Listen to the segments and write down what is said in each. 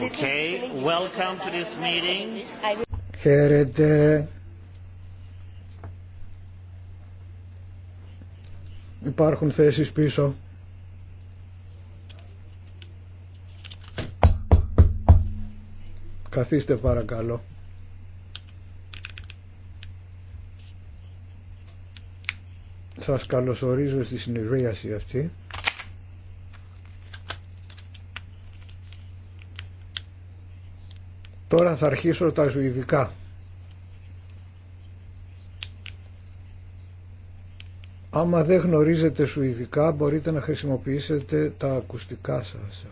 Okay, welcome to this meeting. Χαίρετε. Υπάρχουν θέσεις πίσω. Καθίστε παρακαλώ. Σας καλωσορίζω στη συνεδρίαση αυτή. Τώρα θα αρχίσω τα σουηδικά. Άμα δεν γνωρίζετε σουηδικά μπορείτε να χρησιμοποιήσετε τα ακουστικά σας.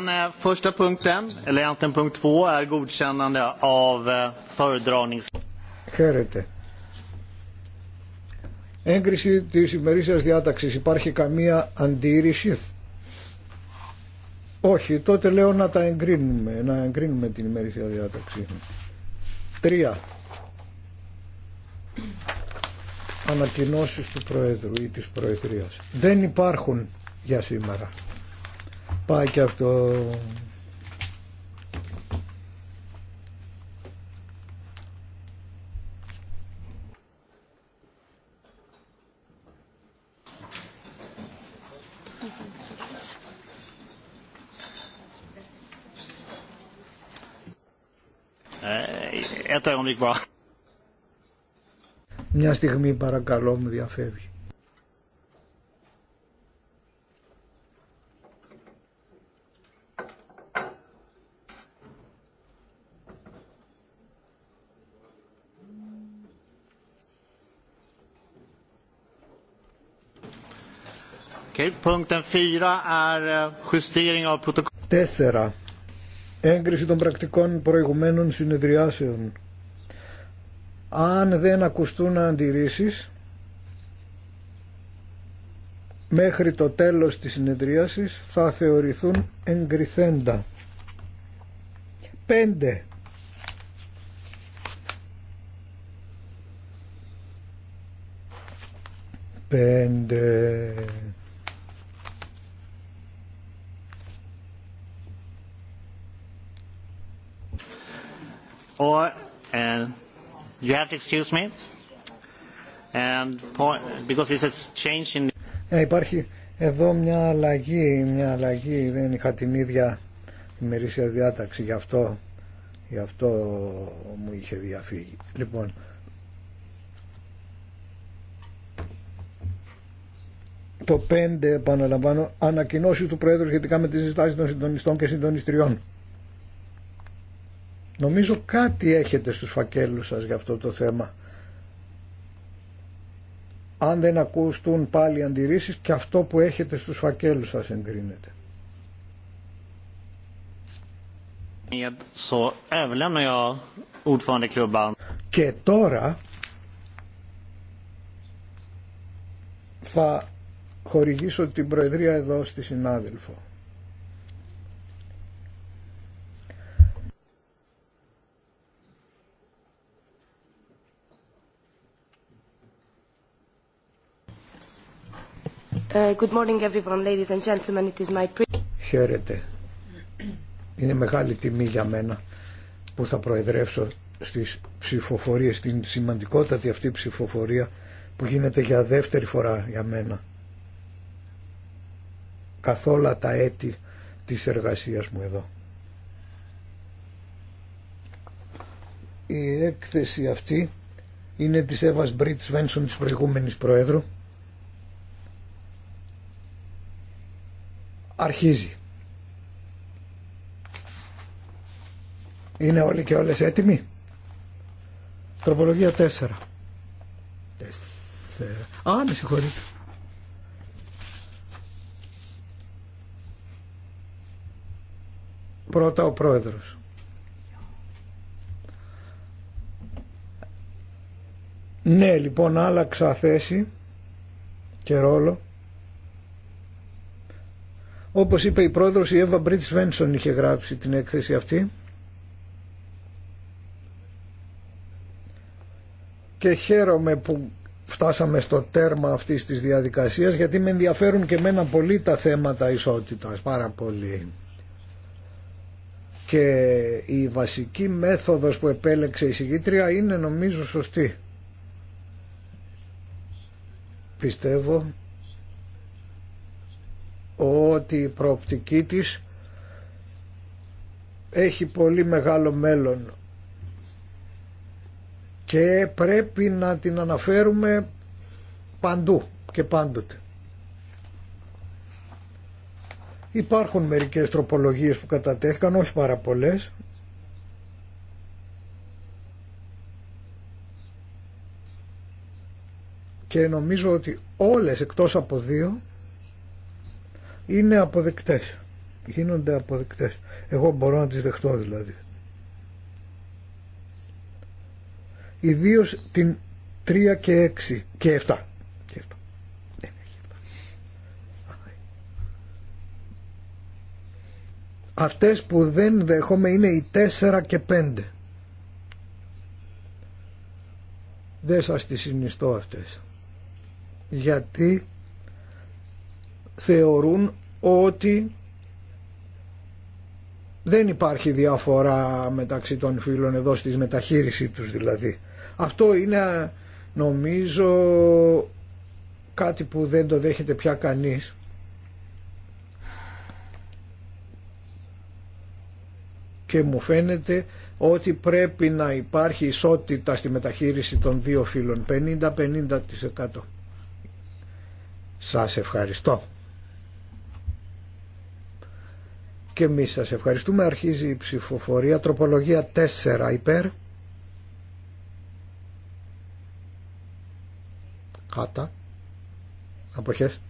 Den eh, eh, Χαίρετε. Έγκριση της ημερήσιας διάταξης. Υπάρχει καμία αντίρρηση. Όχι, τότε λέω να τα εγκρίνουμε, να εγκρίνουμε την ημερήσια διάταξη. Τρία. Ανακοινώσεις του Προέδρου ή της Προεδρίας. Δεν υπάρχουν για σήμερα πάει και αυτό. Μια στιγμή παρακαλώ μου διαφεύγει. Punkten 4 är eh, justering av protokoll. 4. Έγκριση των πρακτικών προηγουμένων συνεδριάσεων. Αν δεν ακουστούν αντιρρήσεις μέχρι το τέλος της συνεδρίασης θα θεωρηθούν εγκριθέντα. 5. Πέντε. υπάρχει εδώ μια αλλαγή, μια αλλαγή, δεν είχα την ίδια ημερήσια διάταξη, γι' αυτό, γι αυτό μου είχε διαφύγει. Λοιπόν, το 5 επαναλαμβάνω, ανακοινώσει του Προέδρου σχετικά με τις συστάσεις των συντονιστών και συντονιστριών. Νομίζω κάτι έχετε στους φακέλους σας για αυτό το θέμα. Αν δεν ακούστούν πάλι αντιρρήσεις και αυτό που έχετε στους φακέλους σας εγκρίνεται. Και τώρα θα χορηγήσω την Προεδρία εδώ στη συνάδελφο. Good Χαίρετε. Είναι μεγάλη τιμή για μένα που θα προεδρεύσω στις ψηφοφορίες, στην σημαντικότατη αυτή ψηφοφορία που γίνεται για δεύτερη φορά για μένα. Καθόλα τα έτη της εργασίας μου εδώ. Η έκθεση αυτή είναι της Εύας Μπριτ Σβένσον της προηγούμενης Προέδρου αρχίζει. Είναι όλοι και όλες έτοιμοι. Τροπολογία 4. τέσσερα Α, με συγχωρείτε. Πρώτα ο πρόεδρος. Ναι, λοιπόν, άλλαξα θέση και ρόλο. Όπως είπε η πρόεδρος η Εύα Μπριτ Βένσον είχε γράψει την έκθεση αυτή και χαίρομαι που φτάσαμε στο τέρμα αυτής της διαδικασίας γιατί με ενδιαφέρουν και μένα πολύ τα θέματα ισότητας, πάρα πολύ. Και η βασική μέθοδος που επέλεξε η συγκήτρια είναι νομίζω σωστή. Πιστεύω ότι η προοπτική της έχει πολύ μεγάλο μέλλον και πρέπει να την αναφέρουμε παντού και πάντοτε. Υπάρχουν μερικές τροπολογίες που κατατέθηκαν, όχι πάρα πολλές. Και νομίζω ότι όλες εκτός από δύο είναι αποδεκτές. Γίνονται αποδεκτές. Εγώ μπορώ να τις δεχτώ δηλαδή. Ιδίω την 3 και 6 και 7. Και 7. 7. Ναι, ναι, αυτές που δεν δέχομαι είναι οι 4 και 5. Δεν σας τις συνιστώ αυτές. Γιατί θεωρούν ότι δεν υπάρχει διαφορά μεταξύ των φίλων εδώ στη μεταχείρισή τους δηλαδή. Αυτό είναι νομίζω κάτι που δεν το δέχεται πια κανείς. Και μου φαίνεται ότι πρέπει να υπάρχει ισότητα στη μεταχείριση των δύο φίλων. 50-50%. Σας ευχαριστώ. Και εμεί σα ευχαριστούμε. Αρχίζει η ψηφοφορία. Τροπολογία 4 υπέρ. Κάτα. Αποχές.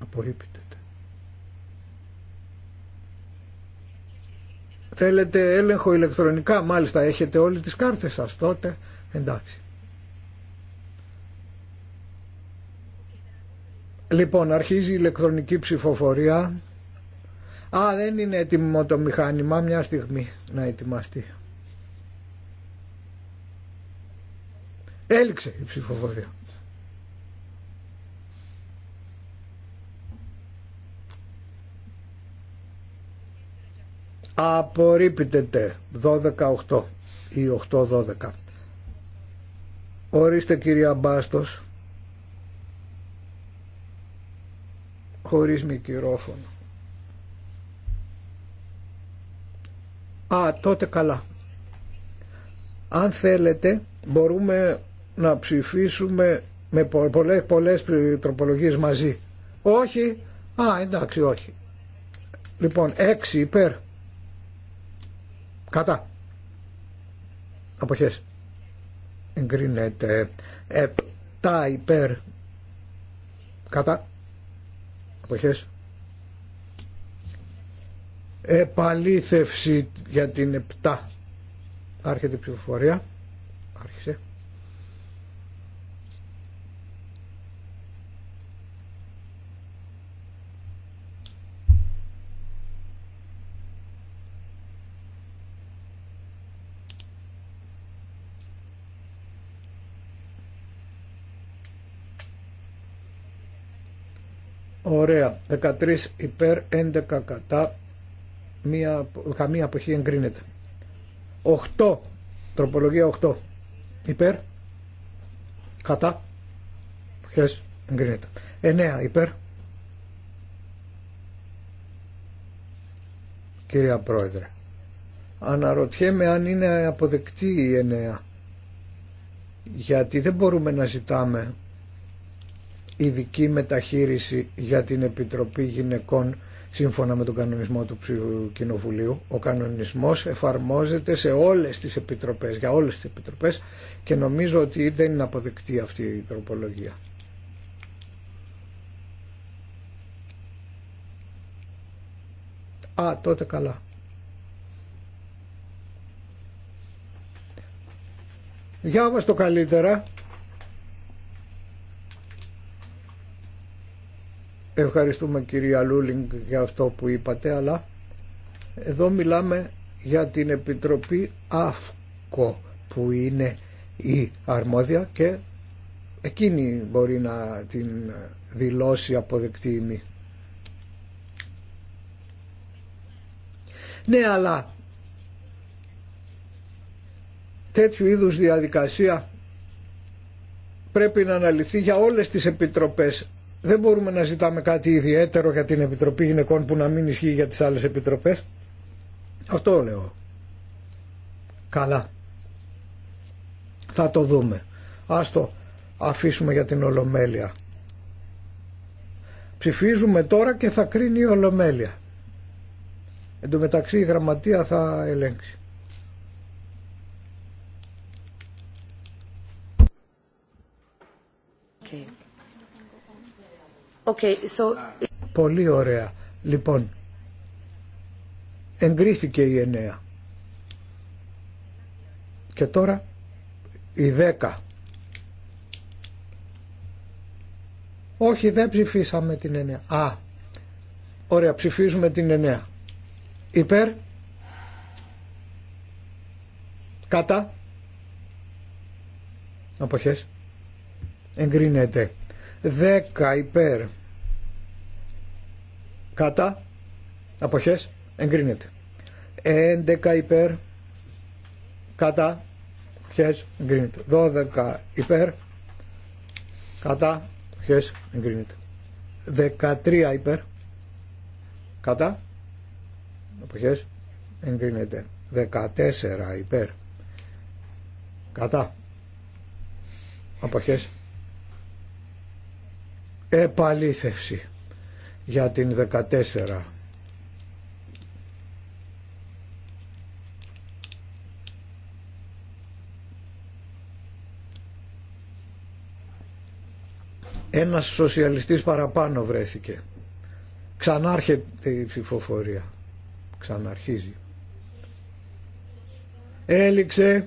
Απορρίπτεται. Θέλετε έλεγχο ηλεκτρονικά. Μάλιστα έχετε όλες τις κάρτες σας τότε. Εντάξει. Λοιπόν, αρχίζει η ηλεκτρονική ψηφοφορία. Α, δεν είναι έτοιμο το μηχάνημα. Μια στιγμή να ετοιμαστεί. Έληξε η ψηφοφορία. Απορρίπτεται 12-8 ή 8-12. Ορίστε κυρία Μπάστος. χωρίς μικρόφωνο. Α, τότε καλά. Αν θέλετε μπορούμε να ψηφίσουμε με πολλές, πολλές τροπολογίες μαζί. Όχι. Α, εντάξει, όχι. Λοιπόν, έξι υπέρ. Κατά. Αποχές. Εγκρίνεται. Επτά υπέρ. Κατά εποχές Επαλήθευση για την 7. Άρχεται η ψηφοφορία. Άρχισε. Ωραία. 13 υπέρ, 11 κατά, μία, καμία αποχή εγκρίνεται. 8. Τροπολογία 8. Υπέρ. Κατά. Αποχές εγκρίνεται. 9 υπέρ. Κυρία Πρόεδρε. Αναρωτιέμαι αν είναι αποδεκτή η 9. Γιατί δεν μπορούμε να ζητάμε ειδική μεταχείριση για την Επιτροπή Γυναικών σύμφωνα με τον κανονισμό του Κοινοβουλίου. Ο κανονισμός εφαρμόζεται σε όλες τις επιτροπές, για όλες τις επιτροπές και νομίζω ότι δεν είναι αποδεκτή αυτή η τροπολογία. Α, τότε καλά. το καλύτερα. Ευχαριστούμε κυρία Λούλινγκ για αυτό που είπατε, αλλά εδώ μιλάμε για την Επιτροπή ΑΦΚΟ που είναι η αρμόδια και εκείνη μπορεί να την δηλώσει αποδεκτή ημί. Ναι, αλλά τέτοιου είδους διαδικασία πρέπει να αναλυθεί για όλες τις επιτροπές δεν μπορούμε να ζητάμε κάτι ιδιαίτερο για την Επιτροπή Γυναικών που να μην ισχύει για τις άλλες επιτροπές. Αυτό λέω. Καλά. Θα το δούμε. Ας το αφήσουμε για την Ολομέλεια. Ψηφίζουμε τώρα και θα κρίνει η Ολομέλεια. Εν τω μεταξύ η γραμματεία θα ελέγξει. Okay, so... Πολύ ωραία. Λοιπόν, εγκρίθηκε η 9. Και τώρα η 10. Όχι, δεν ψηφίσαμε την 9. Α, ωραία, ψηφίζουμε την 9. Υπέρ. Κατά. Αποχές. Εγκρίνεται. 10 υπέρ. Κατά. Αποχές. Εγκρίνεται. 11 υπέρ. Κατά. Αποχές. Εγκρίνεται. 12 υπέρ. Κατά. Αποχές. Εγκρίνεται. 13 υπέρ. Κατά. Αποχές. Εγκρίνεται. 14 υπέρ. Κατά. Αποχές. Επαλήθευση για την 14. Ένας σοσιαλιστής παραπάνω βρέθηκε. Ξανάρχεται η ψηφοφορία. Ξαναρχίζει. Έληξε.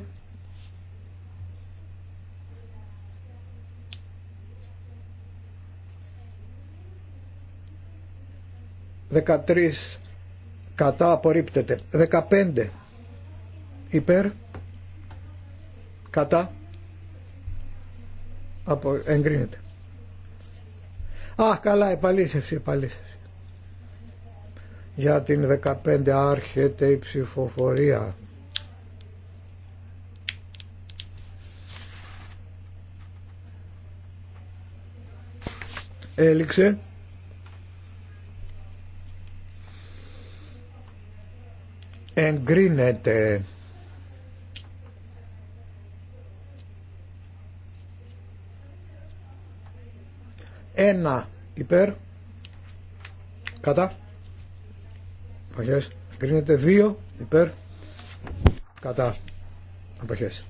13 κατά απορρίπτεται 15 υπέρ κατά απο, εγκρίνεται α καλά επαλήθευση επαλήθευση για την 15 άρχεται η ψηφοφορία έληξε εγκρίνεται ένα υπέρ κατά αποχές εγκρίνεται δύο υπέρ κατά αποχές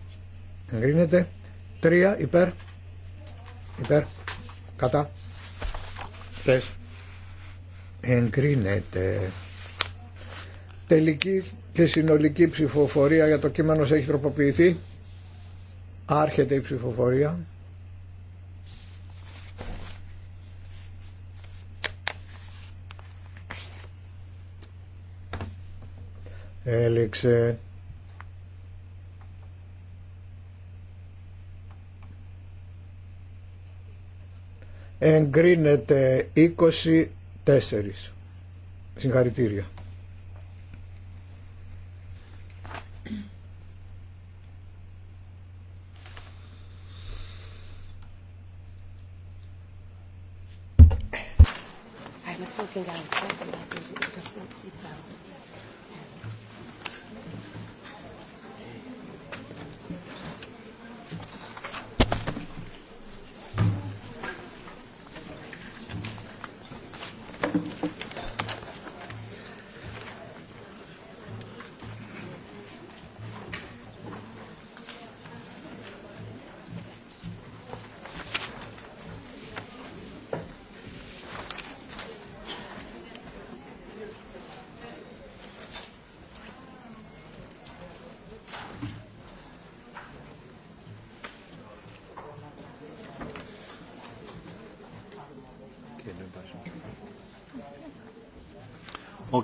εγκρίνεται τρία υπέρ υπέρ κατά αποχές εγκρίνεται Τελική και συνολική ψηφοφορία για το κείμενο έχει τροποποιηθεί. Άρχεται η ψηφοφορία. Έλεξε. Εγκρίνεται 24. Συγχαρητήρια. talking outside the library. It It's just not keep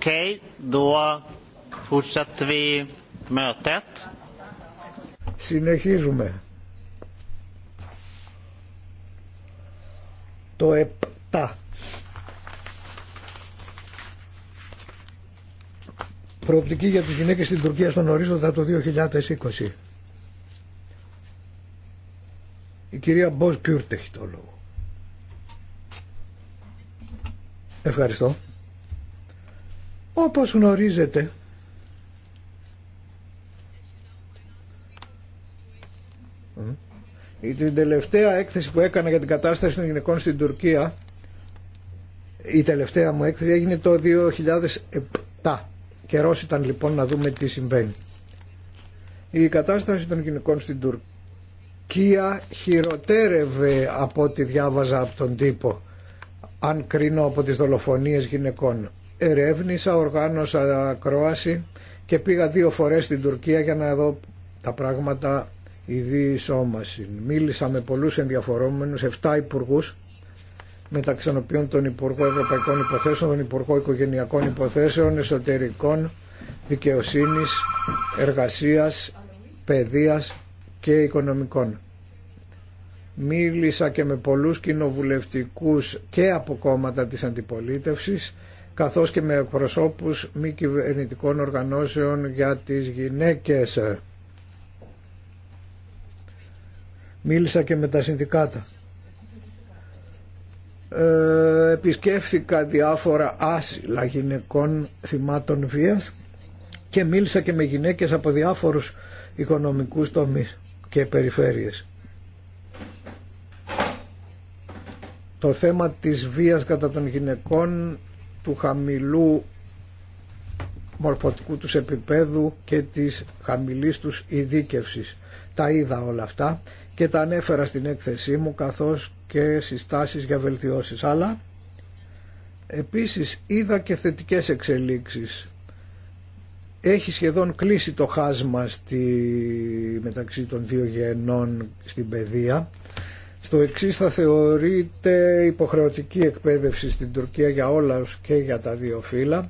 Okej, då Συνεχίζουμε. Το 7. Προοπτική για τις γυναίκες στην Τουρκία στον ορίζοντα το 2020. Η κυρία Μπος Κιούρτ έχει το λόγο. Ευχαριστώ. Όπως γνωρίζετε, η την τελευταία έκθεση που έκανα για την κατάσταση των γυναικών στην Τουρκία, η τελευταία μου έκθεση έγινε το 2007. Καιρός ήταν λοιπόν να δούμε τι συμβαίνει. Η κατάσταση των γυναικών στην Τουρκία χειροτέρευε από ό,τι διάβαζα από τον τύπο αν κρίνω από τις δολοφονίες γυναικών ερεύνησα, οργάνωσα ακρόαση και πήγα δύο φορές στην Τουρκία για να δω τα πράγματα όμως Μίλησα με πολλούς ενδιαφορόμενους, 7 υπουργού, μεταξύ των οποίων τον Υπουργό Ευρωπαϊκών Υποθέσεων, τον Υπουργό Οικογενειακών Υποθέσεων, Εσωτερικών, Δικαιοσύνης, Εργασίας, Παιδείας και Οικονομικών. Μίλησα και με πολλούς κοινοβουλευτικούς και από κόμματα της αντιπολίτευσης καθώς και με προσώπους μη κυβερνητικών οργανώσεων για τις γυναίκες. Μίλησα και με τα συνδικάτα. Ε, επισκέφθηκα διάφορα άσυλα γυναικών θυμάτων βίας και μίλησα και με γυναίκες από διάφορους οικονομικούς τομείς και περιφέρειες. Το θέμα της βίας κατά των γυναικών του χαμηλού μορφωτικού τους επίπεδου και της χαμηλής τους ειδίκευσης. Τα είδα όλα αυτά και τα ανέφερα στην έκθεσή μου καθώς και συστάσεις για βελτιώσεις. Αλλά επίσης είδα και θετικές εξελίξεις. Έχει σχεδόν κλείσει το χάσμα στη, μεταξύ των δύο γενών στην παιδεία στο εξή θα θεωρείται υποχρεωτική εκπαίδευση στην Τουρκία για όλα και για τα δύο φύλλα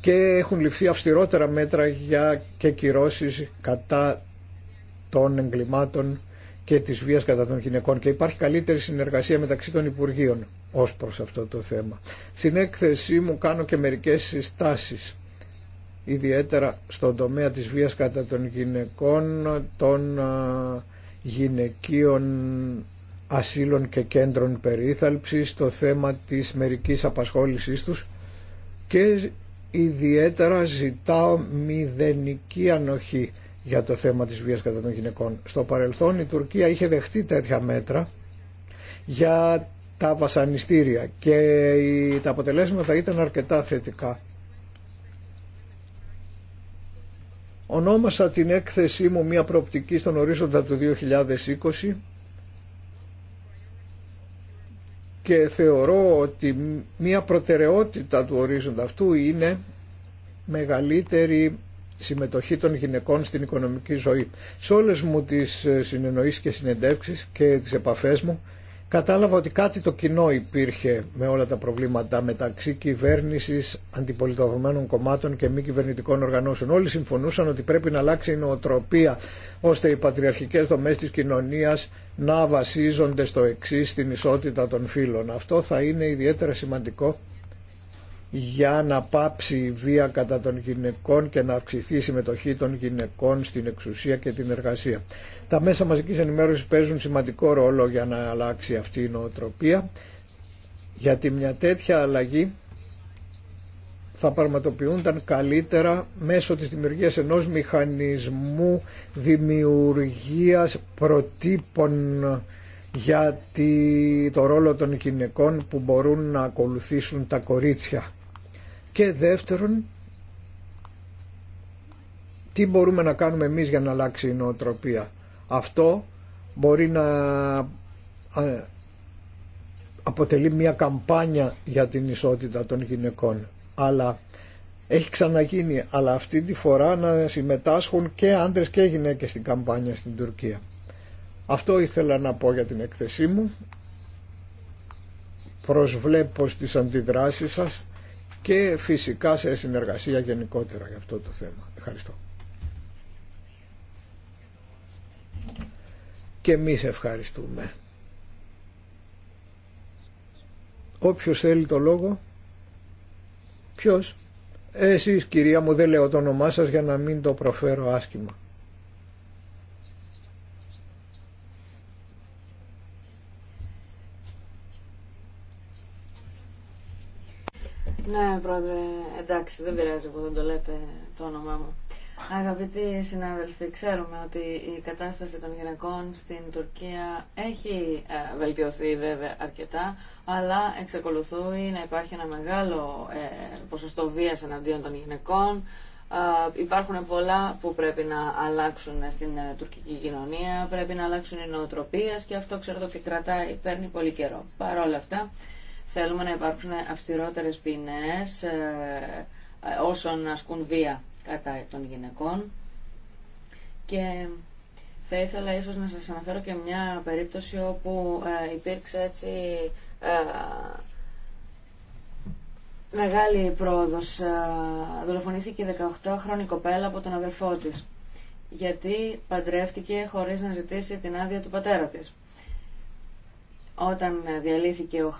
και έχουν ληφθεί αυστηρότερα μέτρα για και κυρώσεις κατά των εγκλημάτων και της βίας κατά των γυναικών και υπάρχει καλύτερη συνεργασία μεταξύ των Υπουργείων ως προς αυτό το θέμα. Στην έκθεσή μου κάνω και μερικές συστάσεις ιδιαίτερα στον τομέα της βίας κατά των γυναικών, των γυναικείων ασύλων και κέντρων περίθαλψης, το θέμα της μερικής απασχόλησής τους και ιδιαίτερα ζητάω μηδενική ανοχή για το θέμα της βίας κατά των γυναικών. Στο παρελθόν η Τουρκία είχε δεχτεί τέτοια μέτρα για τα βασανιστήρια και τα αποτελέσματα ήταν αρκετά θετικά. Ονόμασα την έκθεσή μου μια προοπτική στον ορίζοντα του 2020 και θεωρώ ότι μία προτεραιότητα του ορίζοντα αυτού είναι μεγαλύτερη συμμετοχή των γυναικών στην οικονομική ζωή. Σε όλες μου τις ε, συνεννοήσεις και συνεντεύξεις και τις επαφές μου κατάλαβα ότι κάτι το κοινό υπήρχε με όλα τα προβλήματα μεταξύ κυβέρνησης, αντιπολιτευμένων κομμάτων και μη κυβερνητικών οργανώσεων. Όλοι συμφωνούσαν ότι πρέπει να αλλάξει η νοοτροπία ώστε οι πατριαρχικές δομές της κοινωνίας να βασίζονται στο εξή στην ισότητα των φύλων. Αυτό θα είναι ιδιαίτερα σημαντικό για να πάψει η βία κατά των γυναικών και να αυξηθεί η συμμετοχή των γυναικών στην εξουσία και την εργασία. Τα μέσα μαζικής ενημέρωσης παίζουν σημαντικό ρόλο για να αλλάξει αυτή η νοοτροπία, γιατί μια τέτοια αλλαγή θα πραγματοποιούνταν καλύτερα μέσω της δημιουργίας ενός μηχανισμού δημιουργίας προτύπων για το ρόλο των γυναικών που μπορούν να ακολουθήσουν τα κορίτσια. Και δεύτερον, τι μπορούμε να κάνουμε εμείς για να αλλάξει η νοοτροπία. Αυτό μπορεί να ε, αποτελεί μια καμπάνια για την ισότητα των γυναικών αλλά έχει ξαναγίνει, αλλά αυτή τη φορά να συμμετάσχουν και άντρες και γυναίκες στην καμπάνια στην Τουρκία. Αυτό ήθελα να πω για την έκθεσή μου. Προσβλέπω στις αντιδράσεις σας και φυσικά σε συνεργασία γενικότερα για αυτό το θέμα. Ευχαριστώ. Και εμείς ευχαριστούμε. Όποιος θέλει το λόγο. Ποιος? Εσείς κυρία μου δεν λέω το όνομά σας για να μην το προφέρω άσχημα. Ναι, πρόεδρε, εντάξει, δεν πειράζει που δεν το λέτε το όνομά μου. Αγαπητοί συνάδελφοι, ξέρουμε ότι η κατάσταση των γυναικών στην Τουρκία έχει ε, βελτιωθεί βέβαια αρκετά, αλλά εξακολουθεί να υπάρχει ένα μεγάλο ε, ποσοστό βίας εναντίον των γυναικών. Ε, υπάρχουν πολλά που πρέπει να αλλάξουν στην τουρκική κοινωνία, πρέπει να αλλάξουν οι νοοτροπίες και αυτό ξέρω ότι κρατάει, παίρνει πολύ καιρό. Παρ' όλα αυτά, θέλουμε να υπάρξουν αυστηρότερες ποινές όσων ασκούν βία κατά των γυναικών και θα ήθελα ίσως να σας αναφέρω και μια περίπτωση όπου ε, υπήρξε έτσι ε, μεγάλη πρόοδος. Ε, δολοφονήθηκε 18χρονη κοπέλα από τον αδερφό της γιατί παντρεύτηκε χωρίς να ζητήσει την άδεια του πατέρα της. Όταν διαλύθηκε ο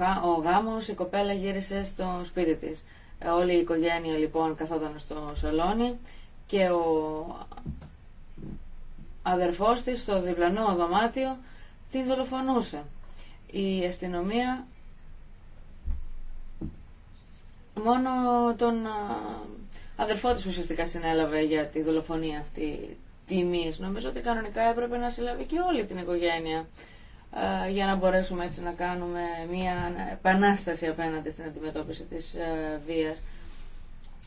γάμος, η κοπέλα γύρισε στο σπίτι της. Ε, όλη η οικογένεια λοιπόν καθόταν στο σαλόνι και ο αδερφός της στο διπλανό δωμάτιο τη δολοφονούσε. Η αστυνομία μόνο τον αδερφό της ουσιαστικά συνέλαβε για τη δολοφονία αυτή τιμής. Νομίζω ότι κανονικά έπρεπε να συλλαβεί και όλη την οικογένεια ε, για να μπορέσουμε έτσι να κάνουμε μια επανάσταση απέναντι στην αντιμετώπιση της ε, βίας.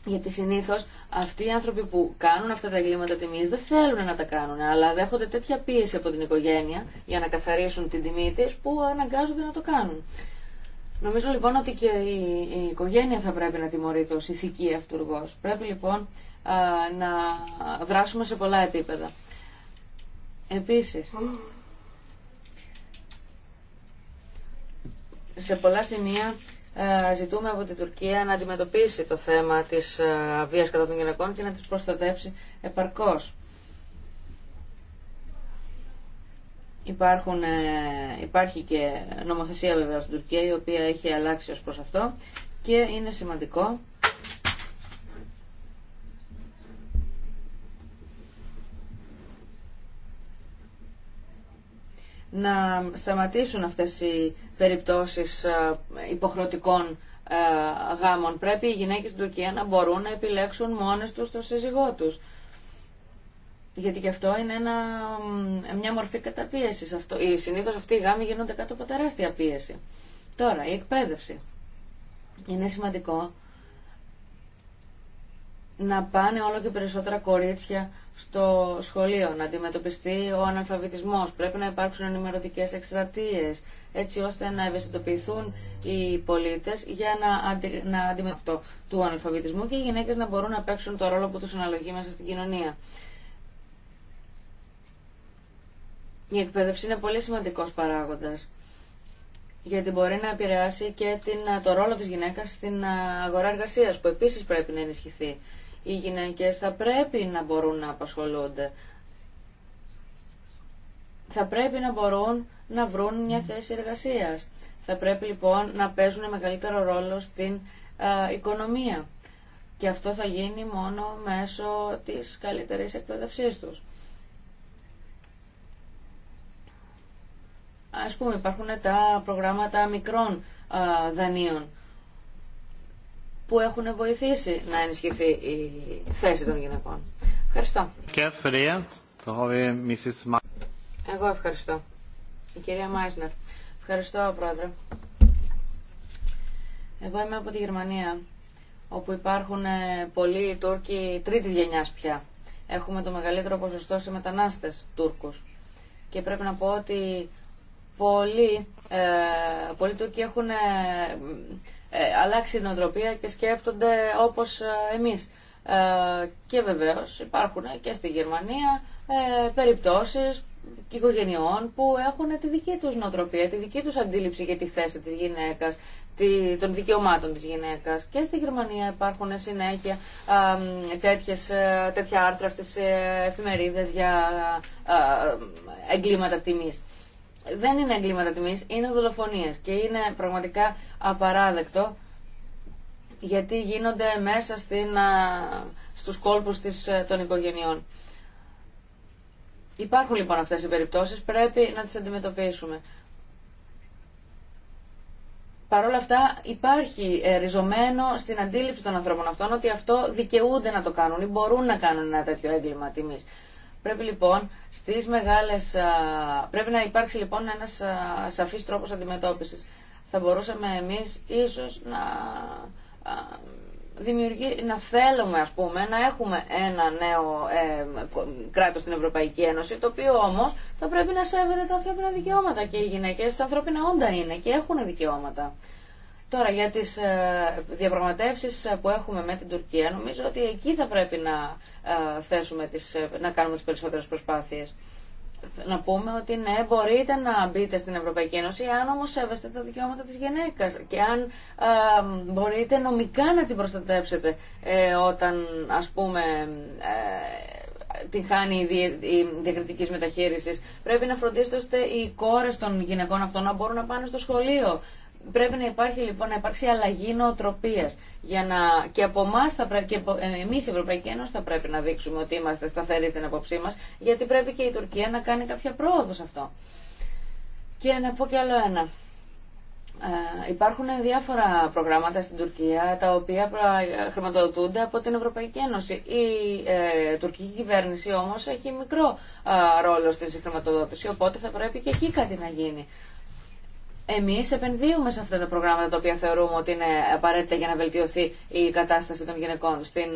Γιατί συνήθω αυτοί οι άνθρωποι που κάνουν αυτά τα εγκλήματα τιμή δεν θέλουν να τα κάνουν, αλλά δέχονται τέτοια πίεση από την οικογένεια για να καθαρίσουν την τιμή τη που αναγκάζονται να το κάνουν. Νομίζω λοιπόν ότι και η οικογένεια θα πρέπει να τιμωρείται ω ηθική αυτούργο. Πρέπει λοιπόν ε, να δράσουμε σε πολλά επίπεδα. Επίση, σε πολλά σημεία ε, ζητούμε από την Τουρκία να αντιμετωπίσει το θέμα της ε, βίας κατά των γυναικών και να τις προστατεύσει επαρκώς. Υπάρχουν, ε, υπάρχει και νομοθεσία βέβαια στην Τουρκία η οποία έχει αλλάξει ως προς αυτό και είναι σημαντικό να σταματήσουν αυτές οι περιπτώσεις ε, υποχρεωτικών ε, γάμων. Πρέπει οι γυναίκες στην Τουρκία να μπορούν να επιλέξουν μόνες τους τον σύζυγό τους. Γιατί και αυτό είναι μια μορφή καταπίεσης. Αυτό, συνήθως αυτοί οι γάμοι γίνονται κάτω από τεράστια πίεση. Τώρα, η εκπαίδευση. Είναι σημαντικό να πάνε όλο και περισσότερα κορίτσια στο σχολείο, να αντιμετωπιστεί ο αναλφαβητισμός, πρέπει να υπάρξουν ενημερωτικές εκστρατείες, έτσι ώστε να ευαισθητοποιηθούν οι πολίτες για να, αντι... να αντιμετωπιστούν του αναλφαβητισμού και οι γυναίκες να μπορούν να παίξουν το ρόλο που τους αναλογεί μέσα στην κοινωνία. Η εκπαίδευση είναι πολύ σημαντικός παράγοντας γιατί μπορεί να επηρεάσει και την, το ρόλο της γυναίκας στην αγορά εργασίας που επίσης πρέπει να ενισχυθεί οι γυναίκες θα πρέπει να μπορούν να απασχολούνται. Θα πρέπει να μπορούν να βρουν μια θέση εργασίας. Θα πρέπει λοιπόν να παίζουν μεγαλύτερο ρόλο στην οικονομία. Και αυτό θα γίνει μόνο μέσω της καλύτερης εκπαίδευσής τους. Ας πούμε υπάρχουν τα προγράμματα μικρών δανείων που έχουν βοηθήσει να ενισχυθεί η θέση των γυναικών. Ευχαριστώ. Εγώ ευχαριστώ. Η κυρία Μάισνερ. Ευχαριστώ, Πρόεδρε. Εγώ είμαι από τη Γερμανία, όπου υπάρχουν ε, πολλοί Τούρκοι τρίτης γενιάς πια. Έχουμε το μεγαλύτερο ποσοστό σε μετανάστες Τούρκους. Και πρέπει να πω ότι πολλοί, ε, πολλοί Τούρκοι έχουν ε, ε, αλλάξει η νοοτροπία και σκέφτονται όπως ε, εμείς. Ε, και βεβαίως υπάρχουν και στη Γερμανία περιπτώσεις οικογενειών που έχουν τη δική τους νοοτροπία, τη δική τους αντίληψη για τη θέση της γυναίκας, των δικαιωμάτων της γυναίκας. Και στη Γερμανία υπάρχουν συνέχεια τέτοιες, τέτοια άρθρα στις εφημερίδες για εγκλήματα τιμής δεν είναι εγκλήματα τιμή, είναι δολοφονίε. και είναι πραγματικά απαράδεκτο γιατί γίνονται μέσα στην, στους κόλπους της, ε, των οικογενειών. Υπάρχουν λοιπόν αυτές οι περιπτώσεις, πρέπει να τις αντιμετωπίσουμε. Παρ' όλα αυτά υπάρχει ε, ριζωμένο στην αντίληψη των ανθρώπων αυτών ότι αυτό δικαιούνται να το κάνουν ή μπορούν να κάνουν ένα τέτοιο έγκλημα τιμής. Πρέπει λοιπόν στις μεγάλες, πρέπει να υπάρξει λοιπόν ένας σαφής τρόπος αντιμετώπισης. Θα μπορούσαμε εμείς ίσως να δημιουργεί, να θέλουμε ας πούμε να έχουμε ένα νέο ε, κράτος στην Ευρωπαϊκή Ένωση το οποίο όμως θα πρέπει να σέβεται τα ανθρώπινα δικαιώματα και οι γυναίκες ανθρώπινα όντα είναι και έχουν δικαιώματα. Τώρα για τις ε, διαπραγματεύσεις ε, που έχουμε με την Τουρκία, νομίζω ότι εκεί θα πρέπει να, ε, θέσουμε τις, να κάνουμε τις περισσότερες προσπάθειες. Να πούμε ότι ναι, μπορείτε να μπείτε στην Ευρωπαϊκή Ένωση, αν όμως σέβεστε τα δικαιώματα της γυναίκας και αν μπορείτε νομικά να την προστατεύσετε όταν, ας πούμε, την χάνει η διακριτική μεταχείριση. Πρέπει να φροντίσετε ώστε οι κόρε των γυναικών αυτών να μπορούν να πάνε στο σχολείο, Πρέπει να υπάρχει λοιπόν να υπάρξει αλλαγή νοοτροπία. να, και από εμά ε, εμείς η Ευρωπαϊκή Ένωση θα πρέπει να δείξουμε ότι είμαστε σταθεροί στην απόψή μα, γιατί πρέπει και η Τουρκία να κάνει κάποια πρόοδο σε αυτό. Και να πω κι άλλο ένα. Ε, υπάρχουν διάφορα προγράμματα στην Τουρκία τα οποία χρηματοδοτούνται από την Ευρωπαϊκή Ένωση. Η ε, τουρκική κυβέρνηση όμως έχει μικρό ρόλο στη χρηματοδότηση, οπότε θα πρέπει και εκεί κάτι να γίνει. Εμείς επενδύουμε σε αυτά τα προγράμματα τα οποία θεωρούμε ότι είναι απαραίτητα για να βελτιωθεί η κατάσταση των γυναικών στην,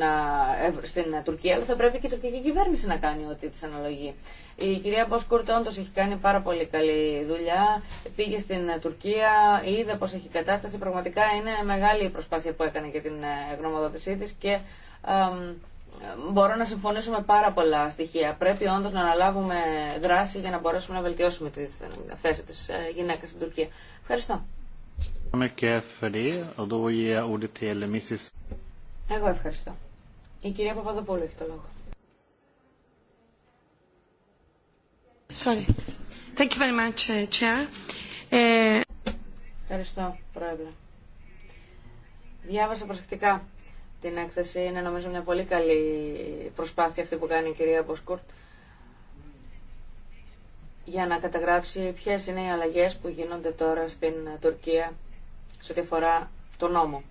στην Τουρκία, αλλά θα πρέπει και η τουρκική κυβέρνηση να κάνει ό,τι της αναλογεί. Η κυρία Μποσκούρτ όντω έχει κάνει πάρα πολύ καλή δουλειά, πήγε στην Τουρκία, είδε πώ έχει κατάσταση, πραγματικά είναι μεγάλη η προσπάθεια που έκανε για την ε, γνωμοδότησή τη μπορώ να συμφωνήσω με πάρα πολλά στοιχεία. Πρέπει όντω να αναλάβουμε δράση για να μπορέσουμε να βελτιώσουμε τη θέση τη ε, γυναίκα στην Τουρκία. Ευχαριστώ. Εγώ ευχαριστώ. Η κυρία Παπαδοπούλου έχει το λόγο. Sorry. Thank you very much, uh, Chair. Ε, ευχαριστώ, Πρόεδρε. Διάβασα προσεκτικά την έκθεση. Είναι νομίζω μια πολύ καλή προσπάθεια αυτή που κάνει η κυρία Μποσκούρτ για να καταγράψει ποιες είναι οι αλλαγές που γίνονται τώρα στην Τουρκία σε ό,τι αφορά το νόμο.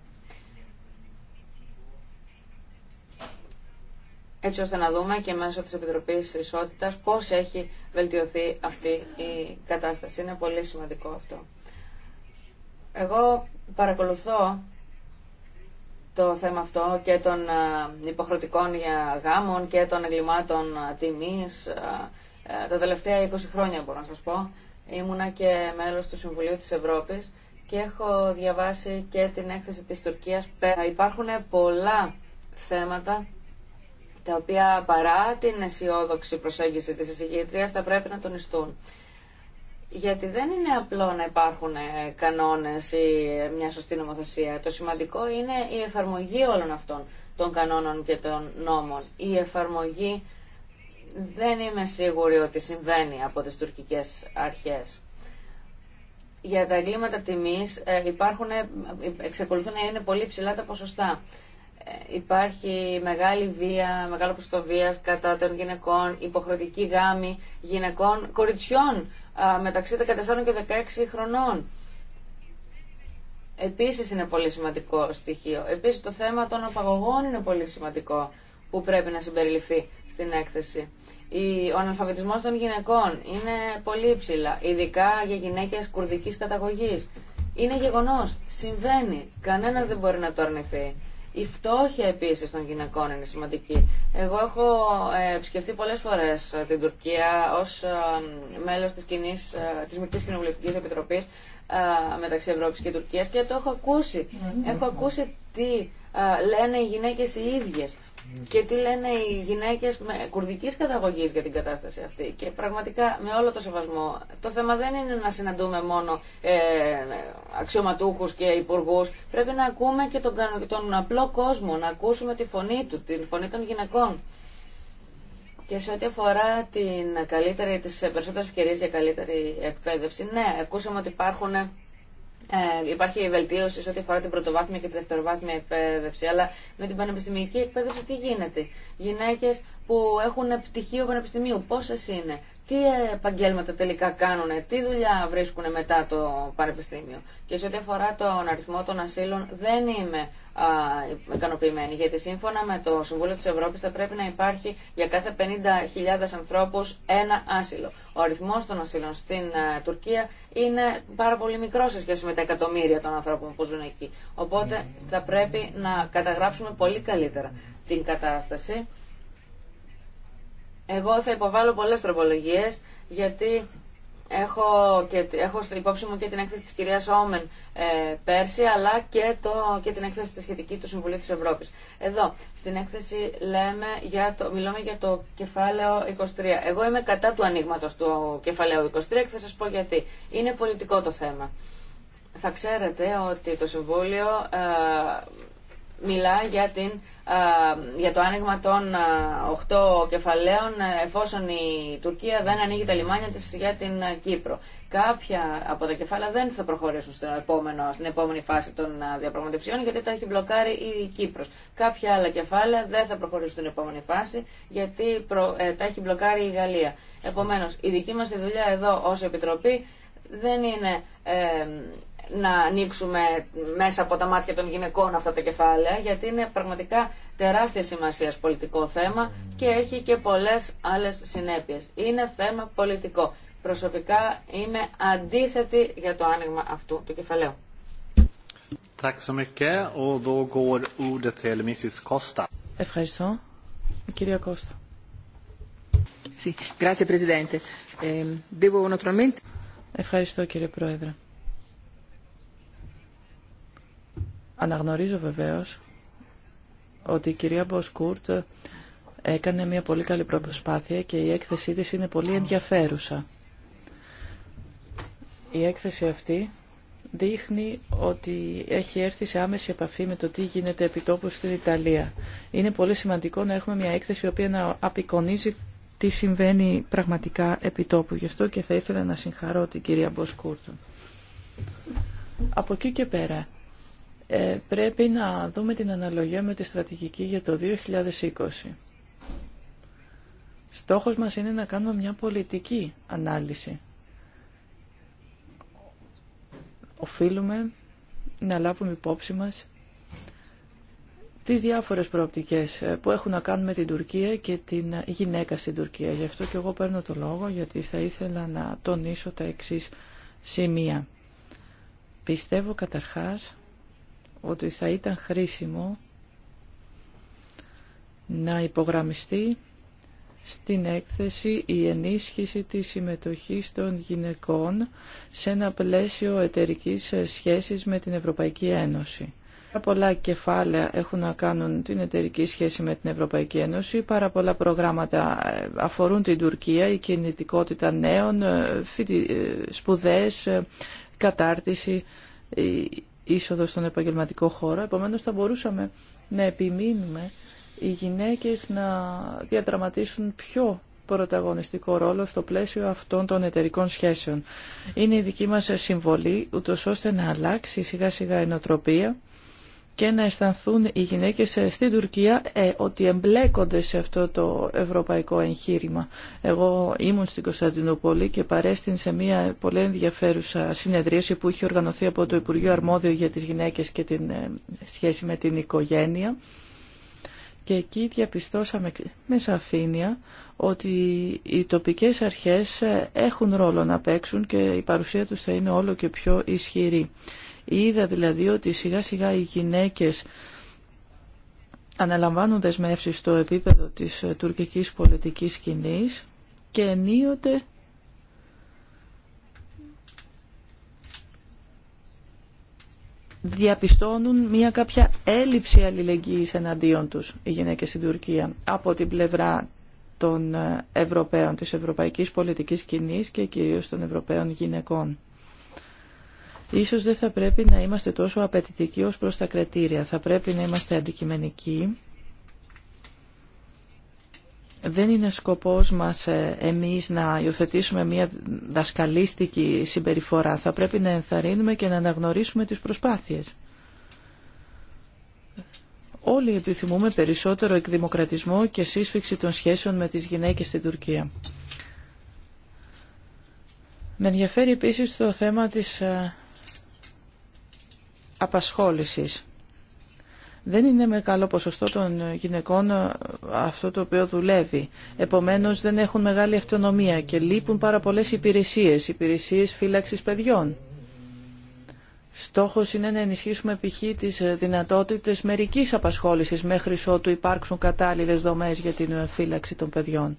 Έτσι ώστε να δούμε και μέσω της Επιτροπής Ισότητας πώς έχει βελτιωθεί αυτή η κατάσταση. Είναι πολύ σημαντικό αυτό. Εγώ παρακολουθώ το θέμα αυτό και των ε, υποχρεωτικών γάμων και των εγκλημάτων ε, τιμής ε, τα τελευταία 20 χρόνια μπορώ να σας πω. Ήμουνα και μέλος του Συμβουλίου της Ευρώπης και έχω διαβάσει και την έκθεση της Τουρκίας. Υπάρχουν πολλά θέματα τα οποία παρά την αισιόδοξη προσέγγιση της εισηγήτριας θα πρέπει να τονιστούν γιατί δεν είναι απλό να υπάρχουν ε, κανόνες ή ε, μια σωστή νομοθεσία. Το σημαντικό είναι η εφαρμογή όλων αυτών των κανόνων και των νόμων. Η εφαρμογή δεν είμαι σίγουρη ότι συμβαίνει από τις τουρκικές αρχές. Για τα εγκλήματα τιμής ε, υπάρχουν, εξεκολουθούν να είναι πολύ ψηλά τα ποσοστά. Υπάρχει μεγάλη βία, μεγάλο ποσοστό βίας κατά των γυναικών, υποχρεωτική γάμη γυναικών, κοριτσιών μεταξύ 14 και 16 χρονών. Επίσης είναι πολύ σημαντικό στοιχείο. Επίσης το θέμα των απαγωγών είναι πολύ σημαντικό που πρέπει να συμπεριληφθεί στην έκθεση. Ο αναλφαβητισμός των γυναικών είναι πολύ ψηλά, ειδικά για γυναίκες κουρδικής καταγωγής. Είναι γεγονός, συμβαίνει, κανένας δεν μπορεί να το αρνηθεί. Η φτώχεια επίση των γυναικών είναι σημαντική. Εγώ έχω ε, επισκεφθεί πολλέ φορέ ε, την Τουρκία ω ε, μέλο τη της, της Μικρή Κοινοβουλευτική Επιτροπή μεταξύ Ευρώπη και Τουρκία και το έχω ακούσει. Ναι, ναι, ναι. Έχω ακούσει τι λένε οι γυναίκε οι ίδιε και τι λένε οι γυναίκες με κουρδικής καταγωγής για την κατάσταση αυτή. Και πραγματικά με όλο το σεβασμό το θέμα δεν είναι να συναντούμε μόνο ε, αξιωματούχους και υπουργού. Πρέπει να ακούμε και τον, τον απλό κόσμο, να ακούσουμε τη φωνή του, τη φωνή των γυναικών. Και σε ό,τι αφορά την καλύτερη, τις περισσότερες ευκαιρίες για καλύτερη εκπαίδευση, ναι, ακούσαμε ότι υπάρχουν ε, υπάρχει βελτίωση σε ό,τι αφορά την πρωτοβάθμια και τη δευτεροβάθμια εκπαίδευση. Αλλά με την πανεπιστημιακή εκπαίδευση τι γίνεται. Γυναίκε που έχουν πτυχίο πανεπιστημίου, πόσε είναι τι επαγγέλματα τελικά κάνουν, τι δουλειά βρίσκουν μετά το πανεπιστήμιο. Και σε ό,τι αφορά τον αριθμό των ασύλων δεν είμαι α, ικανοποιημένη, γιατί σύμφωνα με το Συμβούλιο της Ευρώπης θα πρέπει να υπάρχει για κάθε 50.000 ανθρώπους ένα άσυλο. Ο αριθμό των ασύλων στην Τουρκία είναι πάρα πολύ μικρό σε σχέση με τα εκατομμύρια των ανθρώπων που ζουν εκεί. Οπότε θα πρέπει να καταγράψουμε πολύ καλύτερα την κατάσταση εγώ θα υποβάλω πολλές τροπολογίες γιατί έχω, και, έχω υπόψη μου και την έκθεση της κυρίας Όμεν ε, πέρσι αλλά και, το, και την έκθεση τη σχετική του Συμβουλίου της Ευρώπης. Εδώ στην έκθεση λέμε για το, μιλούμε για το κεφάλαιο 23. Εγώ είμαι κατά του ανοίγματο του κεφαλαίου 23 και θα σα πω γιατί. Είναι πολιτικό το θέμα. Θα ξέρετε ότι το Συμβούλιο ε, μιλά για, την, για το άνοιγμα των 8 κεφαλαίων ε, εφόσον η Τουρκία δεν ανοίγει τα λιμάνια της για την ε, Κύπρο. Κάποια από τα κεφάλαια δεν θα προχωρήσουν επόμενο, στην επόμενη φάση των διαπραγματευσιών γιατί τα έχει μπλοκάρει η Κύπρος. Κάποια άλλα κεφάλαια δεν θα προχωρήσουν στην επόμενη φάση γιατί ε, τα έχει μπλοκάρει η Γαλλία. Επομένως, η δική μας δουλειά εδώ ως Επιτροπή δεν είναι να ανοίξουμε μέσα από τα μάτια των γυναικών αυτά τα κεφάλαια, γιατί είναι πραγματικά τεράστια σημασία πολιτικό θέμα και έχει και πολλές άλλες συνέπειες. Είναι θέμα πολιτικό. Προσωπικά είμαι αντίθετη για το άνοιγμα αυτού του κεφαλαίου. Ευχαριστώ. Κυρία Κώστα. Ehm, Ευχαριστώ κύριε Πρόεδρε. Αναγνωρίζω βεβαίως ότι η κυρία Μποσκούρτ έκανε μια πολύ καλή προσπάθεια και η έκθεσή της είναι πολύ ενδιαφέρουσα. Η έκθεση αυτή δείχνει ότι έχει έρθει σε άμεση επαφή με το τι γίνεται επιτόπου στην Ιταλία. Είναι πολύ σημαντικό να έχουμε μια έκθεση η οποία να απεικονίζει τι συμβαίνει πραγματικά επιτόπου. Γι' αυτό και θα ήθελα να συγχαρώ την κυρία Μποσκούρτ. Από εκεί και πέρα, ε, πρέπει να δούμε την αναλογία με τη στρατηγική για το 2020. Στόχος μας είναι να κάνουμε μια πολιτική ανάλυση. Οφείλουμε να λάβουμε υπόψη μας τις διάφορες προοπτικές ε, που έχουν να κάνουν με την Τουρκία και την ε, γυναίκα στην Τουρκία. Γι' αυτό και εγώ παίρνω το λόγο γιατί θα ήθελα να τονίσω τα εξής σημεία. Πιστεύω καταρχάς ότι θα ήταν χρήσιμο να υπογραμμιστεί στην έκθεση η ενίσχυση της συμμετοχής των γυναικών σε ένα πλαίσιο εταιρικής σχέσης με την Ευρωπαϊκή Ένωση. Πάρα πολλά κεφάλαια έχουν να κάνουν την εταιρική σχέση με την Ευρωπαϊκή Ένωση. Πάρα πολλά προγράμματα ε, αφορούν την Τουρκία, η κινητικότητα νέων, ε, ε, σπουδές, κατάρτιση, είσοδο στον επαγγελματικό χώρο. Επομένως θα μπορούσαμε να επιμείνουμε οι γυναίκε να διαδραματίσουν πιο πρωταγωνιστικό ρόλο στο πλαίσιο αυτών των εταιρικών σχέσεων. Είναι η δική μας συμβολή, ούτω ώστε να αλλάξει σιγά σιγά η νοοτροπία και να αισθανθούν οι γυναίκες ε, στην Τουρκία ε, ότι εμπλέκονται σε αυτό το ευρωπαϊκό εγχείρημα. Εγώ ήμουν στην Κωνσταντινούπολη και παρέστην σε μια πολύ ενδιαφέρουσα συνεδρίαση που είχε οργανωθεί από το Υπουργείο Αρμόδιο για τις γυναίκες και την ε, σχέση με την οικογένεια και εκεί διαπιστώσαμε με σαφήνεια ότι οι τοπικές αρχές ε, έχουν ρόλο να παίξουν και η παρουσία τους θα είναι όλο και πιο ισχυρή. Είδα δηλαδή ότι σιγά σιγά οι γυναίκες αναλαμβάνουν δεσμεύσεις στο επίπεδο της τουρκικής πολιτικής σκηνής και ενίοτε διαπιστώνουν μια κάποια έλλειψη αλληλεγγύης εναντίον τους οι γυναίκες στην Τουρκία από την πλευρά των Ευρωπαίων, της ευρωπαϊκής πολιτικής κοινής και κυρίως των Ευρωπαίων γυναικών. Ίσως δεν θα πρέπει να είμαστε τόσο απαιτητικοί ως προς τα κριτήρια. Θα πρέπει να είμαστε αντικειμενικοί. Δεν είναι σκοπός μας ε, εμείς να υιοθετήσουμε μια δασκαλίστικη συμπεριφορά. Θα πρέπει να ενθαρρύνουμε και να αναγνωρίσουμε τις προσπάθειες. Όλοι επιθυμούμε περισσότερο εκδημοκρατισμό και σύσφυξη των σχέσεων με τις γυναίκες στην Τουρκία. Με ενδιαφέρει επίσης το θέμα της ε, απασχόλησης. Δεν είναι μεγάλο ποσοστό των γυναικών ε, αυτό το οποίο δουλεύει. Επομένως δεν έχουν μεγάλη αυτονομία και λείπουν πάρα πολλές υπηρεσίες, υπηρεσίες φύλαξης παιδιών. Στόχος είναι να ενισχύσουμε π.χ. τις δυνατότητες μερικής απασχόλησης μέχρι ότου υπάρξουν κατάλληλες δομές για την φύλαξη των παιδιών.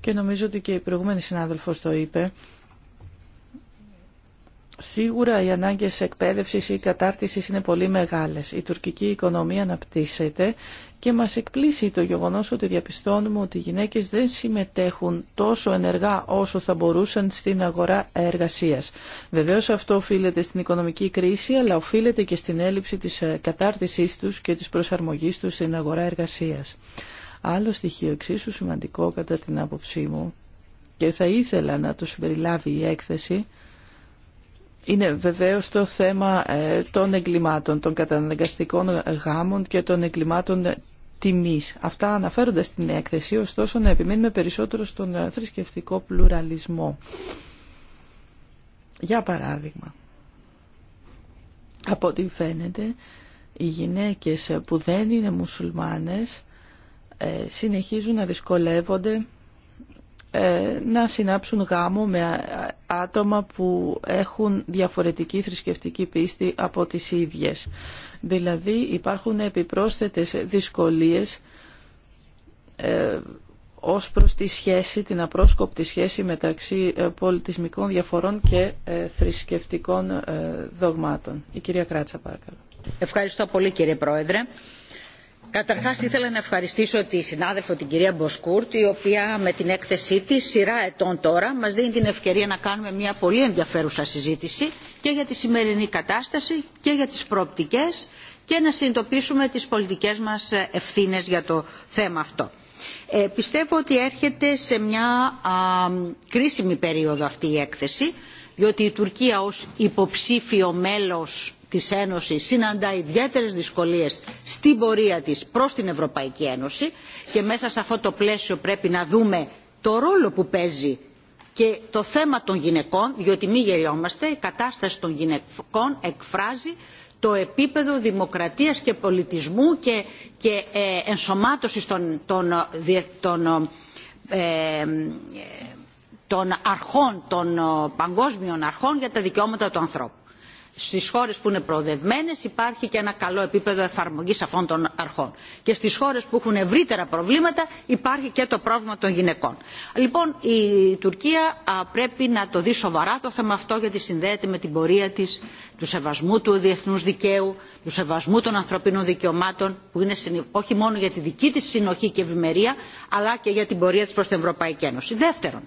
Και νομίζω ότι και η προηγούμενη συνάδελφος το είπε, Σίγουρα οι ανάγκε εκπαίδευση ή κατάτηση είναι πολύ μεγάλε. Η καταρτιση ειναι πολυ μεγαλε η τουρκικη αναπτύσσεται και μα εκπλήσει το γεγονό ότι διαπιστώνουμε ότι οι γυναίκε δεν συμμετέχουν τόσο ενεργά όσο θα μπορούσαν στην αγορά εργασία. Βεβαίω αυτό οφείλεται στην οικονομική κρίση, αλλά οφείλεται και στην έλλειψη της ε, κατάρτισή τους και τη προσαρμογή τους στην αγορά εργασία. Άλλο στοιχείο εξίσου σημαντικό κατά την άποψή μου και θα ήθελα να το συμπεριλάβει η έκθεση είναι βεβαίως το θέμα ε, των εγκλημάτων, των καταναγκαστικών γάμων και των εγκλημάτων τιμής. Αυτά αναφέρονται στην έκθεση, ωστόσο να επιμένουμε περισσότερο στον ε, θρησκευτικό πλουραλισμό. Για παράδειγμα, από ό,τι φαίνεται, οι γυναίκες που δεν είναι μουσουλμάνες ε, συνεχίζουν να δυσκολεύονται ε, να συνάψουν γάμο με άτομα που έχουν διαφορετική θρησκευτική πίστη από τις ίδιες. Δηλαδή υπάρχουν επιπρόσθετες δυσκολίες ε, ως προς τη σχέση, την απρόσκοπτη σχέση μεταξύ ε, πολιτισμικών διαφορών και θρησκευτικών δογμάτων. Η κυρία Κράτσα παρακαλώ. Ευχαριστώ πολύ κύριε Πρόεδρε. Καταρχάς ήθελα να ευχαριστήσω τη συνάδελφο την κυρία Μποσκούρτ η οποία με την έκθεσή της σειρά ετών τώρα μας δίνει την ευκαιρία να κάνουμε μια πολύ ενδιαφέρουσα συζήτηση και για τη σημερινή κατάσταση και για τις προοπτικές και να συνειδητοποιήσουμε τις πολιτικές μας ευθύνε για το θέμα αυτό. Ε, πιστεύω ότι έρχεται σε μια κρίσιμη περίοδο αυτή η έκθεση διότι η Τουρκία ως υποψήφιο μέλος της Ένωσης συναντά ιδιαίτερες δυσκολίες στην πορεία της προς την Ευρωπαϊκή Ένωση και μέσα σε αυτό το πλαίσιο πρέπει να δούμε το ρόλο που παίζει και το θέμα των γυναικών, διότι μη γελιόμαστε, η κατάσταση των γυναικών εκφράζει το επίπεδο δημοκρατίας και πολιτισμού και, και ε, ενσωμάτωσης των, των, ε, των αρχών, των παγκόσμιων αρχών για τα δικαιώματα του ανθρώπου στις χώρες που είναι προοδευμένες υπάρχει και ένα καλό επίπεδο εφαρμογής αυτών των αρχών και στις χώρες που έχουν ευρύτερα προβλήματα υπάρχει και το πρόβλημα των γυναικών. Λοιπόν, η Τουρκία πρέπει να το δει σοβαρά το θέμα αυτό γιατί συνδέεται με την πορεία της του σεβασμού του διεθνούς δικαίου, του σεβασμού των ανθρωπίνων δικαιωμάτων που είναι όχι μόνο για τη δική της συνοχή και ευημερία αλλά και για την πορεία της προς την Ευρωπαϊκή Ένωση. Δεύτερον,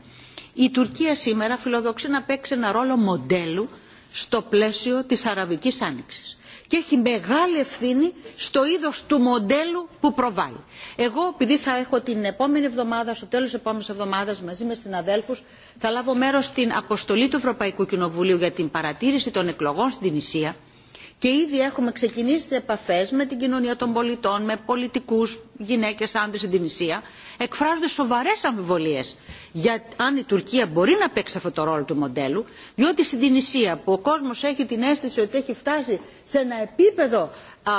η Τουρκία σήμερα φιλοδοξεί να παίξει ένα ρόλο μοντέλου στο πλαίσιο της Αραβικής Άνοιξης και έχει μεγάλη ευθύνη στο είδος του μοντέλου που προβάλλει. Εγώ, επειδή θα έχω την επόμενη εβδομάδα, στο τέλος της επόμενης εβδομάδας, μαζί με συναδέλφους, θα λάβω μέρος στην αποστολή του Ευρωπαϊκού Κοινοβουλίου για την παρατήρηση των εκλογών στην Ισία, και ήδη έχουμε ξεκινήσει επαφές με την κοινωνία των πολιτών, με πολιτικούς, γυναίκες, άντρες στην Τινησία. Εκφράζονται σοβαρές αμφιβολίες για αν η Τουρκία μπορεί να παίξει αυτό το ρόλο του μοντέλου, διότι στην Τινησία που ο κόσμος έχει την αίσθηση ότι έχει φτάσει σε ένα επίπεδο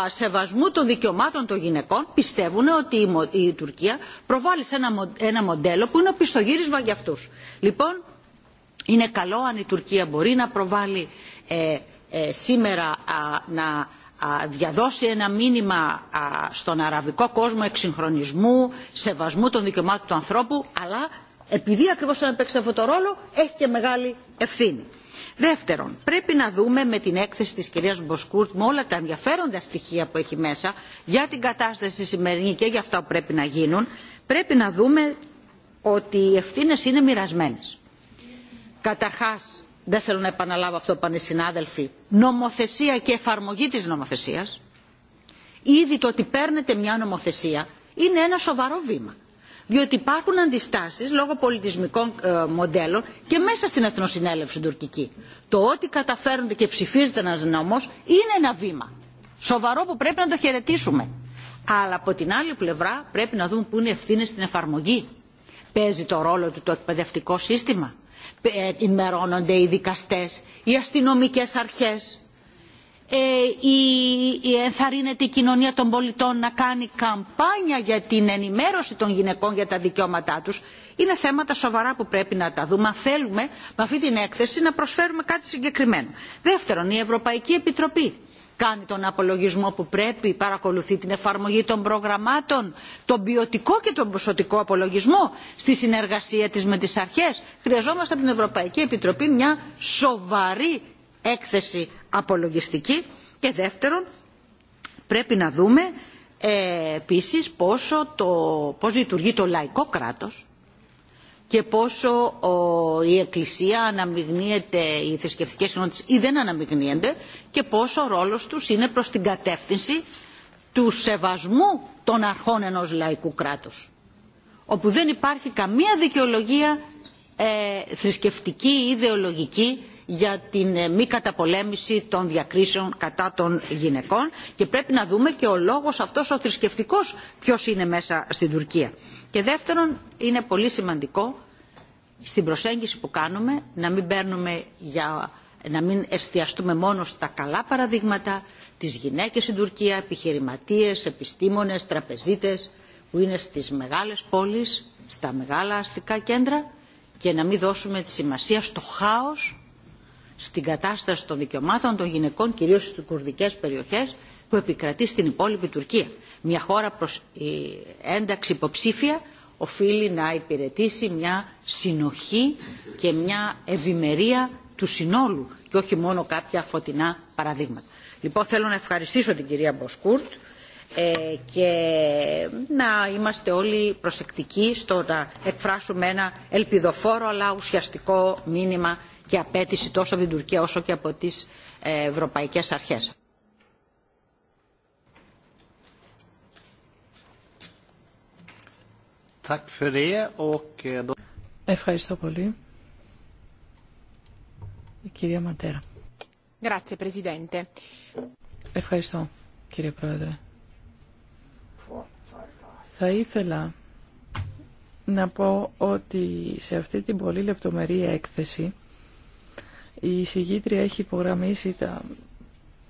σεβασμού των δικαιωμάτων των γυναικών πιστεύουν ότι η Τουρκία προβάλλει σε ένα μοντέλο που είναι πιστογύρισμα για αυτούς. Λοιπόν, είναι καλό αν η Τουρκία μπορεί να προβάλλει ε, ε, σήμερα να διαδώσει ένα μήνυμα στον αραβικό κόσμο εξυγχρονισμού, σεβασμού των δικαιωμάτων του ανθρώπου, αλλά επειδή ακριβώς να παίξει αυτό το ρόλο έχει και μεγάλη ευθύνη. Δεύτερον, πρέπει να δούμε με την έκθεση της κυρίας Μποσκούρτ με όλα τα ενδιαφέροντα στοιχεία που έχει μέσα για την κατάσταση σημερινή και για αυτά που πρέπει να γίνουν, πρέπει να δούμε ότι οι ευθύνε είναι μοιρασμένε. Καταρχάς, δεν θέλω να επαναλάβω αυτό που είπαν οι συνάδελφοι, νομοθεσία και εφαρμογή της νομοθεσίας, ήδη το ότι παίρνετε μια νομοθεσία είναι ένα σοβαρό βήμα. Διότι υπάρχουν αντιστάσεις λόγω πολιτισμικών ε, μοντέλων και μέσα στην Εθνοσυνέλευση τουρκική. Το ότι καταφέρονται και ψηφίζεται ένας νόμος είναι ένα βήμα. Σοβαρό που πρέπει να το χαιρετήσουμε. Αλλά από την άλλη πλευρά πρέπει να δούμε πού είναι ευθύνε στην εφαρμογή. Παίζει το ρόλο του το εκπαιδευτικό σύστημα ε, ενημερώνονται οι δικαστές, οι αστυνομικές αρχές, ε, η ενθαρρύνεται η κοινωνία των πολιτών να κάνει καμπάνια για την ενημέρωση των γυναικών για τα δικαιώματά τους. Είναι θέματα σοβαρά που πρέπει να τα δούμε. Θέλουμε με αυτή την έκθεση να προσφέρουμε κάτι συγκεκριμένο. Δεύτερον, η Ευρωπαϊκή Επιτροπή κάνει τον απολογισμό που πρέπει, παρακολουθεί την εφαρμογή των προγραμμάτων, τον ποιοτικό και τον ποσοτικό απολογισμό στη συνεργασία της με τις αρχές. Χρειαζόμαστε από την Ευρωπαϊκή Επιτροπή μια σοβαρή έκθεση απολογιστική και δεύτερον πρέπει να δούμε ε, επίσης πόσο το, πώς λειτουργεί το λαϊκό κράτος και πόσο η Εκκλησία αναμειγνύεται, οι θρησκευτικέ κοινότητε ή δεν αναμειγνύονται και πόσο ο ρόλος τους είναι προς την κατεύθυνση του σεβασμού των αρχών ενό λαϊκού κράτους όπου δεν υπάρχει καμία δικαιολογία ε, θρησκευτική ή ιδεολογική για την ε, μη καταπολέμηση των διακρίσεων κατά των γυναικών και πρέπει να δούμε και ο λόγος αυτός ο θρησκευτικός ποιος είναι μέσα στην Τουρκία. Και δεύτερον είναι πολύ σημαντικό στην προσέγγιση που κάνουμε να μην παίρνουμε για να μην εστιαστούμε μόνο στα καλά παραδείγματα τις γυναίκες στην Τουρκία, επιχειρηματίες, επιστήμονες, τραπεζίτες που είναι στις μεγάλες πόλεις, στα μεγάλα αστικά κέντρα και να μην δώσουμε τη σημασία στο χάος στην κατάσταση των δικαιωμάτων των γυναικών, κυρίως στις κουρδικές περιοχές, που επικρατεί στην υπόλοιπη Τουρκία. Μια χώρα προς ε, ένταξη υποψήφια οφείλει να υπηρετήσει μια συνοχή και μια ευημερία του συνόλου και όχι μόνο κάποια φωτεινά παραδείγματα. Λοιπόν, θέλω να ευχαριστήσω την κυρία Μποσκούρτ ε, και να είμαστε όλοι προσεκτικοί στο να εκφράσουμε ένα ελπιδοφόρο αλλά ουσιαστικό μήνυμα και απέτηση τόσο από την Τουρκία όσο και από τις ε, ευρωπαϊκές αρχές. Eh, Ευχαριστώ πολύ. Η κυρία Ματέρα. Ευχαριστώ, κύριε Πρόεδρε. Θα ήθελα να πω ότι σε αυτή την πολύ λεπτομερή έκθεση η εισηγήτρια έχει υπογραμμίσει τα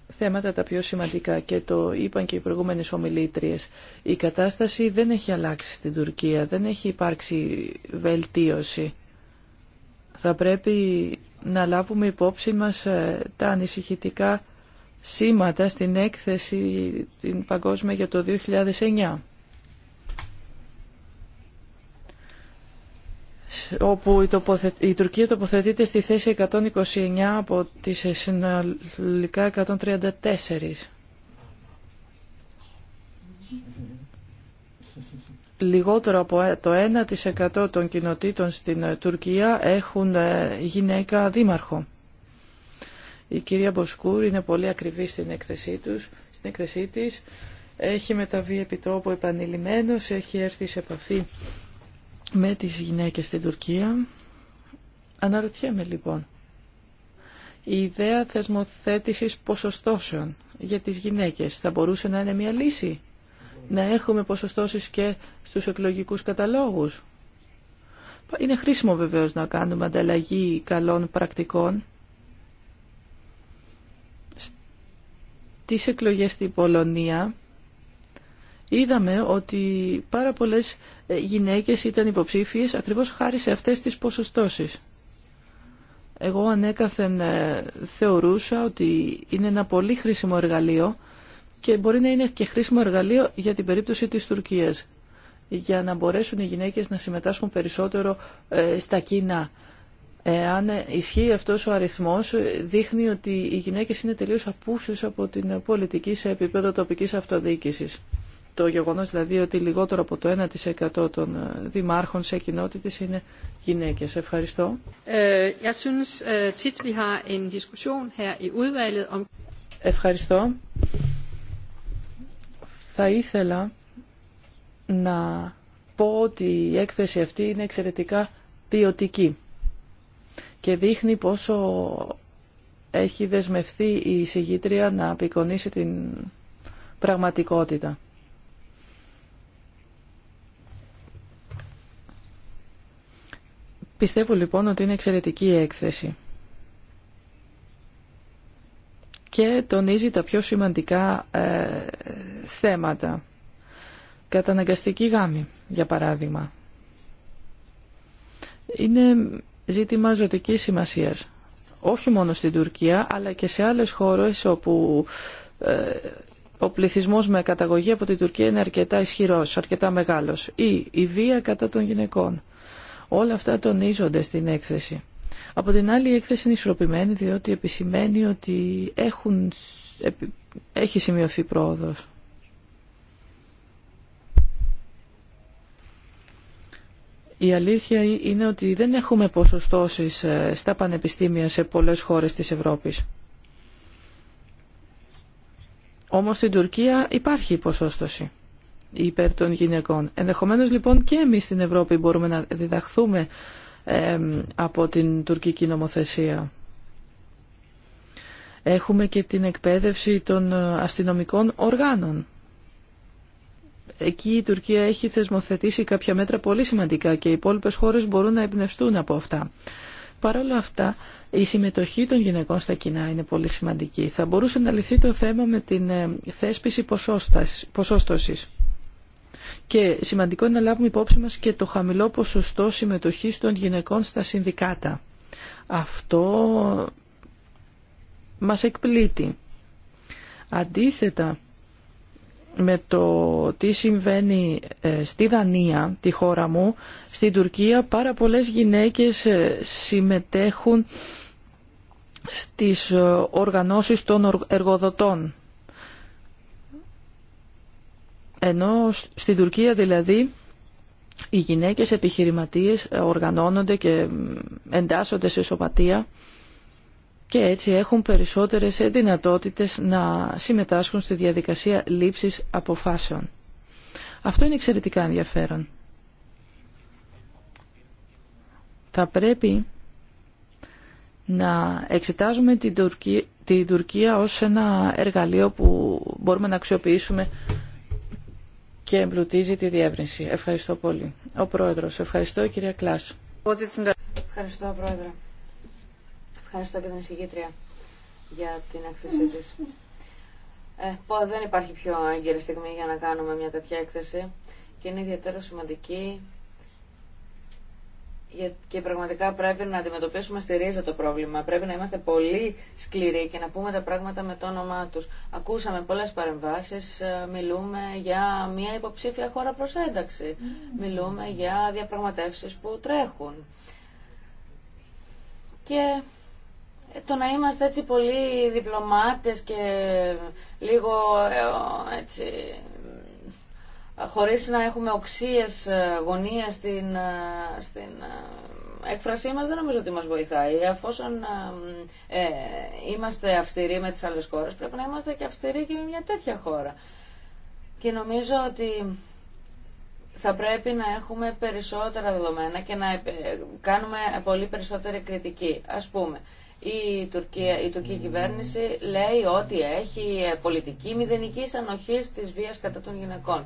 θέματα τα πιο σημαντικά και το είπαν και οι προηγούμενες ομιλήτριες. Η κατάσταση δεν έχει αλλάξει στην Τουρκία, δεν έχει υπάρξει βελτίωση. Θα πρέπει να λάβουμε υπόψη μας ε, τα ανησυχητικά σήματα στην έκθεση την παγκόσμια για το 2009. όπου η, Τουρκία τοποθετείται στη θέση 129 από τις συνολικά 134. Λιγότερο από ε- το 1% των κοινοτήτων στην ε, Τουρκία έχουν ε, γυναίκα δήμαρχο. Η κυρία Μποσκούρ είναι πολύ ακριβή στην έκθεσή, τους, στην έκθεσή της. Έχει μεταβεί επιτόπου επανειλημμένος, έχει έρθει σε επαφή με τις γυναίκες στην Τουρκία. Αναρωτιέμαι λοιπόν, η ιδέα θεσμοθέτησης ποσοστώσεων για τις γυναίκες θα μπορούσε να είναι μια λύση, να έχουμε ποσοστώσεις και στους εκλογικούς καταλόγους. Είναι χρήσιμο βεβαίως να κάνουμε ανταλλαγή καλών πρακτικών. Τις εκλογές στην Πολωνία είδαμε ότι πάρα πολλές ε, γυναίκες ήταν υποψήφιες ακριβώς χάρη σε αυτές τις ποσοστώσεις. Εγώ ανέκαθεν ε, θεωρούσα ότι είναι ένα πολύ χρήσιμο εργαλείο και μπορεί να είναι και χρήσιμο εργαλείο για την περίπτωση της Τουρκίας για να μπορέσουν οι γυναίκες να συμμετάσχουν περισσότερο ε, στα κοινά. Αν ισχύει αυτός ο αριθμός, δείχνει ότι οι γυναίκες είναι τελείως απούσες από την πολιτική σε επίπεδο τοπικής αυτοδιοίκησης. Το γεγονό δηλαδή ότι λιγότερο από το 1% των ε, δημάρχων σε κοινότητε είναι γυναίκε. Ευχαριστώ. Ε, ε, Ευχαριστώ. Θα ήθελα να πω ότι η έκθεση αυτή είναι εξαιρετικά ποιοτική και δείχνει πόσο έχει δεσμευτεί η συγγήτρια να απεικονίσει την πραγματικότητα. Πιστεύω λοιπόν ότι είναι εξαιρετική η έκθεση και τονίζει τα πιο σημαντικά ε, θέματα. Καταναγκαστική γάμη, για παράδειγμα. Είναι ζήτημα ζωτικής σημασίας. Όχι μόνο στην Τουρκία, αλλά και σε άλλες χώρες όπου ε, ο πληθυσμός με καταγωγή από την Τουρκία είναι αρκετά ισχυρός, αρκετά μεγάλος. Ή η βία κατά των γυναικών. Όλα αυτά τονίζονται στην έκθεση. Από την άλλη η έκθεση είναι ισορροπημένη διότι επισημαίνει ότι έχουν, έχει σημειωθεί πρόοδος. Η αλήθεια είναι ότι δεν έχουμε ποσοστώσεις ε, στα πανεπιστήμια σε πολλές χώρες της Ευρώπης. Όμως στην Τουρκία υπάρχει ποσόστοση υπέρ των γυναικών. Ενδεχομένως λοιπόν και εμείς στην Ευρώπη μπορούμε να διδαχθούμε από την τουρκική νομοθεσία. Έχουμε και την εκπαίδευση των αστυνομικών οργάνων. Εκεί η Τουρκία έχει θεσμοθετήσει κάποια μέτρα πολύ σημαντικά και οι υπόλοιπες χώρες μπορούν να εμπνευστούν από αυτά. Παρ' όλα αυτά, η συμμετοχή των γυναικών στα κοινά είναι πολύ σημαντική. Θα μπορούσε να λυθεί το θέμα με την ε, θέσπιση ποσόστοσης. Και σημαντικό είναι να λάβουμε υπόψη μας και το χαμηλό ποσοστό συμμετοχής των γυναικών στα συνδικάτα. Αυτό μας εκπλήττει. Αντίθετα με το τι συμβαίνει ε, στη Δανία, τη χώρα μου, στην Τουρκία πάρα πολλές γυναίκες ε, συμμετέχουν στις ε, οργανώσεις των εργοδοτών ενώ στην Τουρκία δηλαδή οι γυναίκες επιχειρηματίες οργανώνονται και εντάσσονται σε σωματεία και έτσι έχουν περισσότερες δυνατότητες να συμμετάσχουν στη διαδικασία λήψης αποφάσεων. Αυτό είναι εξαιρετικά ενδιαφέρον. Θα πρέπει να εξετάζουμε την Τουρκία, την Τουρκία ως ένα εργαλείο που μπορούμε να αξιοποιήσουμε και εμπλουτίζει τη διεύρυνση. Ευχαριστώ πολύ. Ο Πρόεδρος. Ευχαριστώ, κυρία Κλάς. Ευχαριστώ, Πρόεδρε. Ευχαριστώ και την εισηγήτρια για την έκθεσή της. Ε, πω, δεν υπάρχει πιο έγκαιρη στιγμή για να κάνουμε μια τέτοια έκθεση και είναι ιδιαίτερα σημαντική και πραγματικά πρέπει να αντιμετωπίσουμε στη ρίζα το πρόβλημα. Πρέπει να είμαστε πολύ σκληροί και να πούμε τα πράγματα με το όνομά τους. Ακούσαμε πολλές παρεμβάσει, ε, μιλούμε για μια υποψήφια χώρα προ ένταξη. Mm. Μιλούμε για διαπραγματεύσεις που τρέχουν. Και ε, το να είμαστε έτσι πολύ διπλωμάτες και λίγο ε, έτσι χωρίς να έχουμε οξύες ε, γωνίες στην, ε, στην ε, έκφρασή μας δεν νομίζω ότι μας βοηθάει. Αφόσον ε, είμαστε αυστηροί με τις άλλες χώρες πρέπει να είμαστε και αυστηροί και με μια τέτοια χώρα. Και νομίζω ότι θα πρέπει να έχουμε περισσότερα δεδομένα και να κάνουμε πολύ περισσότερη κριτική. Ας πούμε, η, Τουρκία, η τουρκική κυβέρνηση λέει ότι έχει πολιτική μηδενική ανοχή της βίας κατά των γυναικών.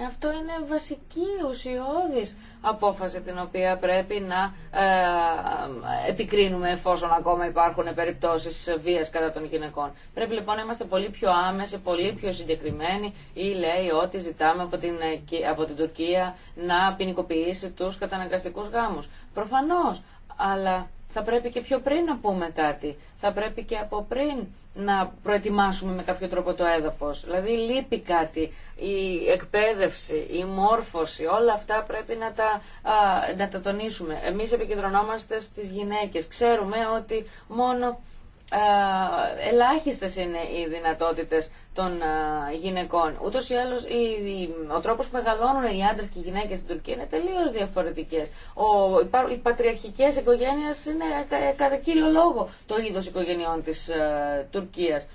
Αυτό είναι βασική ουσιώδης απόφαση την οποία πρέπει να ε, επικρίνουμε εφόσον ακόμα υπάρχουν περιπτώσεις βίας κατά των γυναικών. Πρέπει λοιπόν να είμαστε πολύ πιο άμεσοι, πολύ πιο συγκεκριμένοι ή λέει ότι ζητάμε από την, ε, από την Τουρκία να ποινικοποιήσει τους καταναγκαστικούς γάμους. Προφανώς, αλλά θα πρέπει και πιο πριν να πούμε κάτι. Θα πρέπει και από πριν να προετοιμάσουμε με κάποιο τρόπο το έδαφος. Δηλαδή λείπει κάτι, η εκπαίδευση, η μόρφωση, όλα αυτά πρέπει να τα, να τα τονίσουμε. Εμείς επικεντρωνόμαστε στις γυναίκες. Ξέρουμε ότι μόνο Ελάχιστε είναι οι δυνατότητες των γυναικών. Ούτω ή ο τρόπος που μεγαλώνουν οι άντρε και οι γυναίκε στην Τουρκία είναι τελείως διαφορετικές. οι πατριαρχικέ οικογένειε είναι κατά κύριο λόγο το είδο οικογενειών της Τουρκίας.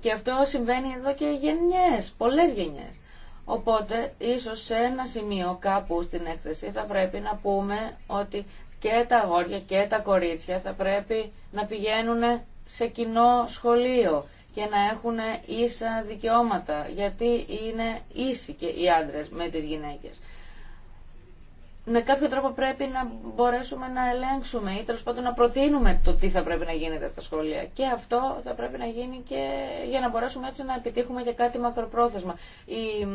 Και αυτό συμβαίνει εδώ και γενιές, πολλέ γενιέ. Οπότε, ίσω σε ένα σημείο κάπου στην έκθεση θα πρέπει να πούμε ότι και τα αγόρια και τα κορίτσια θα πρέπει να πηγαίνουν σε κοινό σχολείο και να έχουν ίσα δικαιώματα, γιατί είναι ίσοι και οι άντρες με τις γυναίκες. Με κάποιο τρόπο πρέπει να μπορέσουμε να ελέγξουμε ή τέλο πάντων να προτείνουμε το τι θα πρέπει να γίνεται στα σχολεία. Και αυτό θα πρέπει να γίνει και για να μπορέσουμε έτσι να επιτύχουμε και κάτι μακροπρόθεσμα. Η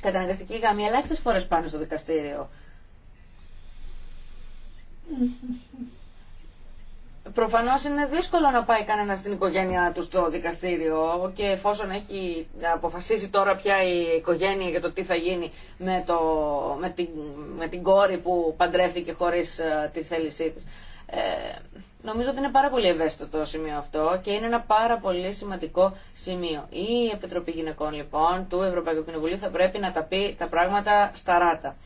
καταναγκαστική γάμη ελάχιστε φορέ πάνε στο δικαστήριο. Προφανώς είναι δύσκολο να πάει κανένα στην οικογένειά του στο δικαστήριο και εφόσον έχει αποφασίσει τώρα πια η οικογένεια για το τι θα γίνει με, το, με, την, με την κόρη που παντρεύτηκε χωρίς ε, τη θέλησή της. Ε, νομίζω ότι είναι πάρα πολύ ευαίσθητο το σημείο αυτό και είναι ένα πάρα πολύ σημαντικό σημείο. Η Επιτροπή Γυναικών λοιπόν του Ευρωπαϊκού Κοινοβουλίου θα πρέπει να τα πει τα πράγματα στα ράτα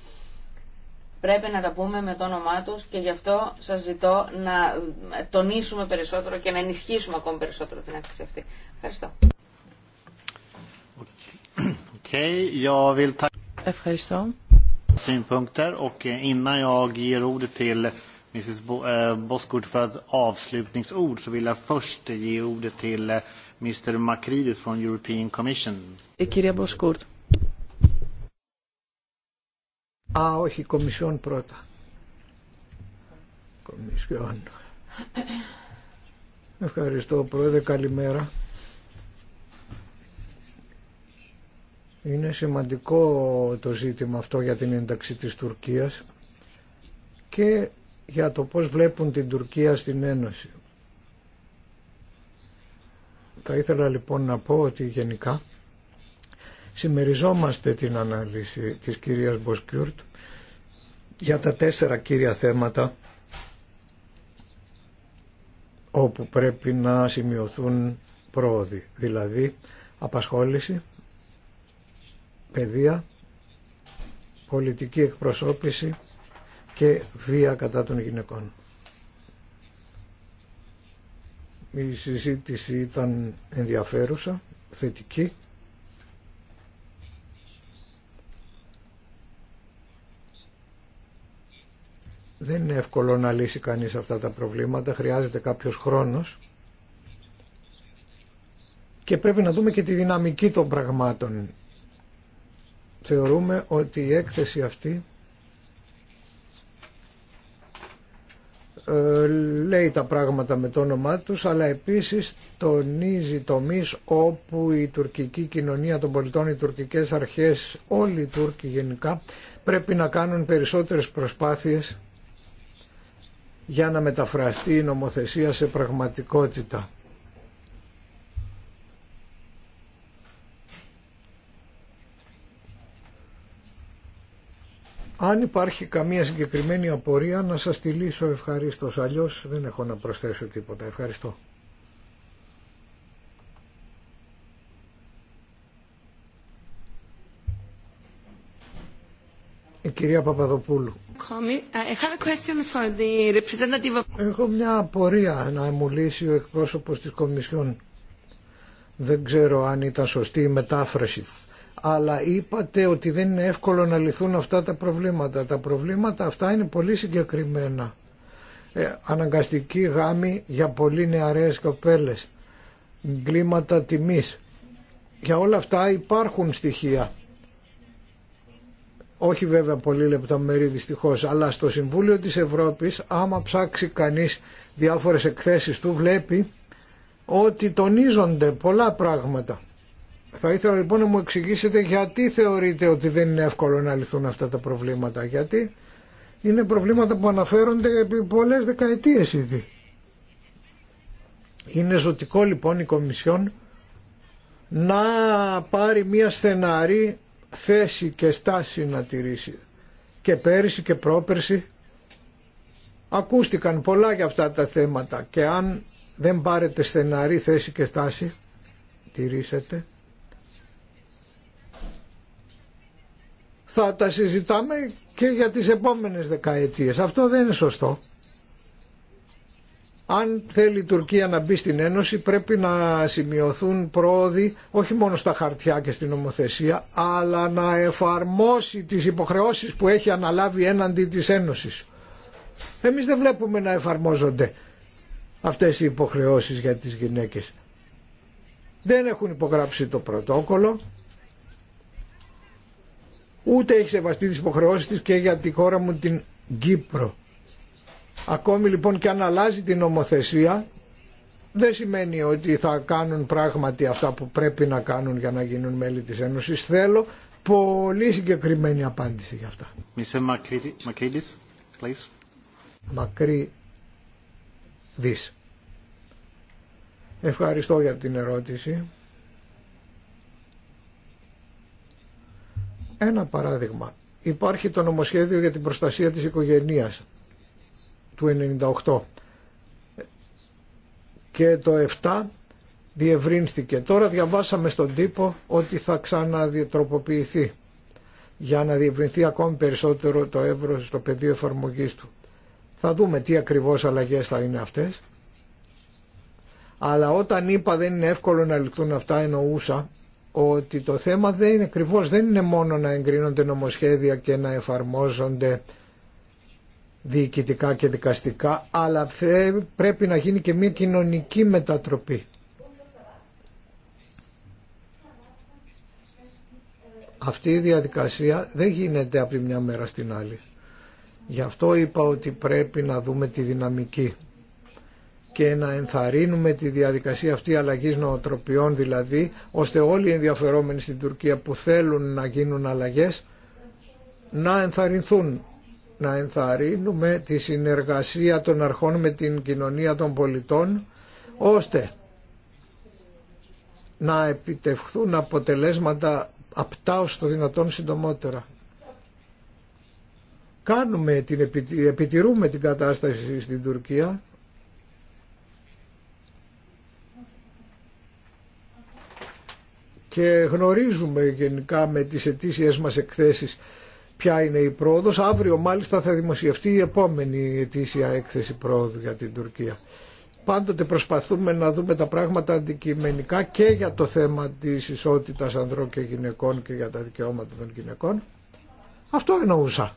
πρέπει να τα πούμε με το όνομά τους και γι' αυτό σας ζητώ να ε, τονίσουμε περισσότερο και να ενισχύσουμε ακόμη περισσότερο την έκθεση αυτή. Ευχαριστώ. Okay. Jag vill Ευχαριστώ. Synpunkter och eh, innan jag ger ordet till eh, Mrs. Boscourt eh, för ett avslutningsord så vill jag först ge ordet till Mr. Makridis från European Commission. Κυρία Μποσκούρτ, Α, όχι, Κομισιόν πρώτα. Κομισιόν. Ευχαριστώ, Πρόεδρε. Καλημέρα. Είναι σημαντικό το ζήτημα αυτό για την ένταξη της Τουρκίας και για το πώς βλέπουν την Τουρκία στην Ένωση. Θα ήθελα λοιπόν να πω ότι γενικά Συμμεριζόμαστε την ανάλυση της κυρίας Μποσκιούρτ για τα τέσσερα κύρια θέματα όπου πρέπει να σημειωθούν πρόοδοι, δηλαδή απασχόληση, παιδεία, πολιτική εκπροσώπηση και βία κατά των γυναικών. Η συζήτηση ήταν ενδιαφέρουσα, θετική Δεν είναι εύκολο να λύσει κανείς αυτά τα προβλήματα, χρειάζεται κάποιος χρόνος και πρέπει να δούμε και τη δυναμική των πραγμάτων. Θεωρούμε ότι η έκθεση αυτή ε, λέει τα πράγματα με το όνομά τους αλλά επίσης τονίζει τομείς όπου η τουρκική κοινωνία των πολιτών, οι τουρκικές αρχές όλοι οι Τούρκοι γενικά πρέπει να κάνουν περισσότερες προσπάθειες για να μεταφραστεί η νομοθεσία σε πραγματικότητα. Αν υπάρχει καμία συγκεκριμένη απορία να σας τη λύσω ευχαρίστως, αλλιώς δεν έχω να προσθέσω τίποτα. Ευχαριστώ. Η ε, κυρία Παπαδοπούλου. Έχω μια απορία να μου λύσει ο εκπρόσωπος της Κομισιόν. Δεν ξέρω αν ήταν σωστή η μετάφραση. Αλλά είπατε ότι δεν είναι εύκολο να λυθούν αυτά τα προβλήματα. Τα προβλήματα αυτά είναι πολύ συγκεκριμένα. Ε, αναγκαστική γάμη για πολύ νεαρές κοπέλες. Κλίματα τιμής. Για όλα αυτά υπάρχουν στοιχεία όχι βέβαια πολύ λεπτομερή δυστυχώ, αλλά στο Συμβούλιο της Ευρώπης άμα ψάξει κανείς διάφορες εκθέσεις του βλέπει ότι τονίζονται πολλά πράγματα. Θα ήθελα λοιπόν να μου εξηγήσετε γιατί θεωρείτε ότι δεν είναι εύκολο να λυθούν αυτά τα προβλήματα. Γιατί είναι προβλήματα που αναφέρονται επί πολλές δεκαετίες ήδη. Είναι ζωτικό λοιπόν η Κομισιόν να πάρει μια στεναρή θέση και στάση να τηρήσει. Και πέρυσι και πρόπερσι ακούστηκαν πολλά για αυτά τα θέματα και αν δεν πάρετε στεναρή θέση και στάση, τηρήσετε, θα τα συζητάμε και για τις επόμενες δεκαετίες. Αυτό δεν είναι σωστό. Αν θέλει η Τουρκία να μπει στην Ένωση πρέπει να σημειωθούν πρόοδοι όχι μόνο στα χαρτιά και στην νομοθεσία αλλά να εφαρμόσει τις υποχρεώσεις που έχει αναλάβει έναντι της Ένωσης. Εμείς δεν βλέπουμε να εφαρμόζονται αυτές οι υποχρεώσεις για τις γυναίκες. Δεν έχουν υπογράψει το πρωτόκολλο ούτε έχει σεβαστεί τις υποχρεώσεις της και για τη χώρα μου την Κύπρο. Ακόμη λοιπόν και αν αλλάζει την νομοθεσία δεν σημαίνει ότι θα κάνουν πράγματι αυτά που πρέπει να κάνουν για να γίνουν μέλη της Ένωσης. Θέλω πολύ συγκεκριμένη απάντηση για αυτά. please. Μακρίδης. Ευχαριστώ για την ερώτηση. Ένα παράδειγμα. Υπάρχει το νομοσχέδιο για την προστασία της οικογενείας του 98 και το 7 διευρύνθηκε. Τώρα διαβάσαμε στον τύπο ότι θα ξαναδιατροποποιηθεί για να διευρυνθεί ακόμη περισσότερο το εύρος στο πεδίο εφαρμογής του. Θα δούμε τι ακριβώς αλλαγές θα είναι αυτές. Αλλά όταν είπα δεν είναι εύκολο να ληφθούν αυτά εννοούσα ότι το θέμα δεν είναι ακριβώς, δεν είναι μόνο να εγκρίνονται νομοσχέδια και να εφαρμόζονται διοικητικά και δικαστικά, αλλά πρέπει να γίνει και μια κοινωνική μετατροπή. Αυτή η διαδικασία δεν γίνεται από τη μια μέρα στην άλλη. Γι' αυτό είπα ότι πρέπει να δούμε τη δυναμική και να ενθαρρύνουμε τη διαδικασία αυτή αλλαγή νοοτροπιών δηλαδή, ώστε όλοι οι ενδιαφερόμενοι στην Τουρκία που θέλουν να γίνουν αλλαγές να ενθαρρυνθούν να ενθαρρύνουμε τη συνεργασία των αρχών με την κοινωνία των πολιτών ώστε να επιτευχθούν αποτελέσματα απτά ως το δυνατόν συντομότερα. Κάνουμε την, επιτηρούμε την κατάσταση στην Τουρκία και γνωρίζουμε γενικά με τις ετήσιες μας εκθέσεις ποια είναι η πρόοδος. Αύριο μάλιστα θα δημοσιευτεί η επόμενη ετήσια έκθεση πρόοδου για την Τουρκία. Πάντοτε προσπαθούμε να δούμε τα πράγματα αντικειμενικά και για το θέμα της ισότητας ανδρών και γυναικών και για τα δικαιώματα των γυναικών. Αυτό εννοούσα.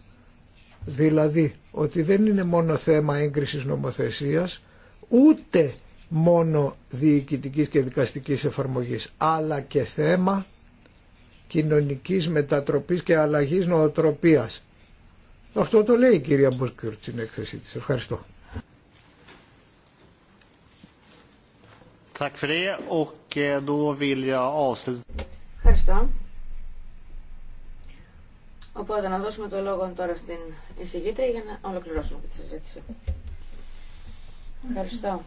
Δηλαδή ότι δεν είναι μόνο θέμα έγκρισης νομοθεσίας, ούτε μόνο διοικητικής και δικαστικής εφαρμογής, αλλά και θέμα κοινωνικής μετατροπής και αλλαγής νοοτροπίας. Αυτό το λέει η κυρία Μποσκιουρτ στην έκθεσή της. Ευχαριστώ. Eh, Ευχαριστώ. Οπότε να δώσουμε το λόγο τώρα στην εισηγήτρια για να ολοκληρώσουμε τη συζήτηση. Ευχαριστώ.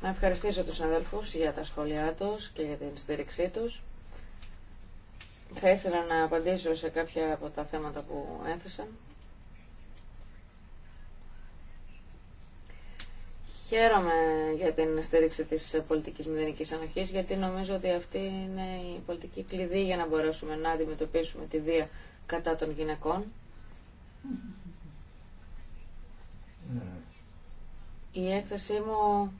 Να ευχαριστήσω τους αδελφούς για τα σχόλιά τους και για την στήριξή τους. Θα ήθελα να απαντήσω σε κάποια από τα θέματα που έθεσαν. Χαίρομαι για την στήριξη της πολιτικής μηδενικής ανοχής, γιατί νομίζω ότι αυτή είναι η πολιτική κλειδί για να μπορέσουμε να αντιμετωπίσουμε τη βία κατά των γυναικών. Ναι. Η έκθεσή μου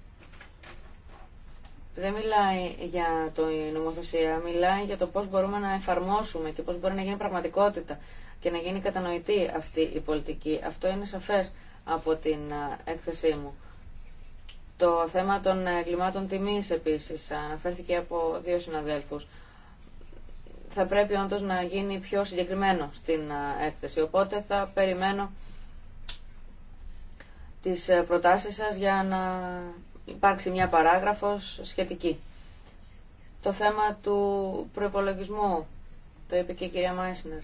δεν μιλάει για το, νομοθεσία, μιλάει για το πώς μπορούμε να εφαρμόσουμε και πώς μπορεί να γίνει πραγματικότητα και να γίνει κατανοητή αυτή η πολιτική. Αυτό είναι σαφές από την έκθεσή μου. Το θέμα των εγκλημάτων τιμής επίσης αναφέρθηκε από δύο συναδέλφους. Θα πρέπει όντως να γίνει πιο συγκεκριμένο στην έκθεση, οπότε θα περιμένω τις ε, προτάσεις σας για να υπάρξει μια παράγραφος σχετική. Το θέμα του προπολογισμού, το είπε και η κυρία Μάισνερ.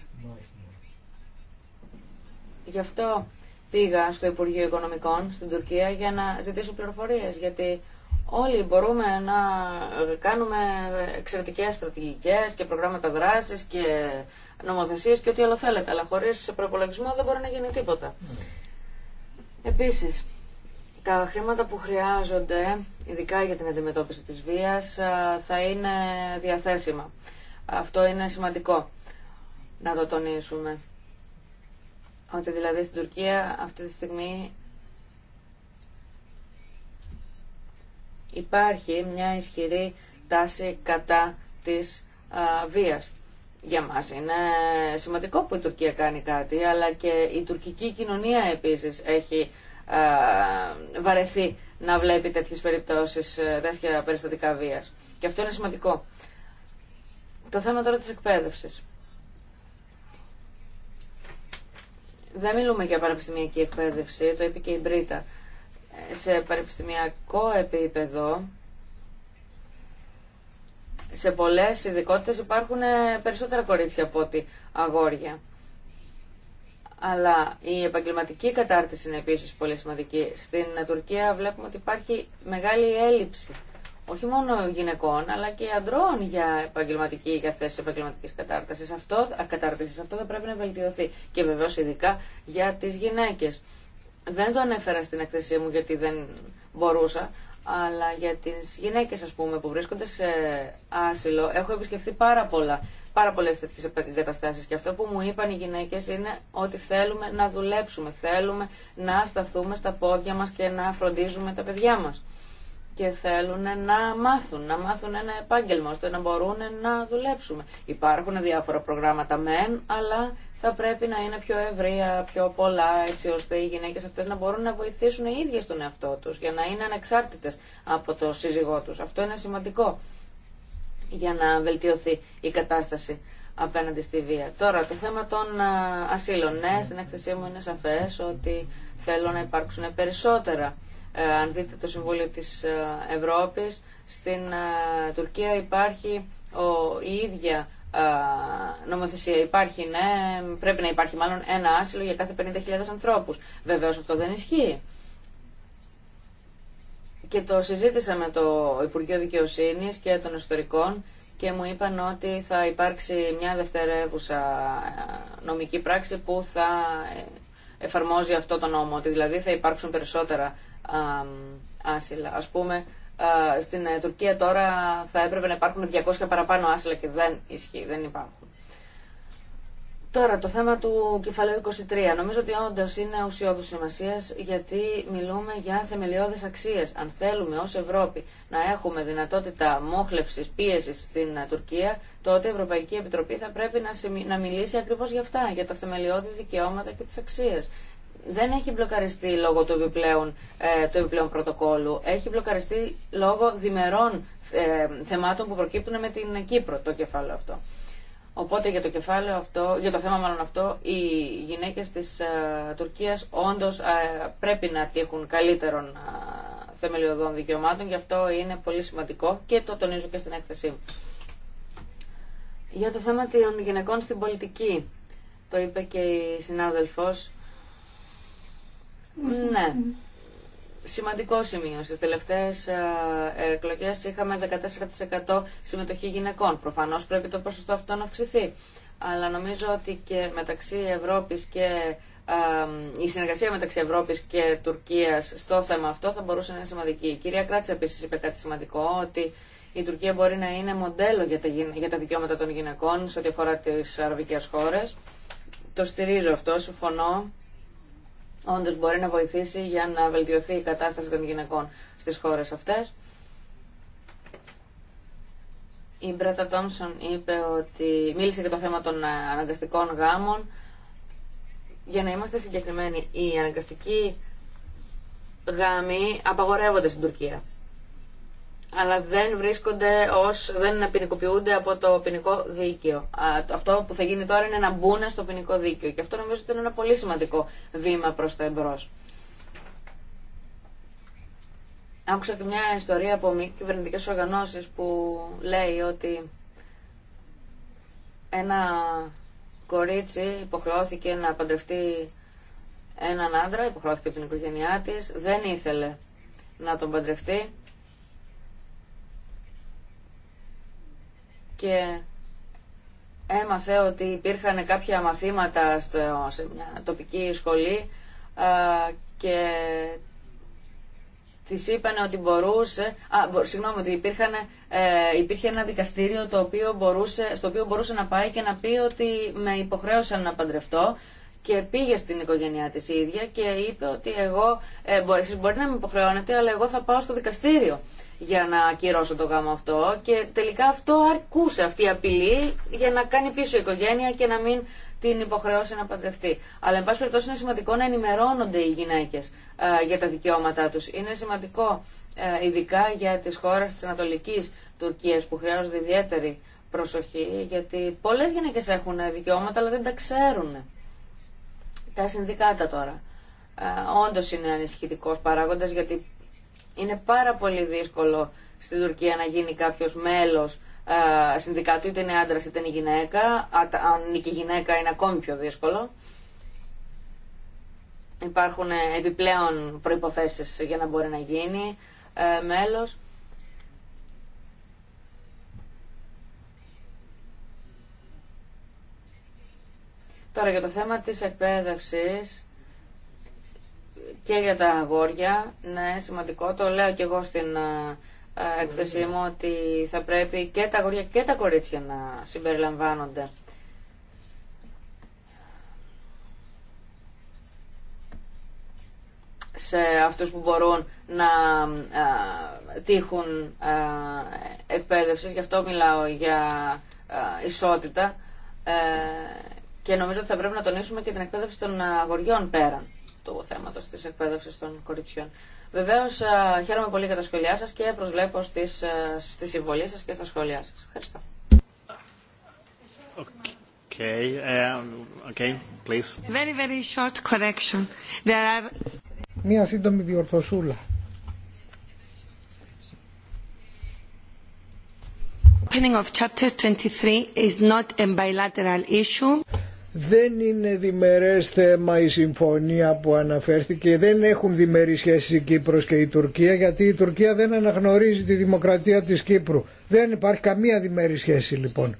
Γι' αυτό πήγα στο Υπουργείο Οικονομικών στην Τουρκία για να ζητήσω πληροφορίες, γιατί όλοι μπορούμε να κάνουμε εξαιρετικές στρατηγικές και προγράμματα δράσης και νομοθεσίες και ό,τι άλλο θέλετε, αλλά χωρίς προπολογισμό δεν μπορεί να γίνει τίποτα. Ναι. Επίσης, τα χρήματα που χρειάζονται, ειδικά για την αντιμετώπιση της βίας, θα είναι διαθέσιμα. Αυτό είναι σημαντικό να το τονίσουμε. Ότι δηλαδή στην Τουρκία αυτή τη στιγμή υπάρχει μια ισχυρή τάση κατά της βίας. Για μας είναι σημαντικό που η Τουρκία κάνει κάτι, αλλά και η τουρκική κοινωνία επίσης έχει ε, βαρεθεί να βλέπει τέτοιες περιπτώσεις, ε, τέτοια περιστατικά βίας. Και αυτό είναι σημαντικό. Το θέμα τώρα της εκπαίδευσης. Δεν μιλούμε για πανεπιστημιακή εκπαίδευση, το είπε και η Μπρίτα. Σε πανεπιστημιακό επίπεδο, σε πολλές ειδικότητες υπάρχουν ε, περισσότερα κορίτσια από ότι αγόρια αλλά η επαγγελματική κατάρτιση είναι επίσης πολύ σημαντική. Στην Τουρκία βλέπουμε ότι υπάρχει μεγάλη έλλειψη όχι μόνο γυναικών, αλλά και αντρών για επαγγελματική, για θέσει επαγγελματική κατάρτιση. Αυτό, κατάρτισης, αυτό θα πρέπει να βελτιωθεί. Και βεβαίω ειδικά για τι γυναίκε. Δεν το ανέφερα στην εκθεσία μου γιατί δεν μπορούσα, αλλά για τις γυναίκες α πούμε που βρίσκονται σε άσυλο έχω επισκεφθεί πάρα πολλά πάρα πολλές εγκαταστάσεις και αυτό που μου είπαν οι γυναίκες είναι ότι θέλουμε να δουλέψουμε, θέλουμε να σταθούμε στα πόδια μας και να φροντίζουμε τα παιδιά μας και θέλουν να μάθουν, να μάθουν ένα επάγγελμα ώστε να μπορούν να δουλέψουμε. Υπάρχουν διάφορα προγράμματα μεν, αλλά θα πρέπει να είναι πιο ευρεία, πιο πολλά, έτσι ώστε οι γυναίκε αυτές να μπορούν να βοηθήσουν οι ίδιες τον εαυτό του για να είναι ανεξάρτητες από το σύζυγό τους. Αυτό είναι σημαντικό για να βελτιωθεί η κατάσταση απέναντι στη βία. Τώρα, το θέμα των ασύλων. Ναι, στην έκθεσή μου είναι σαφές ότι θέλω να υπάρξουν περισσότερα. Ε, αν δείτε το Συμβούλιο της ε, Ευρώπης, στην ε, Τουρκία υπάρχει ο, η ίδια ε, νομοθεσία υπάρχει, ναι, πρέπει να υπάρχει μάλλον ένα άσυλο για κάθε 50.000 ανθρώπους. Βεβαίως αυτό δεν ισχύει. Και το συζήτησα με το Υπουργείο Δικαιοσύνης και των Ιστορικών και μου είπαν ότι θα υπάρξει μια δευτερεύουσα ε, νομική πράξη που θα ε, εφαρμόζει αυτό το νόμο, ότι δηλαδή θα υπάρξουν περισσότερα άσυλα. Ας πούμε, ε, στην ε, Τουρκία τώρα θα έπρεπε να υπάρχουν 200 παραπάνω άσυλα και δεν ισχύει, δεν υπάρχουν. Τώρα, το θέμα του κεφαλαίου 23. Νομίζω ότι όντω είναι ουσιώδου σημασία γιατί μιλούμε για θεμελιώδει αξίε. Αν θέλουμε ω Ευρώπη να έχουμε δυνατότητα μόχλευση, πίεση στην ε, Τουρκία, τότε η Ευρωπαϊκή Επιτροπή θα πρέπει να μιλήσει ακριβώ για αυτά, για τα θεμελιώδη δικαιώματα και τι αξίε δεν έχει μπλοκαριστεί λόγω του επιπλέον, ε, του επιπλέον πρωτοκόλου. Έχει μπλοκαριστεί λόγω διμερών ε, θεμάτων που προκύπτουν με την Κύπρο το κεφάλαιο αυτό. Οπότε για το κεφάλαιο αυτό, για το θέμα μάλλον αυτό, οι γυναίκες της ε, Τουρκίας όντως ε, πρέπει να τύχουν καλύτερων θεμελιωδών δικαιωμάτων, γι' αυτό είναι πολύ σημαντικό και το τονίζω και στην έκθεσή μου. Για το θέμα των γυναικών στην πολιτική, το είπε και η συνάδελφος, ναι. Σημαντικό σημείο. Στις τελευταίες ε, εκλογές είχαμε 14% συμμετοχή γυναικών. Προφανώς πρέπει το ποσοστό αυτό να αυξηθεί. Αλλά νομίζω ότι και μεταξύ Ευρώπης και ε, η συνεργασία μεταξύ Ευρώπης και Τουρκίας στο θέμα αυτό θα μπορούσε να είναι σημαντική. Η κυρία Κράτσα επίση είπε κάτι σημαντικό, ότι η Τουρκία μπορεί να είναι μοντέλο για τα, για τα δικαιώματα των γυναικών σε ό,τι αφορά τι αραβικέ χώρε. Το στηρίζω αυτό, συμφωνώ όντω μπορεί να βοηθήσει για να βελτιωθεί η κατάσταση των γυναικών στι χώρε αυτέ. Η Μπρέτα Τόμσον είπε ότι μίλησε για το θέμα των ε, αναγκαστικών γάμων. Για να είμαστε συγκεκριμένοι, οι αναγκαστικοί γάμοι απαγορεύονται στην Τουρκία αλλά δεν βρίσκονται ως, δεν ποινικοποιούνται από το ποινικό δίκαιο. Αυτό που θα γίνει τώρα είναι να μπουν στο ποινικό δίκαιο και αυτό νομίζω ότι είναι ένα πολύ σημαντικό βήμα προς τα εμπρός. Άκουσα και μια ιστορία από μη κυβερνητικέ οργανώσει που λέει ότι ένα κορίτσι υποχρεώθηκε να παντρευτεί έναν άντρα, υποχρεώθηκε από την οικογένειά της, δεν ήθελε να τον παντρευτεί και έμαθε ότι υπήρχαν κάποια μαθήματα στο, σε μια τοπική σχολή και τη είπαν ότι μπορούσε. Α, συγγνώμη, ότι ε, υπήρχε ένα δικαστήριο το οποίο μπορούσε, στο οποίο μπορούσε να πάει και να πει ότι με υποχρέωσαν να παντρευτώ. Και πήγε στην οικογένειά της ίδια και είπε ότι εγώ, ε, μπορεί, να με υποχρεώνετε, αλλά εγώ θα πάω στο δικαστήριο για να ακυρώσω το γάμο αυτό και τελικά αυτό αρκούσε αυτή η απειλή για να κάνει πίσω η οικογένεια και να μην την υποχρεώσει να παντρευτεί. Αλλά, εν πάση περιπτώσει, είναι σημαντικό να ενημερώνονται οι γυναίκε ε, για τα δικαιώματά τους. Είναι σημαντικό, ε, ειδικά για τις χώρες της Ανατολικής Τουρκίας που χρειάζονται ιδιαίτερη προσοχή, γιατί πολλές γυναίκες έχουν δικαιώματα, αλλά δεν τα ξέρουν. Τα συνδικάτα τώρα. Ε, Όντω είναι ανησυχητικό παράγοντα, γιατί είναι πάρα πολύ δύσκολο στην Τουρκία να γίνει κάποιο μέλο ε, συνδικάτου, είτε είναι άντρα είτε είναι γυναίκα. Αν είναι και γυναίκα, είναι ακόμη πιο δύσκολο. Υπάρχουν ε, επιπλέον προϋποθέσεις για να μπορεί να γίνει ε, μέλος. Τώρα για το θέμα της εκπαίδευσης και για τα αγόρια, ναι, σημαντικό, το λέω και εγώ στην ε, έκθεσή μου ότι θα πρέπει και τα αγόρια και τα κορίτσια να συμπεριλαμβάνονται. σε αυτούς που μπορούν να ε, τύχουν ε, εκπαίδευσης. Γι' αυτό μιλάω για ισότητα και νομίζω ότι θα πρέπει να τονίσουμε και την εκπαίδευση των αγοριών πέραν του θέματος της εκπαίδευση των κοριτσιών. Βεβαίως, χαίρομαι πολύ για τα σχόλιά σας και προσβλέπω στις, στη συμβολή σας και στα σχόλιά σας. Ευχαριστώ. Okay, um, okay, please. Very, very short correction. There are... Μία σύντομη διορθωσούλα. Opening of chapter 23 is not a bilateral issue. Δεν είναι διμερές θέμα η συμφωνία που αναφέρθηκε. Δεν έχουν διμερείς σχέσεις η Κύπρος και η Τουρκία γιατί η Τουρκία δεν αναγνωρίζει τη δημοκρατία της Κύπρου. Δεν υπάρχει καμία διμερή σχέση λοιπόν.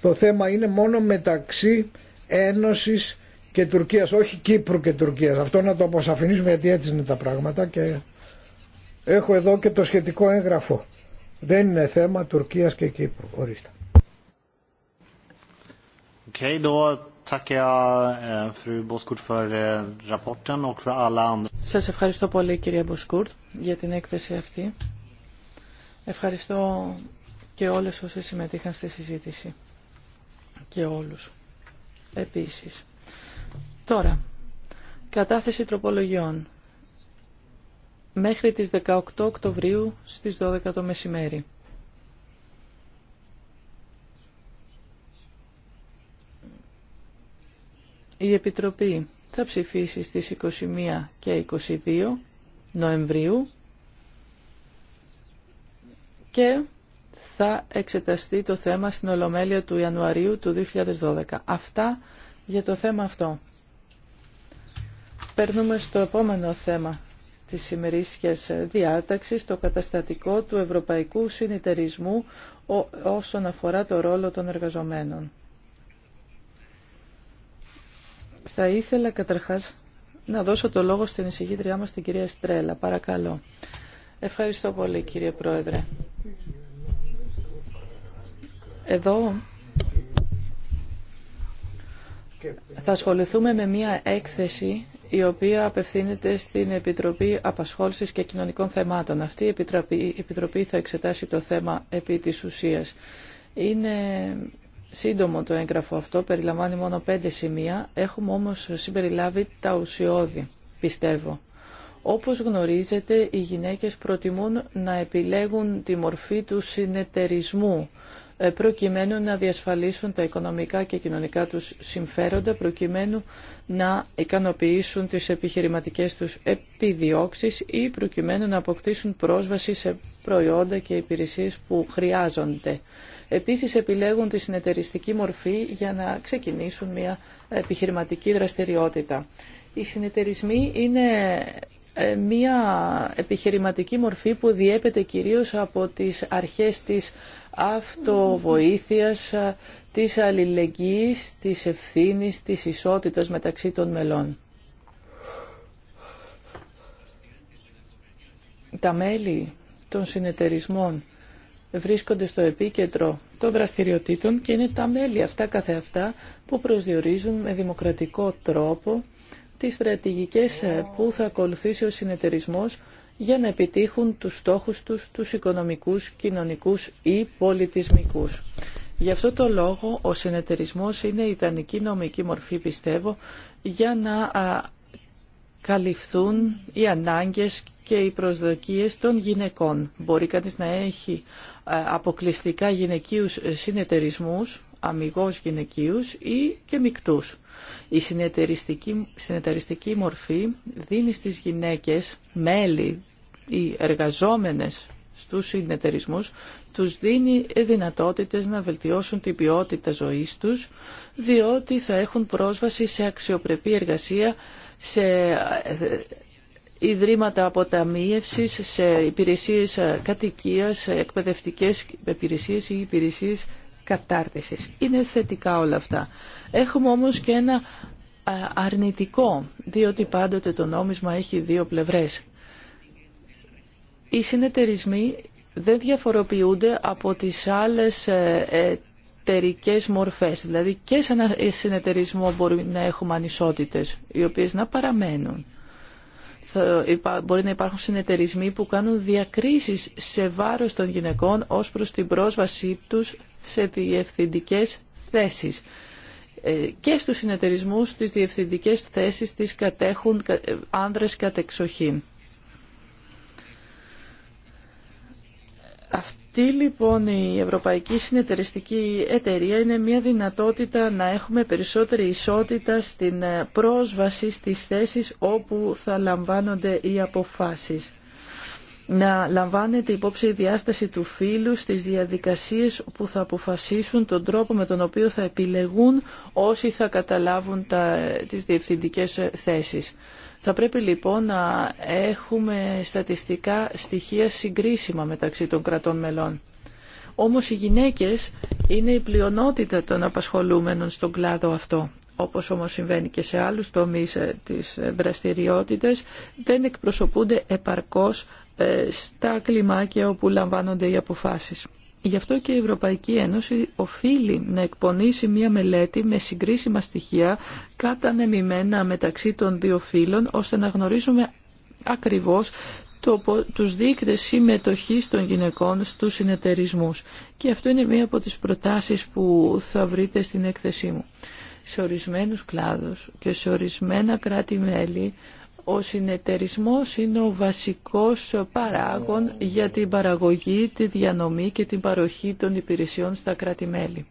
Το θέμα είναι μόνο μεταξύ Ένωσης και Τουρκίας, όχι Κύπρου και Τουρκίας. Αυτό να το αποσαφηνίσουμε γιατί έτσι είναι τα πράγματα και έχω εδώ και το σχετικό έγγραφο. Δεν είναι θέμα Τουρκίας και Κύπρου. Ορίστε. Okej, Σας ευχαριστώ πολύ κυρία Μποσκούρτ για την έκθεση αυτή. Ευχαριστώ και όλες όσοι συμμετείχαν στη συζήτηση και όλους επίσης. Τώρα, κατάθεση τροπολογιών μέχρι τις 18 Οκτωβρίου στις 12 το μεσημέρι. Η Επιτροπή θα ψηφίσει στις 21 και 22 Νοεμβρίου και θα εξεταστεί το θέμα στην Ολομέλεια του Ιανουαρίου του 2012. Αυτά για το θέμα αυτό. Περνούμε στο επόμενο θέμα της ημερήσιας διάταξης, το καταστατικό του Ευρωπαϊκού Συνεταιρισμού όσον αφορά το ρόλο των εργαζομένων. Θα ήθελα καταρχάς να δώσω το λόγο στην εισηγήτριά μας, την κυρία Στρέλα. Παρακαλώ. Ευχαριστώ πολύ, κύριε Πρόεδρε. Εδώ θα ασχοληθούμε με μία έκθεση η οποία απευθύνεται στην Επιτροπή Απασχόλησης και Κοινωνικών Θεμάτων. Αυτή η Επιτροπή, Επιτροπή θα εξετάσει το θέμα επί της ουσίας. Είναι σύντομο το έγγραφο αυτό, περιλαμβάνει μόνο πέντε σημεία, έχουμε όμως συμπεριλάβει τα ουσιώδη, πιστεύω. Όπως γνωρίζετε, οι γυναίκες προτιμούν να επιλέγουν τη μορφή του συνεταιρισμού, ε, προκειμένου να διασφαλίσουν τα οικονομικά και κοινωνικά τους συμφέροντα, προκειμένου να ικανοποιήσουν τις επιχειρηματικές τους επιδιώξεις ή προκειμένου να αποκτήσουν πρόσβαση σε προϊόντα και υπηρεσίες που χρειάζονται. Επίσης επιλέγουν τη συνεταιριστική μορφή για να ξεκινήσουν μια επιχειρηματική δραστηριότητα. Οι συνεταιρισμοί είναι ε, μια επιχειρηματική μορφή που διέπεται κυρίως από τις αρχές της αυτοβοήθειας, ε, της αλληλεγγύης, της ευθύνης, της ισότητας μεταξύ των μελών. Τα μέλη των συνεταιρισμών βρίσκονται στο επίκεντρο των δραστηριοτήτων και είναι τα μέλη αυτά καθεαυτά που προσδιορίζουν με δημοκρατικό τρόπο τις στρατηγικές ε, που θα ακολουθήσει ο συνεταιρισμός για να επιτύχουν τους στόχους τους, τους οικονομικούς, κοινωνικούς ή πολιτισμικούς. Γι' αυτό το λόγο ο συνεταιρισμός είναι ιδανική νομική μορφή, πιστεύω, για να καλυφθούν οι ανάγκες και οι προσδοκίες των γυναικών. Μπορεί κανείς να έχει ε, αποκλειστικά γυναικείους συνεταιρισμούς, αμυγός γυναικείους ή και μικτούς. Η συνεταιριστική, συνεταιριστική μορφή δίνει στις γυναίκες μέλη ή εργαζόμενες στους συνεταιρισμούς, τους δίνει δυνατότητες να βελτιώσουν την ποιότητα ζωής τους, διότι θα έχουν πρόσβαση σε αξιοπρεπή εργασία, σε ε, ιδρύματα αποταμίευσης, σε υπηρεσίες ε, κατοικίας, ε, εκπαιδευτικές υπηρεσίες ή υπηρεσίες κατάρτισης. Είναι θετικά όλα αυτά. Έχουμε όμως και ένα ε, αρνητικό, διότι πάντοτε το νόμισμα έχει δύο πλευρές. Οι συνεταιρισμοί δεν διαφοροποιούνται από τις άλλες εταιρικές μορφές. Δηλαδή και σε ένα συνεταιρισμό μπορεί να έχουμε ανισότητες, οι οποίες να παραμένουν μπορεί να υπάρχουν συνεταιρισμοί που κάνουν διακρίσεις σε βάρος των γυναικών ως προς την πρόσβασή τους σε διευθυντικές θέσεις. Ε, και στους συνεταιρισμούς τις διευθυντικές θέσεις τις κατέχουν ε, άνδρες κατεξοχήν. Ε, αυτή λοιπόν η Ευρωπαϊκή Συνεταιριστική Εταιρεία είναι μια δυνατότητα να έχουμε περισσότερη ισότητα στην ε, πρόσβαση στις θέσεις όπου θα λαμβάνονται οι αποφάσεις. Να λαμβάνεται υπόψη η διάσταση του φύλου στις διαδικασίες που θα αποφασίσουν τον τρόπο με τον οποίο θα επιλεγούν όσοι θα καταλάβουν τα, ε, τις διευθυντικές ε, θέσεις. Θα πρέπει λοιπόν να έχουμε στατιστικά στοιχεία συγκρίσιμα μεταξύ των κρατών μελών. Όμως οι γυναίκες είναι η πλειονότητα των απασχολούμενων στον κλάδο αυτό. Όπως όμως συμβαίνει και σε άλλους τομείς ε, της ε, δραστηριότητας, δεν εκπροσωπούνται επαρκώς ε, στα κλιμάκια όπου λαμβάνονται οι αποφάσεις. Γι' αυτό και η Ευρωπαϊκή Ένωση οφείλει να εκπονήσει μία μελέτη με συγκρίσιμα στοιχεία κατανεμημένα μεταξύ των δύο φύλων, ώστε να γνωρίζουμε ακριβώς το, τους δείκτες συμμετοχής των γυναικών στους συνεταιρισμούς. Και αυτό είναι μία από τις προτάσεις που θα βρείτε στην έκθεσή μου. Σε ορισμένους κλάδους και σε ορισμένα κράτη-μέλη ο συνεταιρισμός είναι ο βασικός παράγων για την παραγωγή, τη διανομή και την παροχή των υπηρεσιών στα κράτη-μέλη.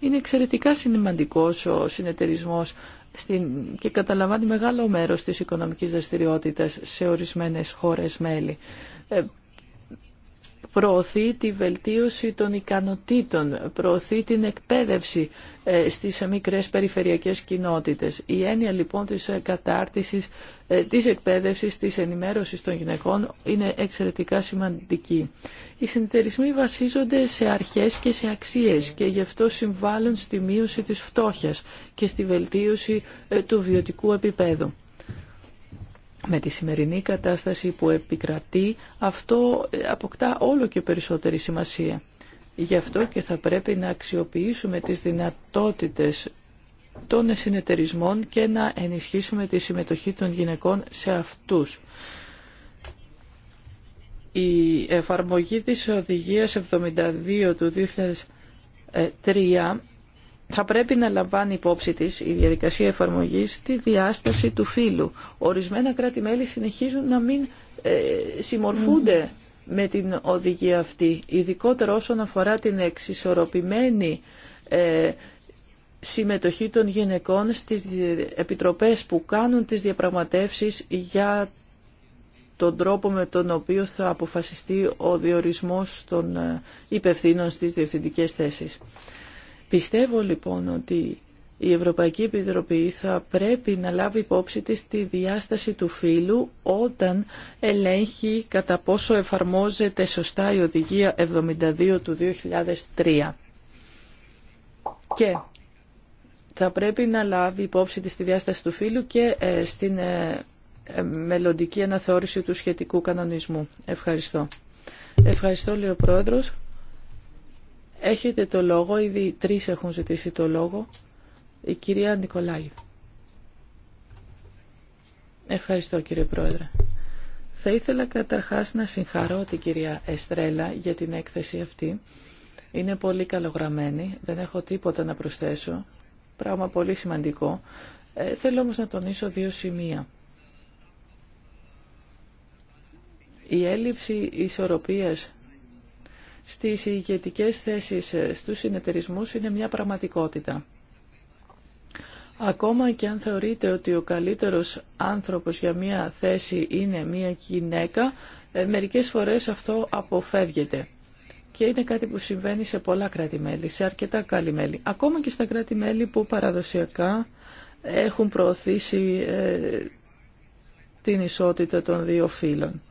Είναι εξαιρετικά σημαντικός ο συνεταιρισμός και καταλαμβάνει μεγάλο μέρος της οικονομικής δραστηριότητας σε ορισμένες χώρες-μέλη. Ε, προωθεί τη βελτίωση των ικανοτήτων, προωθεί την εκπαίδευση ε, στις μικρές περιφερειακές κοινότητες. Η έννοια λοιπόν της ε, κατάρτισης, ε, της εκπαίδευσης, της ενημέρωσης των γυναικών είναι εξαιρετικά σημαντική. Οι συνεταιρισμοί βασίζονται σε αρχές και σε αξίες και γι' αυτό συμβάλλουν στη μείωση της φτώχειας και στη βελτίωση του βιωτικού επίπεδου με τη σημερινή κατάσταση που επικρατεί, αυτό ε, αποκτά όλο και περισσότερη σημασία. Γι' αυτό και θα πρέπει να αξιοποιήσουμε τις δυνατότητες των συνεταιρισμών και να ενισχύσουμε τη συμμετοχή των γυναικών σε αυτούς. Η εφαρμογή της οδηγίας 72 του 2003 θα πρέπει να λαμβάνει υπόψη τη, η διαδικασία εφαρμογής τη διάσταση του φύλου. Ορισμένα κράτη-μέλη συνεχίζουν να μην ε, συμμορφούνται με την οδηγία αυτή, ειδικότερα όσον αφορά την εξισορροπημένη ε, συμμετοχή των γυναικών στις επιτροπές που κάνουν τις διαπραγματεύσεις για τον τρόπο με τον οποίο θα αποφασιστεί ο διορισμός των ε, υπευθύνων στις διευθυντικές θέσεις. Πιστεύω λοιπόν ότι η Ευρωπαϊκή Επιτροπή θα πρέπει να λάβει υπόψη της τη διάσταση του φύλου όταν ελέγχει κατά πόσο εφαρμόζεται σωστά η Οδηγία 72 του 2003. Και θα πρέπει να λάβει υπόψη της τη διάσταση του φύλου και ε, στην ε, ε, μελλοντική αναθεώρηση του σχετικού κανονισμού. Ευχαριστώ. Ευχαριστώ, λέει ο Έχετε το λόγο, ήδη τρεις έχουν ζητήσει το λόγο. Η κυρία Νικολάη. Ευχαριστώ κύριε Πρόεδρε. Θα ήθελα καταρχάς να συγχαρώ την κυρία Εστρέλα για την έκθεση αυτή. Είναι πολύ καλογραμμένη, δεν έχω τίποτα να προσθέσω, πράγμα πολύ σημαντικό. Ε, θέλω όμως να τονίσω δύο σημεία. Η έλλειψη ισορροπίας στις ηγετικέ θέσεις ε, στους συνεταιρισμούς είναι μια πραγματικότητα. Ακόμα και αν θεωρείτε ότι ο καλύτερος άνθρωπος για μια θέση είναι μια γυναίκα, ε, μερικές φορές αυτό αποφεύγεται. Και είναι κάτι που συμβαίνει σε πολλά κράτη-μέλη, σε αρκετά καλή μέλη. Ακόμα και στα κράτη-μέλη που παραδοσιακά έχουν προωθήσει ε, την ισότητα των δύο φύλων.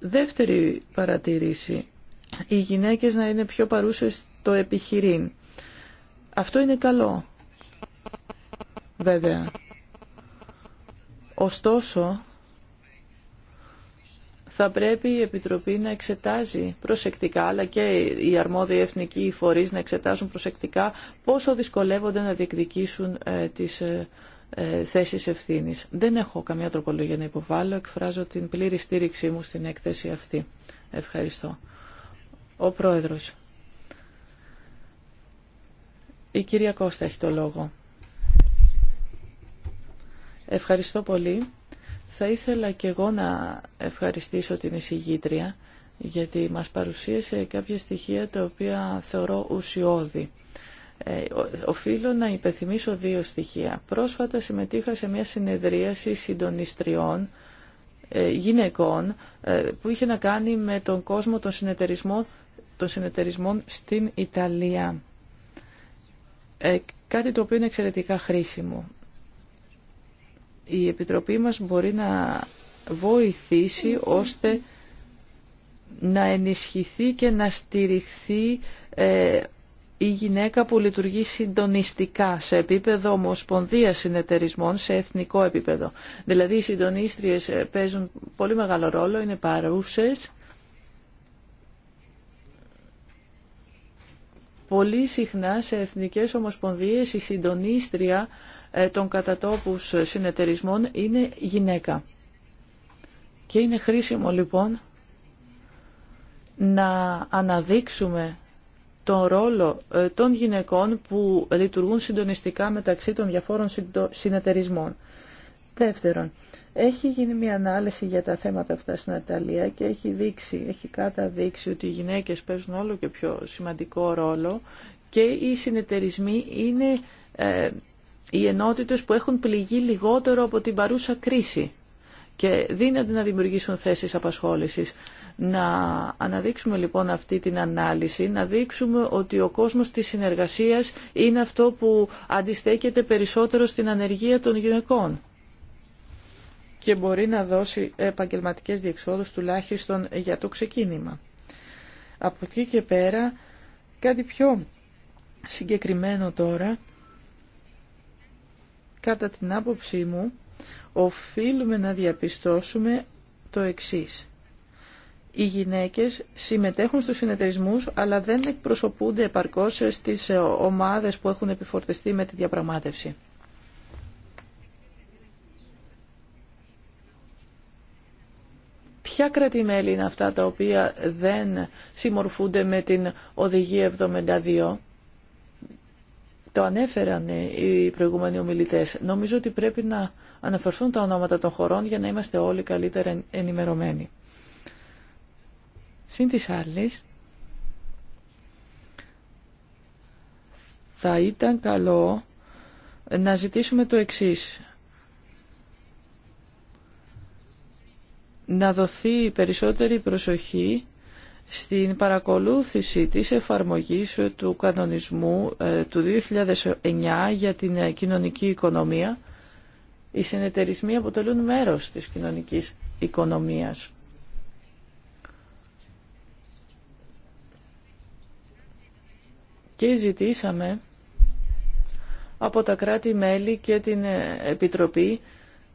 Δεύτερη παρατηρήση οι γυναίκες να είναι πιο παρούσες στο επιχειρήν. Αυτό είναι καλό, βέβαια. Ωστόσο, θα πρέπει η Επιτροπή να εξετάζει προσεκτικά, αλλά και οι αρμόδιοι εθνικοί φορείς να εξετάζουν προσεκτικά πόσο δυσκολεύονται να διεκδικήσουν ε, τις ε, ε, θέσεις ευθύνης. Δεν έχω καμία τροπολογία να υποβάλω, εκφράζω την πλήρη στήριξή μου στην έκθεση αυτή. Ευχαριστώ ο Πρόεδρος. Η κυρία Κώστα έχει το λόγο. Ευχαριστώ πολύ. Θα ήθελα και εγώ να ευχαριστήσω την εισηγήτρια γιατί μας παρουσίασε κάποια στοιχεία τα οποία θεωρώ ουσιώδη. Ε, οφείλω να υπεθυμίσω δύο στοιχεία. Πρόσφατα συμμετείχα σε μια συνεδρίαση συντονιστριών ε, γυναικών ε, που είχε να κάνει με τον κόσμο των συνεταιρισμών των συνεταιρισμών στην Ιταλία. Ε, κάτι το οποίο είναι εξαιρετικά χρήσιμο. Η Επιτροπή μας μπορεί να βοηθήσει ώστε να ενισχυθεί και να στηριχθεί ε, η γυναίκα που λειτουργεί συντονιστικά σε επίπεδο ομοσπονδίας συνεταιρισμών σε εθνικό επίπεδο. Δηλαδή οι συντονίστριες παίζουν πολύ μεγάλο ρόλο, είναι παρούσες Πολύ συχνά σε εθνικές ομοσπονδίες η συντονίστρια ε, των κατατόπους συνεταιρισμών είναι γυναίκα. Και είναι χρήσιμο λοιπόν να αναδείξουμε τον ρόλο ε, των γυναικών που λειτουργούν συντονιστικά μεταξύ των διαφόρων συνεταιρισμών. Δεύτερον, έχει γίνει μια ανάλυση για τα θέματα αυτά στην Αταλία και έχει δείξει, έχει καταδείξει ότι οι γυναίκες παίζουν όλο και πιο σημαντικό ρόλο και οι συνεταιρισμοί είναι ε, οι ενότητες που έχουν πληγεί λιγότερο από την παρούσα κρίση και δύναται να δημιουργήσουν θέσεις απασχόλησης. Να αναδείξουμε λοιπόν αυτή την ανάλυση, να δείξουμε ότι ο κόσμος της συνεργασίας είναι αυτό που αντιστέκεται περισσότερο στην ανεργία των γυναικών και μπορεί να δώσει επαγγελματικές διεξόδους τουλάχιστον για το ξεκίνημα. Από εκεί και πέρα κάτι πιο συγκεκριμένο τώρα, κατά την άποψή μου, οφείλουμε να διαπιστώσουμε το εξής. Οι γυναίκες συμμετέχουν στους συνεταιρισμούς, αλλά δεν εκπροσωπούνται επαρκώς στις ομάδες που έχουν επιφορτιστεί με τη διαπραγμάτευση. Ποια κράτη-μέλη είναι αυτά τα οποία δεν συμμορφούνται με την Οδηγία 72. Το ανέφεραν οι προηγούμενοι ομιλητές. Νομίζω ότι πρέπει να αναφερθούν τα ονόματα των χωρών για να είμαστε όλοι καλύτερα ενημερωμένοι. Συν της άλλης, θα ήταν καλό να ζητήσουμε το εξής να δοθεί περισσότερη προσοχή στην παρακολούθηση της εφαρμογής του κανονισμού ε, του 2009 για την ε, κοινωνική οικονομία. Οι συνεταιρισμοί αποτελούν μέρος της κοινωνικής οικονομίας. Και ζητήσαμε από τα κράτη-μέλη και την ε, Επιτροπή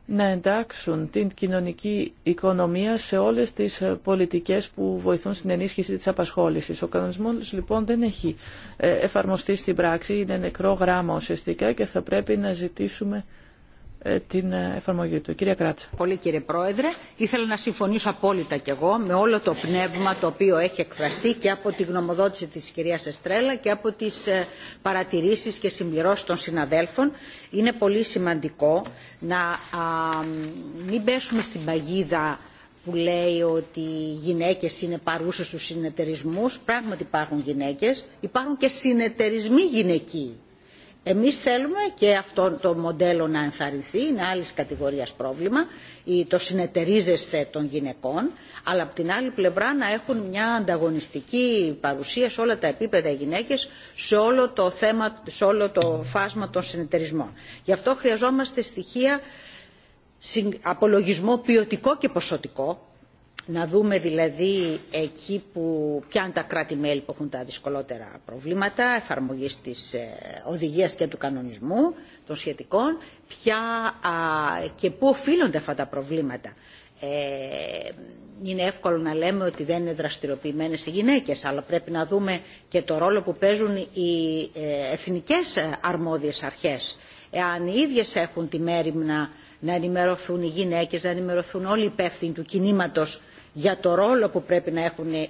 να εντάξουν την κοινωνική οικονομία σε όλες τις ε, πολιτικές που βοηθούν στην ενίσχυση της απασχόλησης. Ο κανονισμός λοιπόν δεν έχει ε, εφαρμοστεί στην πράξη, είναι νεκρό γράμμα ουσιαστικά και θα πρέπει να ζητήσουμε ε, την ε, εφαρμογή του. Κυρία Κράτσα. Πολύ κύριε Πρόεδρε. Ήθελα να συμφωνήσω απόλυτα κι εγώ με όλο το πνεύμα το οποίο έχει εκφραστεί και από τη γνωμοδότηση της κυρίας Εστρέλα και από τις ε, παρατηρήσεις και συμπληρώσεις των συναδέλφων. Είναι πολύ σημαντικό να μην πέσουμε στην παγίδα που λέει ότι οι γυναίκες είναι παρούσες στους συνεταιρισμούς. Πράγματι υπάρχουν γυναίκες. Υπάρχουν και συνεταιρισμοί γυναικοί εμείς θέλουμε και αυτό το μοντέλο να ενθαρρυνθεί, είναι άλλη κατηγορίας πρόβλημα, το συνεταιρίζεσθε των γυναικών, αλλά από την άλλη πλευρά να έχουν μια ανταγωνιστική παρουσία σε όλα τα επίπεδα οι γυναίκες, σε όλο το, θέμα, σε όλο το φάσμα των συνεταιρισμών. Γι' αυτό χρειαζόμαστε στοιχεία απολογισμό ποιοτικό και ποσοτικό, να δούμε δηλαδή εκεί που ποια τα κράτη-μέλη που έχουν τα δυσκολότερα προβλήματα εφαρμογής της ε, οδηγία και του κανονισμού των σχετικών ποια, α, και πού οφείλονται αυτά τα προβλήματα. Ε, είναι εύκολο να λέμε ότι δεν είναι δραστηριοποιημένες οι γυναίκες αλλά πρέπει να δούμε και το ρόλο που παίζουν οι ε, εθνικές ε, αρμόδιες αρχές. Εάν οι ίδιες έχουν τη μέρη να ενημερωθούν οι γυναίκες, να ενημερωθούν όλοι οι υπεύθυνοι του κινήματος για το ρόλο που πρέπει να έχουν οι,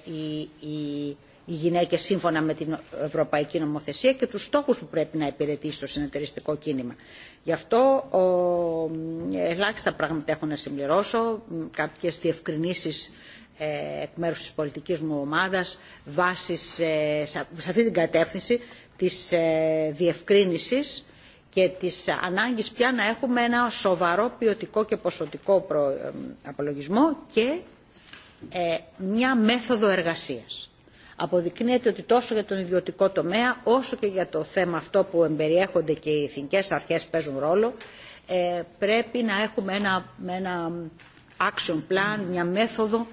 οι, γυναίκες σύμφωνα με την Ευρωπαϊκή Νομοθεσία και τους στόχους που πρέπει να υπηρετήσει το συνεταιριστικό κίνημα. Γι' αυτό ελάχιστα πράγματα έχω να συμπληρώσω, κάποιες διευκρινήσεις ε, εκ μέρους της πολιτικής μου ομάδας βάσει ε, σε, αυτή την κατεύθυνση της ε, διευκρίνησης και της ανάγκης πια να έχουμε ένα σοβαρό ποιοτικό και ποσοτικό ε, απολογισμό και ε, μια μέθοδο εργασίας. Αποδεικνύεται ότι τόσο για τον ιδιωτικό τομέα όσο και για το θέμα αυτό που εμπεριέχονται και οι εθνικές αρχές παίζουν ρόλο ε, πρέπει να έχουμε ένα, ένα action plan, μια μέθοδο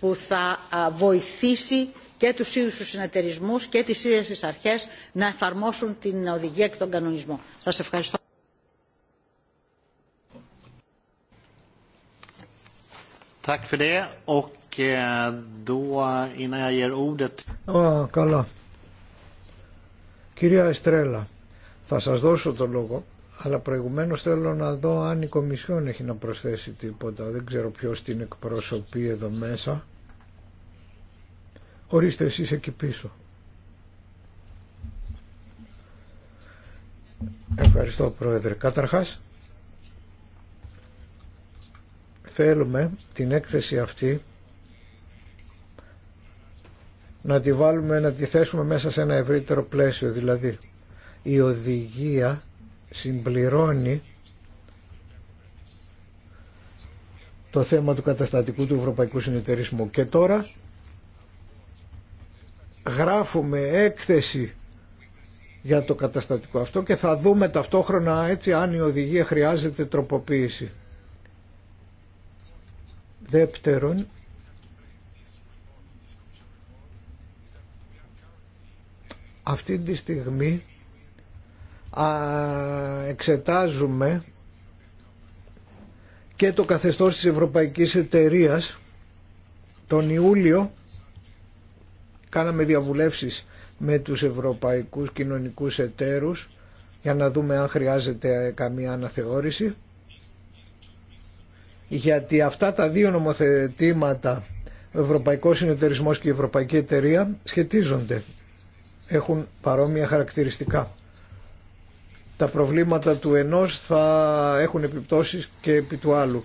που θα βοηθήσει και τους ίδιους τους συνεταιρισμούς και τις ίδιες τις αρχές να εφαρμόσουν την οδηγία και τον κανονισμό. Σας ευχαριστώ. Tack för Och då innan jag ger ordet... καλά. Κυρία Εστρέλα, θα σας δώσω το λόγο, αλλά προηγουμένως θέλω να δω αν η Κομισιόν έχει να προσθέσει τίποτα. Δεν ξέρω ποιος την εκπροσωπεί εδώ μέσα. Ορίστε εσείς εκεί πίσω. Ευχαριστώ Πρόεδρε. Καταρχάς, θέλουμε την έκθεση αυτή να τη βάλουμε, να τη θέσουμε μέσα σε ένα ευρύτερο πλαίσιο. Δηλαδή η οδηγία συμπληρώνει το θέμα του καταστατικού του Ευρωπαϊκού Συνεταιρισμού. Και τώρα γράφουμε έκθεση για το καταστατικό αυτό και θα δούμε ταυτόχρονα έτσι αν η οδηγία χρειάζεται τροποποίηση. Δεύτερον, Αυτή τη στιγμή εξετάζουμε και το καθεστώς της Ευρωπαϊκής Εταιρείας τον Ιούλιο κάναμε διαβουλεύσεις με τους ευρωπαϊκούς κοινωνικούς εταίρους για να δούμε αν χρειάζεται καμία αναθεώρηση γιατί αυτά τα δύο νομοθετήματα ο Ευρωπαϊκός Συνεταιρισμός και η Ευρωπαϊκή Εταιρεία σχετίζονται έχουν παρόμοια χαρακτηριστικά. Τα προβλήματα του ενός θα έχουν επιπτώσεις και επί του άλλου.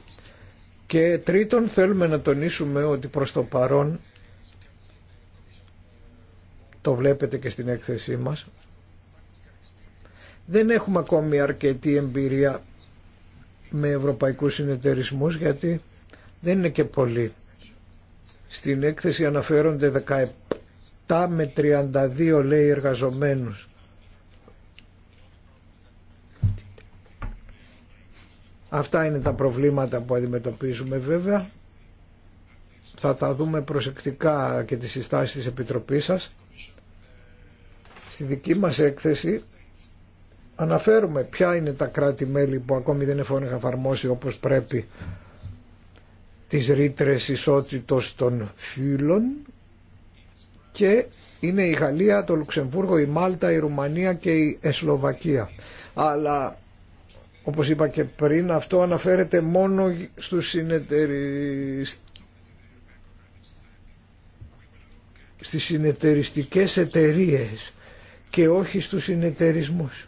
Και τρίτον θέλουμε να τονίσουμε ότι προς το παρόν, το βλέπετε και στην έκθεσή μας, δεν έχουμε ακόμη αρκετή εμπειρία με ευρωπαϊκούς συνεταιρισμούς γιατί δεν είναι και πολλοί. Στην έκθεση αναφέρονται τα με 32 λέει εργαζομένους. Αυτά είναι τα προβλήματα που αντιμετωπίζουμε βέβαια. Θα τα δούμε προσεκτικά και τις συστάσεις της Επιτροπής σας. Στη δική μας έκθεση αναφέρουμε ποια είναι τα κράτη-μέλη που ακόμη δεν έχουν εφαρμόσει όπως πρέπει τις ρήτρες ισότητος των φύλων και είναι η Γαλλία, το Λουξεμβούργο, η Μάλτα, η Ρουμανία και η Εσλοβακία. Αλλά όπως είπα και πριν αυτό αναφέρεται μόνο στους συνεταιρισ... στις συνεταιριστικές εταιρείε και όχι στους συνεταιρισμούς.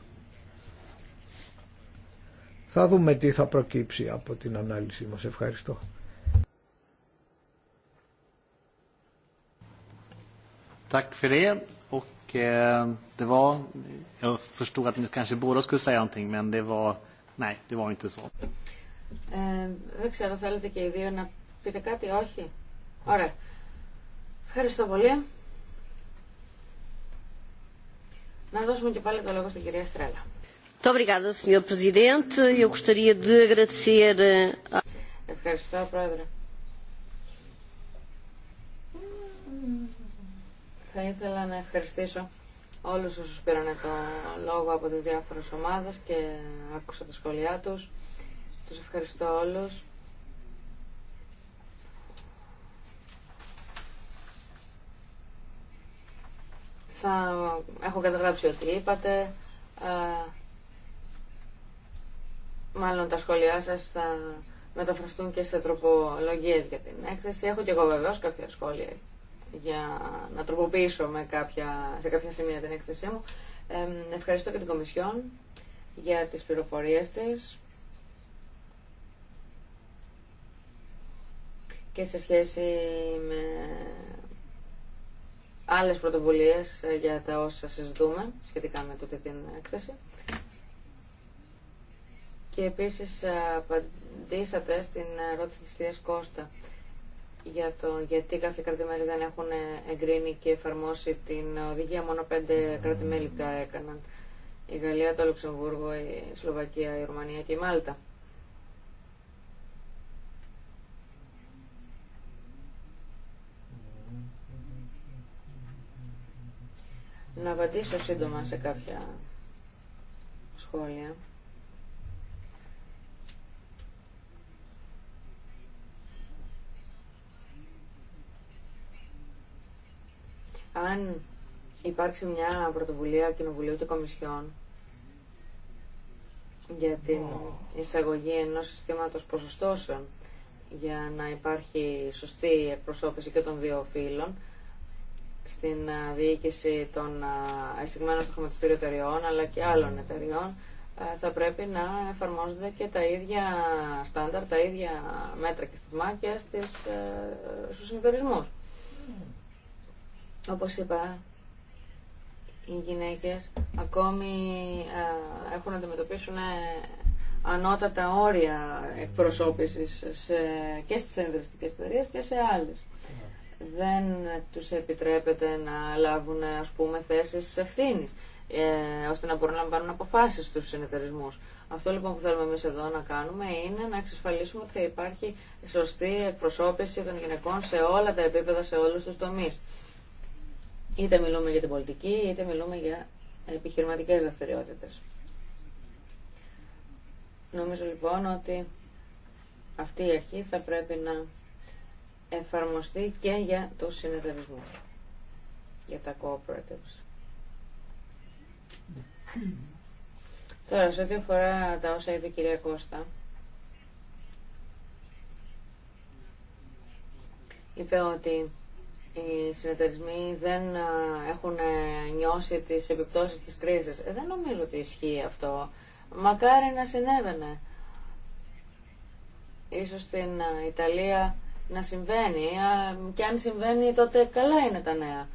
Θα δούμε τι θα προκύψει από την ανάλυση μας. Ευχαριστώ. Tack för det. Och eh, det var, jag att ni kanske Δεν ξέρω, θέλετε και οι δύο να πείτε κάτι, όχι. Ωραία. Ευχαριστώ πολύ. Να δώσουμε και πάλι το λόγο στην κυρία Στρέλα. Eh, Ευχαριστώ, Πρόεδρε. Θα ήθελα να ευχαριστήσω όλους όσους πήραν το λόγο από τις διάφορες ομάδες και άκουσα τα σχόλιά τους. Τους ευχαριστώ όλους. Θα έχω καταγράψει ό,τι είπατε. Ε, μάλλον τα σχόλιά σας θα μεταφραστούν και σε τροπολογίες για την έκθεση. Έχω και εγώ βεβαίως κάποια σχόλια για να τροποποιήσω με κάποια, σε κάποια σημεία την έκθεσή μου. ευχαριστώ και την Κομισιόν για τις πληροφορίες της και σε σχέση με άλλες πρωτοβουλίες για τα όσα συζητούμε σχετικά με τούτη την έκθεση. Και επίσης απαντήσατε στην ερώτηση της κυρίας Κώστα για το γιατί κάποια κρατημέλη δεν έχουν εγκρίνει και εφαρμόσει την οδηγία. Μόνο πέντε κρατημέλη τα έκαναν. Η Γαλλία, το Λουξεμβούργο, η Σλοβακία, η Ρουμανία και η Μάλτα. Να απαντήσω σύντομα σε κάποια σχόλια. αν υπάρξει μια πρωτοβουλία Κοινοβουλίου του Κομισιόν για την εισαγωγή ενός συστήματος ποσοστώσεων για να υπάρχει σωστή εκπροσώπηση και των δύο φύλων στην διοίκηση των εισηγμένων στο χρηματιστήριο εταιριών αλλά και άλλων εταιριών θα πρέπει να εφαρμόζονται και τα ίδια στάνταρ, τα ίδια μέτρα και στις μάκες στις, στους όπως είπα, οι γυναίκες ακόμη ε, έχουν να αντιμετωπίσουν ε, ανώτατα όρια εκπροσώπησης σε, και στις ενδραστικές εταιρείε και σε άλλες. Δεν τους επιτρέπεται να λάβουν ας πούμε θέσεις ευθύνη ε, ώστε να μπορούν να πάρουν αποφάσεις στους συνεταιρισμούς. Αυτό λοιπόν που θέλουμε εμείς εδώ να κάνουμε είναι να εξασφαλίσουμε ότι θα υπάρχει σωστή εκπροσώπηση των γυναικών σε όλα τα επίπεδα, σε όλους τους τομείς. Είτε μιλούμε για την πολιτική, είτε μιλούμε για επιχειρηματικές δραστηριότητε. Νομίζω λοιπόν ότι αυτή η αρχή θα πρέπει να εφαρμοστεί και για τους συνεταιρισμούς, για τα cooperatives. Τώρα, σε ό,τι αφορά τα όσα είπε η κυρία Κώστα, είπε ότι οι συνεταιρισμοί δεν ε, έχουν ε, νιώσει τις επιπτώσεις της κρίσης. Ε, δεν νομίζω ότι ισχύει αυτό. Μακάρι να συνέβαινε. Ίσως στην Ιταλία να συμβαίνει και αν συμβαίνει τότε καλά είναι τα νέα.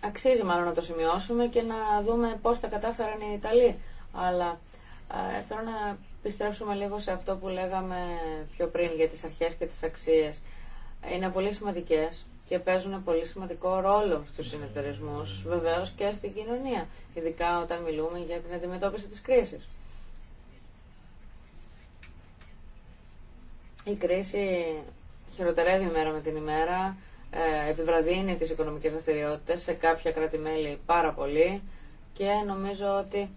Αξίζει μάλλον να το σημειώσουμε και να δούμε πώς τα κατάφεραν οι Ιταλοί. Αλλά θέλω να επιστρέψουμε λίγο σε αυτό που λέγαμε πιο πριν για τις αρχές και τις αξίες είναι πολύ σημαντικέ και παίζουν πολύ σημαντικό ρόλο στους συνεταιρισμούς, Βεβαίω και στην κοινωνία, ειδικά όταν μιλούμε για την αντιμετώπιση τη κρίση. Η κρίση χειροτερεύει μέρα με την ημέρα, ε, επιβραδύνει τις οικονομικές δραστηριότητε σε κάποια κράτη-μέλη πάρα πολύ και νομίζω ότι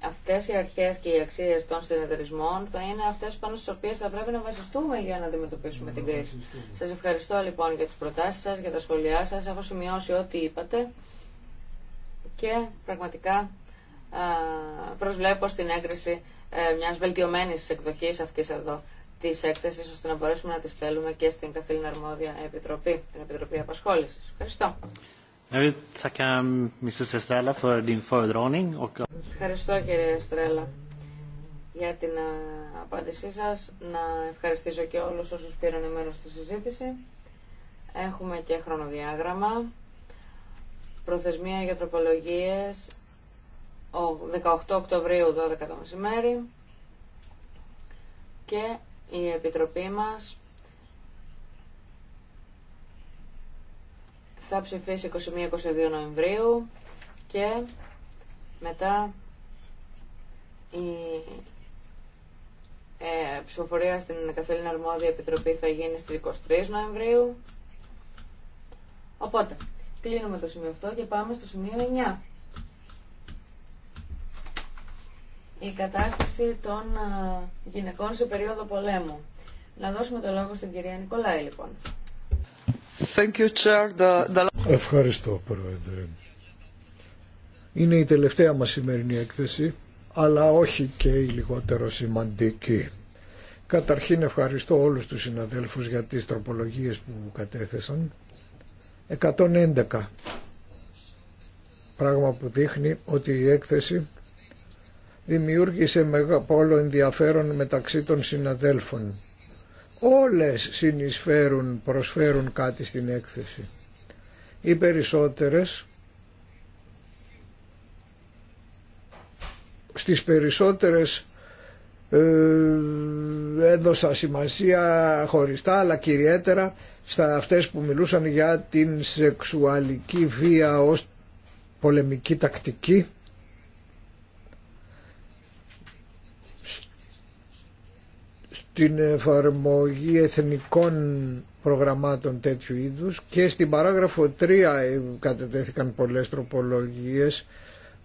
αυτές οι αρχές και οι αξίες των συνεταιρισμών θα είναι αυτές πάνω στις οποίες θα πρέπει να βασιστούμε για να αντιμετωπίσουμε την κρίση. Σας ευχαριστώ λοιπόν για τις προτάσεις σας, για τα σχόλιά σας. Έχω σημειώσει ό,τι είπατε και πραγματικά προσβλέπω στην έγκριση ε, μιας βελτιωμένης εκδοχής αυτής εδώ της έκθεσης ώστε να μπορέσουμε να τη στέλνουμε και στην καθήλυνα αρμόδια επιτροπή, την Επιτροπή Απασχόλησης. Ευχαριστώ. Mm, Ευχαριστώ κύριε Εστρέλα για την ε, απάντησή σας. Να ευχαριστήσω και όλους όσους πήραν μέρο στη συζήτηση. Έχουμε και χρονοδιάγραμμα. Προθεσμία για τροπολογίες 18 Οκτωβρίου 12 το μεσημέρι και η Επιτροπή μας θα ψηφίσει 21-22 Νοεμβρίου και μετά η ε, ψηφοφορία στην Καθήλυνα Αρμόδια Επιτροπή θα γίνει στις 23 Νοεμβρίου. Οπότε, κλείνουμε το σημείο αυτό και πάμε στο σημείο 9. Η κατάσταση των ε, γυναικών σε περίοδο πολέμου. Να δώσουμε το λόγο στην κυρία Νικολάη, λοιπόν. Ευχαριστώ, Πρόεδρε. Είναι η τελευταία μας σημερινή έκθεση, αλλά όχι και η λιγότερο σημαντική. Καταρχήν ευχαριστώ όλους τους συναδέλφους για τις τροπολογίες που κατέθεσαν. 111. Πράγμα που δείχνει ότι η έκθεση δημιούργησε μεγάλο ενδιαφέρον μεταξύ των συναδέλφων όλες συνεισφέρουν, προσφέρουν κάτι στην έκθεση. Οι περισσότερες, στις περισσότερες ε, έδωσα σημασία χωριστά αλλά κυριέτερα στα αυτές που μιλούσαν για την σεξουαλική βία ως πολεμική τακτική την εφαρμογή εθνικών προγραμμάτων τέτοιου είδους και στην παράγραφο 3 κατετέθηκαν πολλές τροπολογίες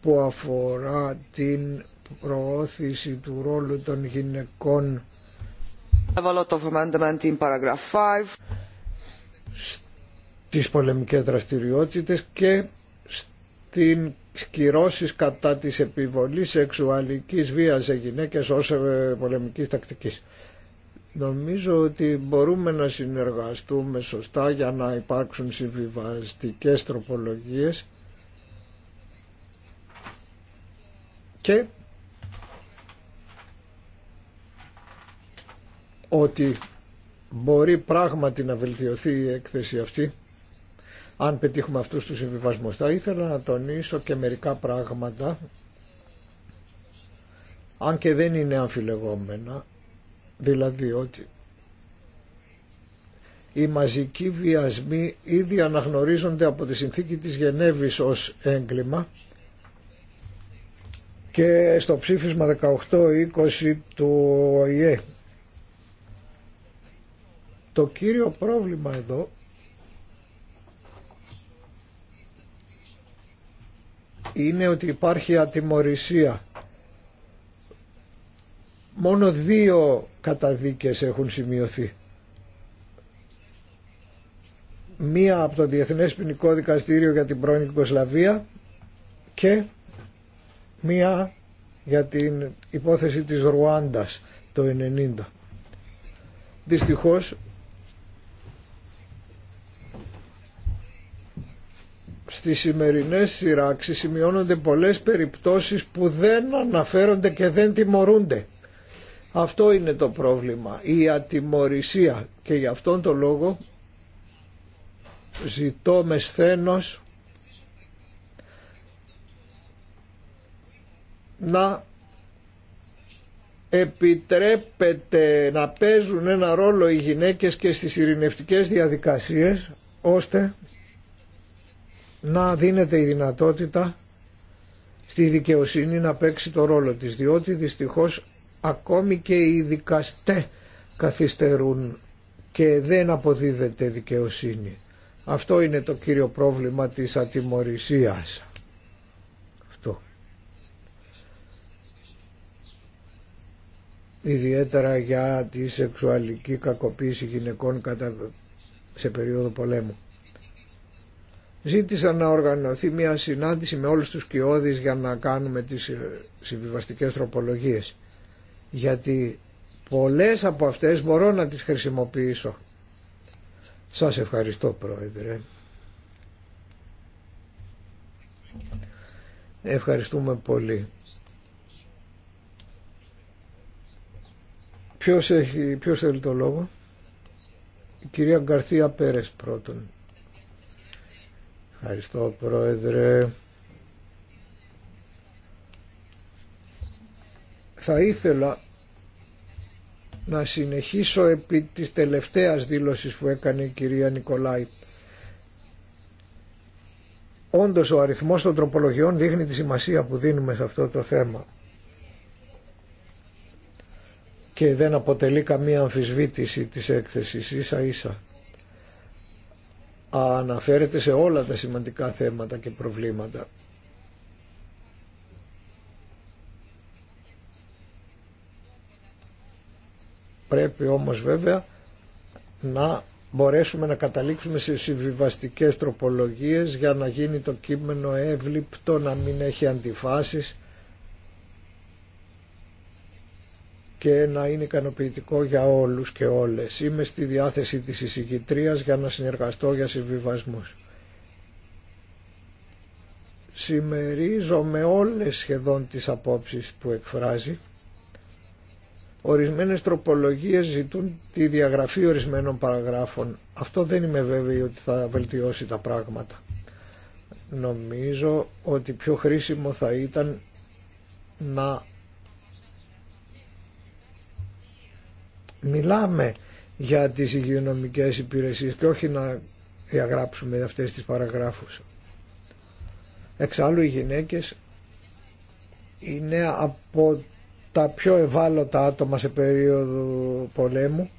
που αφορά την προώθηση του ρόλου των γυναικών στις πολεμικές δραστηριότητες και στην κυρώσεις κατά της επιβολής σεξουαλικής βίας σε γυναίκες ως ε, πολεμικής τακτικής. Νομίζω ότι μπορούμε να συνεργαστούμε σωστά για να υπάρξουν συμβιβαστικές τροπολογίες και ότι μπορεί πράγματι να βελτιωθεί η έκθεση αυτή αν πετύχουμε αυτούς τους συμβιβασμούς. Θα ήθελα να τονίσω και μερικά πράγματα αν και δεν είναι αμφιλεγόμενα δηλαδή ότι οι μαζικοί βιασμοί ήδη αναγνωρίζονται από τη συνθήκη της Γενέβης ως έγκλημα και στο ψήφισμα 18-20 του ΟΗΕ. Το κύριο πρόβλημα εδώ είναι ότι υπάρχει ατιμορρησία. Μόνο δύο καταδίκες έχουν σημειωθεί. Μία από το Διεθνές Ποινικό Δικαστήριο για την πρώην Ιγκοσλαβία και μία για την υπόθεση της Ρουάντας το 90. Δυστυχώς στις σημερινές σειράξεις σημειώνονται πολλές περιπτώσεις που δεν αναφέρονται και δεν τιμωρούνται. Αυτό είναι το πρόβλημα, η ατιμορρησία και γι' αυτόν τον λόγο ζητώ με σθένος να επιτρέπεται να παίζουν ένα ρόλο οι γυναίκες και στις ειρηνευτικές διαδικασίες ώστε να δίνεται η δυνατότητα στη δικαιοσύνη να παίξει το ρόλο της διότι δυστυχώς Ακόμη και οι δικαστές καθυστερούν και δεν αποδίδεται δικαιοσύνη. Αυτό είναι το κύριο πρόβλημα της ατιμορρησίας. Αυτό. Ιδιαίτερα για τη σεξουαλική κακοποίηση γυναικών κατά... σε περίοδο πολέμου. Ζήτησα να οργανωθεί μια συνάντηση με όλους τους κοιόδης για να κάνουμε τις ε, συμβιβαστικές τροπολογίες γιατί πολλές από αυτές μπορώ να τις χρησιμοποιήσω. Σας ευχαριστώ Πρόεδρε. Ευχαριστούμε πολύ. Ποιος, έχει, ποιος θέλει το λόγο. Η κυρία Γκαρθία Πέρες πρώτον. Ευχαριστώ Πρόεδρε. Θα ήθελα να συνεχίσω επί της τελευταίας δήλωσης που έκανε η κυρία Νικολάη. Όντως ο αριθμός των τροπολογιών δείχνει τη σημασία που δίνουμε σε αυτό το θέμα και δεν αποτελεί καμία αμφισβήτηση της έκθεσης ίσα ίσα. Αναφέρεται σε όλα τα σημαντικά θέματα και προβλήματα. Πρέπει όμως βέβαια να μπορέσουμε να καταλήξουμε σε συμβιβαστικές τροπολογίες για να γίνει το κείμενο εύληπτο, να μην έχει αντιφάσεις και να είναι ικανοποιητικό για όλους και όλες. Είμαι στη διάθεση της εισηγητρίας για να συνεργαστώ για συμβιβασμούς. Σημερίζομαι όλες σχεδόν τις απόψεις που εκφράζει Ορισμένες τροπολογίες ζητούν τη διαγραφή ορισμένων παραγράφων. Αυτό δεν είμαι βέβαιη ότι θα βελτιώσει τα πράγματα. Νομίζω ότι πιο χρήσιμο θα ήταν να μιλάμε για τις υγειονομικές υπηρεσίες και όχι να διαγράψουμε αυτές τις παραγράφους. Εξάλλου οι γυναίκες είναι από τα πιο ευάλωτα άτομα σε περίοδο πολέμου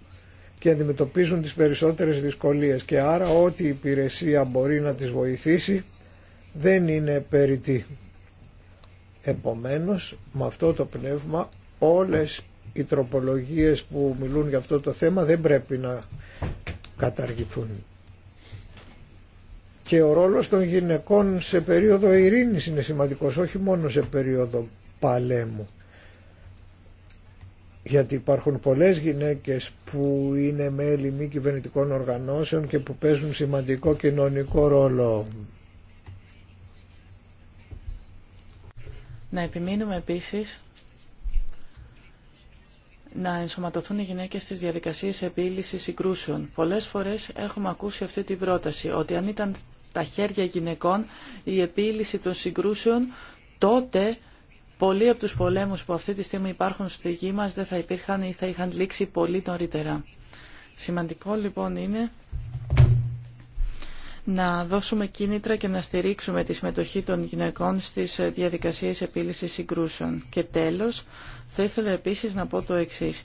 και αντιμετωπίζουν τις περισσότερες δυσκολίες και άρα ό,τι η υπηρεσία μπορεί να τις βοηθήσει δεν είναι περιττή. Επομένως, με αυτό το πνεύμα όλες οι τροπολογίες που μιλούν για αυτό το θέμα δεν πρέπει να καταργηθούν. Και ο ρόλος των γυναικών σε περίοδο ειρήνης είναι σημαντικός, όχι μόνο σε περίοδο παλέμου γιατί υπάρχουν πολλές γυναίκες που είναι μέλη μη κυβερνητικών οργανώσεων και που παίζουν σημαντικό κοινωνικό ρόλο. Να επιμείνουμε επίσης να ενσωματωθούν οι γυναίκες στις διαδικασίες επίλυσης συγκρούσεων. Πολλές φορές έχουμε ακούσει αυτή την πρόταση, ότι αν ήταν τα χέρια γυναικών η επίλυση των συγκρούσεων, τότε Πολλοί από τους πολέμους που αυτή τη στιγμή υπάρχουν στη γη μας δεν θα υπήρχαν ή θα είχαν λήξει πολύ νωρίτερα. Σημαντικό λοιπόν είναι να δώσουμε κίνητρα και να στηρίξουμε τη συμμετοχή των γυναικών στις ε, διαδικασίες επίλυσης συγκρούσεων. Και τέλος, θα ήθελα επίσης να πω το εξής.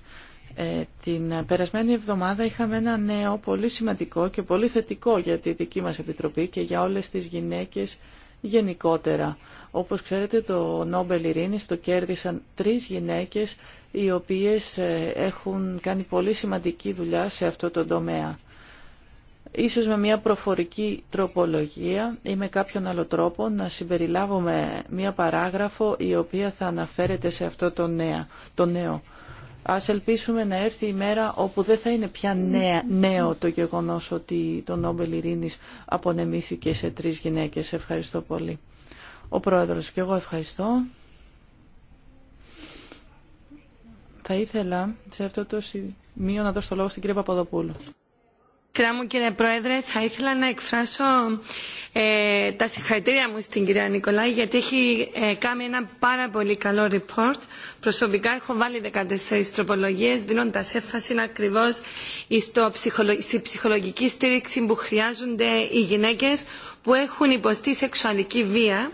Ε, την περασμένη εβδομάδα είχαμε ένα νέο πολύ σημαντικό και πολύ θετικό για τη δική μας Επιτροπή και για όλες τις γυναίκες γενικότερα. Όπως ξέρετε το Νόμπελ Ειρήνης το κέρδισαν τρεις γυναίκες οι οποίες ε, έχουν κάνει πολύ σημαντική δουλειά σε αυτό το τομέα. Ίσως με μια προφορική τροπολογία ή με κάποιον άλλο τρόπο να συμπεριλάβουμε μια παράγραφο η οποία θα αναφέρεται σε αυτό το, το νέο Ας ελπίσουμε να έρθει η μέρα όπου δεν θα είναι πια νέο το γεγονός ότι το Νόμπελ Ειρήνης απονεμήθηκε σε τρεις γυναίκες. Ευχαριστώ πολύ. Ο Πρόεδρος και εγώ ευχαριστώ. Θα ήθελα σε αυτό το σημείο να δώσω το λόγο στην κυρία Παπαδοπούλου. Κυρία μου κύριε Πρόεδρε, θα ήθελα να εκφράσω ε, τα συγχαρητήρια μου στην κυρία Νικολάη γιατί έχει ε, κάνει ένα πάρα πολύ καλό report. Προσωπικά έχω βάλει 14 τροπολογίες δίνοντας έφαση ακριβώς στο ψυχολο... στη ψυχολογική στήριξη που χρειάζονται οι γυναίκες που έχουν υποστεί σεξουαλική βία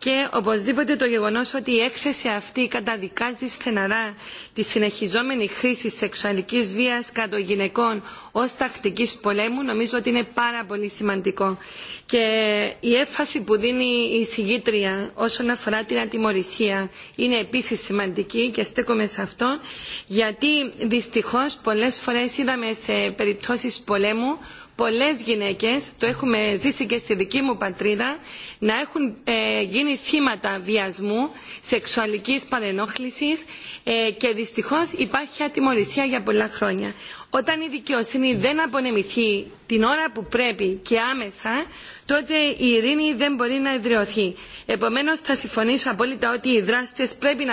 και οπωσδήποτε το γεγονό ότι η έκθεση αυτή καταδικάζει στεναρά τη συνεχιζόμενη χρήση σεξουαλικής βία κατά γυναικών ως τακτικής πολέμου νομίζω ότι είναι πάρα πολύ σημαντικό. Και η έφαση που δίνει η συγγήτρια όσον αφορά την ατιμορρησία είναι επίση σημαντική και στέκομαι σε αυτό γιατί δυστυχώ πολλέ φορέ είδαμε σε περιπτώσει πολέμου πολλές γυναίκες το έχουμε ζήσει και στη δική μου πατρίδα να έχουν ε, γίνει θύματα βιασμού σεξουαλικής παρενόχλησης ε, και δυστυχώς υπάρχει ατιμορρησία για πολλά χρόνια. Όταν η δικαιοσύνη δεν απονεμηθεί την ώρα που πρέπει και άμεσα τότε η ειρήνη δεν μπορεί να εδραιωθεί. Επομένω, θα συμφωνήσω απόλυτα ότι οι δράστε πρέπει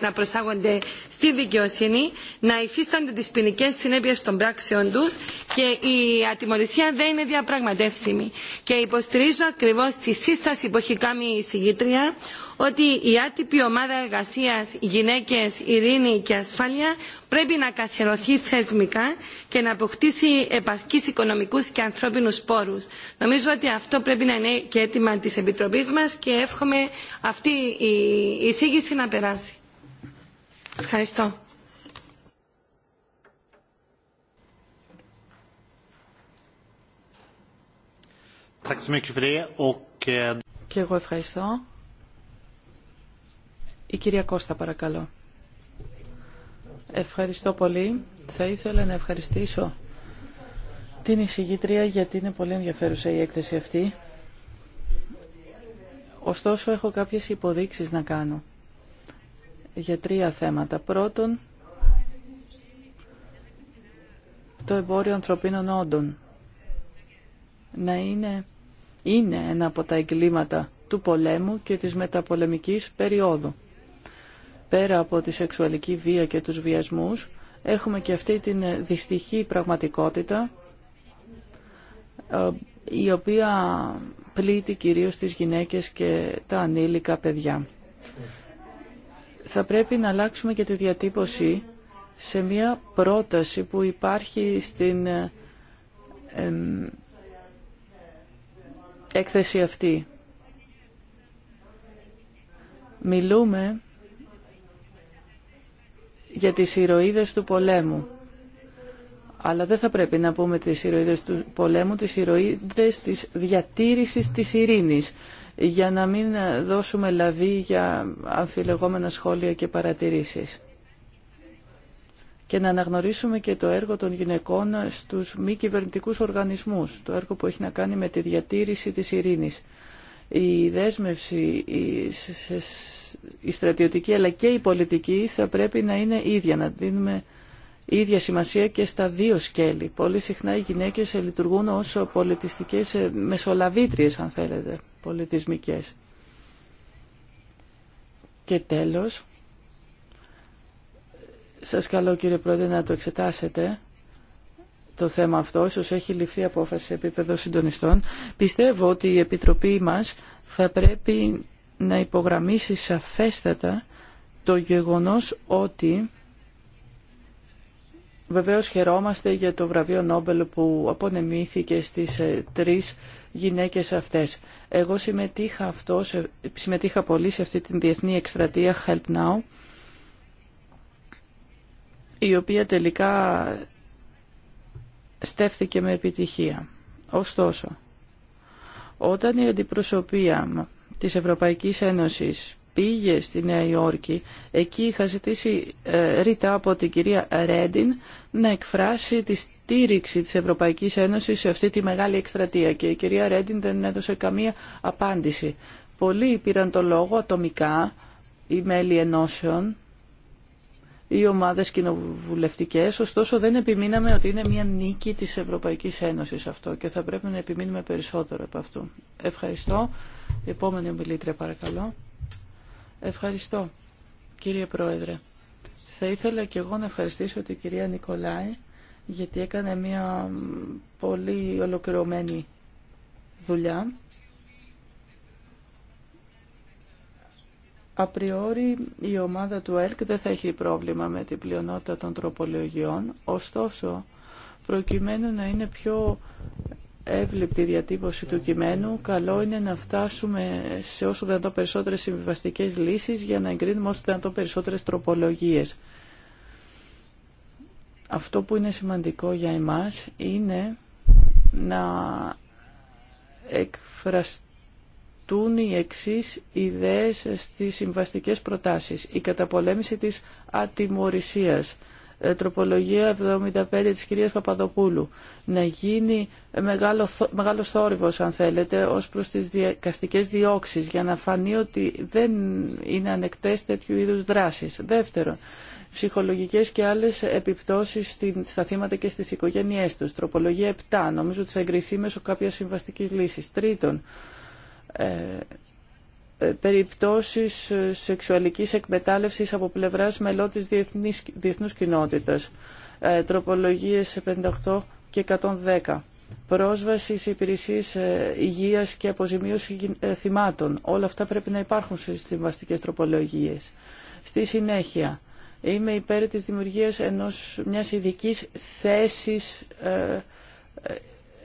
να προσάγονται στη δικαιοσύνη, να υφίστανται τι ποινικέ συνέπειε των πράξεων του και η ατιμορρησία δεν είναι διαπραγματεύσιμη. Και υποστηρίζω ακριβώ τη σύσταση που έχει κάνει η συγγήτρια ότι η άτυπη ομάδα εργασίας γυναίκες, ειρήνη και ασφάλεια πρέπει να καθιερωθεί θεσμικά και να αποκτήσει επαρκείς οικονομικούς και ανθρώπινους πόρους. Νομίζω ότι αυτό πρέπει να είναι και αίτημα της Επιτροπής μας και εύχομαι αυτή η εισήγηση να περάσει. Ευχαριστώ. Eh, και εγώ ευχαριστώ. Η κυρία Κώστα, παρακαλώ. Ευχαριστώ πολύ. Θα ήθελα να ευχαριστήσω την εισηγήτρια γιατί είναι πολύ ενδιαφέρουσα η έκθεση αυτή. Ωστόσο, έχω κάποιες υποδείξεις να κάνω για τρία θέματα. Πρώτον, το εμπόριο ανθρωπίνων όντων να είναι, είναι ένα από τα εγκλήματα του πολέμου και της μεταπολεμικής περίοδου πέρα από τη σεξουαλική βία και τους βιασμούς, έχουμε και αυτή την δυστυχή πραγματικότητα, ε, η οποία πλήττει κυρίως τις γυναίκες και τα ανήλικα παιδιά. Θα πρέπει να αλλάξουμε και τη διατύπωση σε μια πρόταση που υπάρχει στην έκθεση αυτή. Μιλούμε για τις ηρωίδες του πολέμου. Αλλά δεν θα πρέπει να πούμε τις ηρωίδες του πολέμου, τις ηρωίδες της διατήρησης της ειρήνης, για να μην δώσουμε λαβή για αμφιλεγόμενα σχόλια και παρατηρήσεις. Και να αναγνωρίσουμε και το έργο των γυναικών στους μη κυβερνητικούς οργανισμούς, το έργο που έχει να κάνει με τη διατήρηση της ειρήνης η δέσμευση, η στρατιωτική αλλά και η πολιτική θα πρέπει να είναι ίδια, να δίνουμε ίδια σημασία και στα δύο σκέλη. Πολύ συχνά οι γυναίκες λειτουργούν ως πολιτιστικές ε, μεσολαβήτριες, αν θέλετε, πολιτισμικές. Και τέλος, σας καλώ κύριε Πρόεδρε να το εξετάσετε, το θέμα αυτό, ίσως έχει ληφθεί απόφαση σε επίπεδο συντονιστών. Πιστεύω ότι η Επιτροπή μας θα πρέπει να υπογραμμίσει σαφέστατα το γεγονός ότι βεβαίως χαιρόμαστε για το βραβείο Νόμπελ που απονεμήθηκε στις ε, τρεις γυναίκες αυτές. Εγώ συμμετείχα, αυτό, συμμετείχα πολύ σε αυτή την διεθνή εκστρατεία Help Now η οποία τελικά στέφθηκε με επιτυχία. Ωστόσο, όταν η αντιπροσωπεία της Ευρωπαϊκής Ένωσης πήγε στη Νέα Υόρκη, εκεί είχα ζητήσει ε, ρητά από την κυρία Ρέντιν να εκφράσει τη στήριξη της Ευρωπαϊκής Ένωσης σε αυτή τη μεγάλη εκστρατεία και η κυρία Ρέντιν δεν έδωσε καμία απάντηση. Πολλοί πήραν το λόγο ατομικά, οι μέλη ενώσεων, οι ομάδες κοινοβουλευτικές, ωστόσο δεν επιμείναμε ότι είναι μια νίκη της Ευρωπαϊκής Ένωσης αυτό και θα πρέπει να επιμείνουμε περισσότερο από αυτό. Ευχαριστώ. Επόμενη ομιλήτρια παρακαλώ. Ευχαριστώ κύριε Πρόεδρε. Θα ήθελα και εγώ να ευχαριστήσω την κυρία Νικολάη γιατί έκανε μια πολύ ολοκληρωμένη δουλειά Απριόρι η ομάδα του ΕΛΚ δεν θα έχει πρόβλημα με την πλειονότητα των τροπολογιών, ωστόσο προκειμένου να είναι πιο εύληπτη διατύπωση του κειμένου, καλό είναι να φτάσουμε σε όσο δυνατόν περισσότερες συμβιβαστικές λύσεις για να εγκρίνουμε όσο δυνατόν περισσότερες τροπολογίες. Αυτό που είναι σημαντικό για εμάς είναι να εκφραστούμε τούν οι εξής ιδέες στις συμβαστικές προτάσεις. Η καταπολέμηση της ατιμορρησίας, ε, τροπολογία 75 της κυρίας Παπαδοπούλου, να γίνει μεγάλο, μεγάλος θόρυβος αν θέλετε ως προς τις δικαστικές διώξεις για να φανεί ότι δεν είναι ανεκτές τέτοιου είδους δράσεις. Δεύτερον, ψυχολογικές και άλλες επιπτώσεις στα θύματα και στις οικογένειές τους. Τροπολογία 7, νομίζω ότι θα εγκριθεί μέσω κάποιας συμβαστικής λύσης. Τρίτον, ε, ε, περιπτώσεις ε, σεξουαλικής εκμετάλλευσης από πλευράς μελών της διεθνής, διεθνούς κοινότητας. Τροπολογίες 58 και 110. Πρόσβαση σε υπηρεσίες υγείας και αποζημίωση θυμάτων. Όλα αυτά πρέπει να υπάρχουν στις συμβαστικές τροπολογίες. Στη συνέχεια, είμαι υπέρ της δημιουργίας ενός, μιας ειδικής θέσης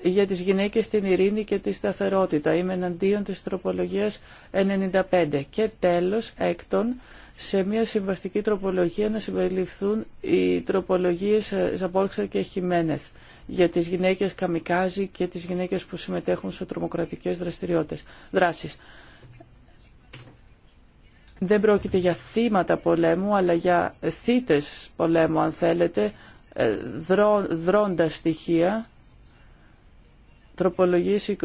για τις γυναίκες την ειρήνη και τη σταθερότητα. Είμαι εναντίον της τροπολογίας 95. Και τέλος, έκτον, σε μια συμβαστική τροπολογία να συμπεριληφθούν οι τροπολογίες ε, Ζαμπόλξα και Χιμένεθ για τις γυναίκες καμικάζι και τις γυναίκες που συμμετέχουν σε τρομοκρατικές δραστηριότητες, δράσεις. Δεν πρόκειται για θύματα πολέμου, αλλά για θύτες πολέμου, αν θέλετε, ε, δρόντα στοιχεία τροπολογίες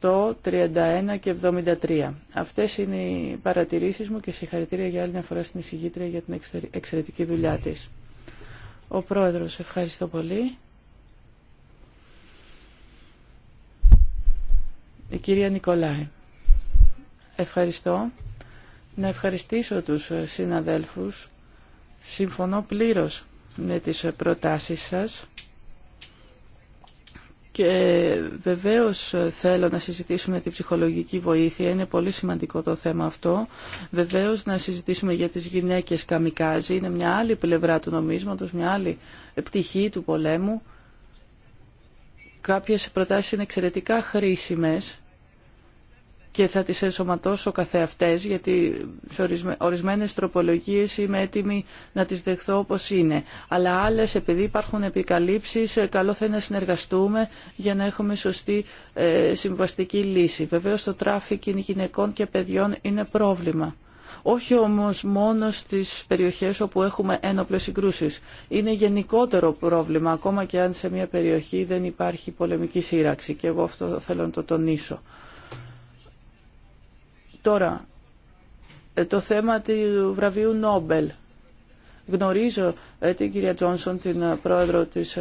28, 31 και 73. Αυτές είναι οι παρατηρήσεις μου και συγχαρητήρια για άλλη μια φορά στην εισηγήτρια για την εξαιρετική δουλειά της. Ο Πρόεδρος, ευχαριστώ πολύ. Η κυρία Νικολάη. Ευχαριστώ. Να ευχαριστήσω τους συναδέλφους. Συμφωνώ πλήρως με τις προτάσεις σας. Και βεβαίως θέλω να συζητήσουμε τη ψυχολογική βοήθεια, είναι πολύ σημαντικό το θέμα αυτό. Βεβαίως να συζητήσουμε για τις γυναίκες καμικάζι, είναι μια άλλη πλευρά του νομίσματος, μια άλλη πτυχή του πολέμου. Κάποιες προτάσεις είναι εξαιρετικά χρήσιμες και θα τις ενσωματώσω καθεαυτές γιατί σε ορισμένες τροπολογίες είμαι έτοιμη να τις δεχθώ όπως είναι. Αλλά άλλες επειδή υπάρχουν επικαλύψεις καλό θα είναι να συνεργαστούμε για να έχουμε σωστή ε, συμβαστική λύση. Βεβαίως το τράφικιν γυναικών και παιδιών είναι πρόβλημα. Όχι όμως μόνο στις περιοχές όπου έχουμε ένοπλες συγκρούσεις. Είναι γενικότερο πρόβλημα ακόμα και αν σε μια περιοχή δεν υπάρχει πολεμική σύραξη και εγώ αυτό θέλω να το τονίσω. Τώρα, ε, το θέμα του βραβείου Νόμπελ. Γνωρίζω ε, την κυρία Τζόνσον, την ε, πρόεδρο της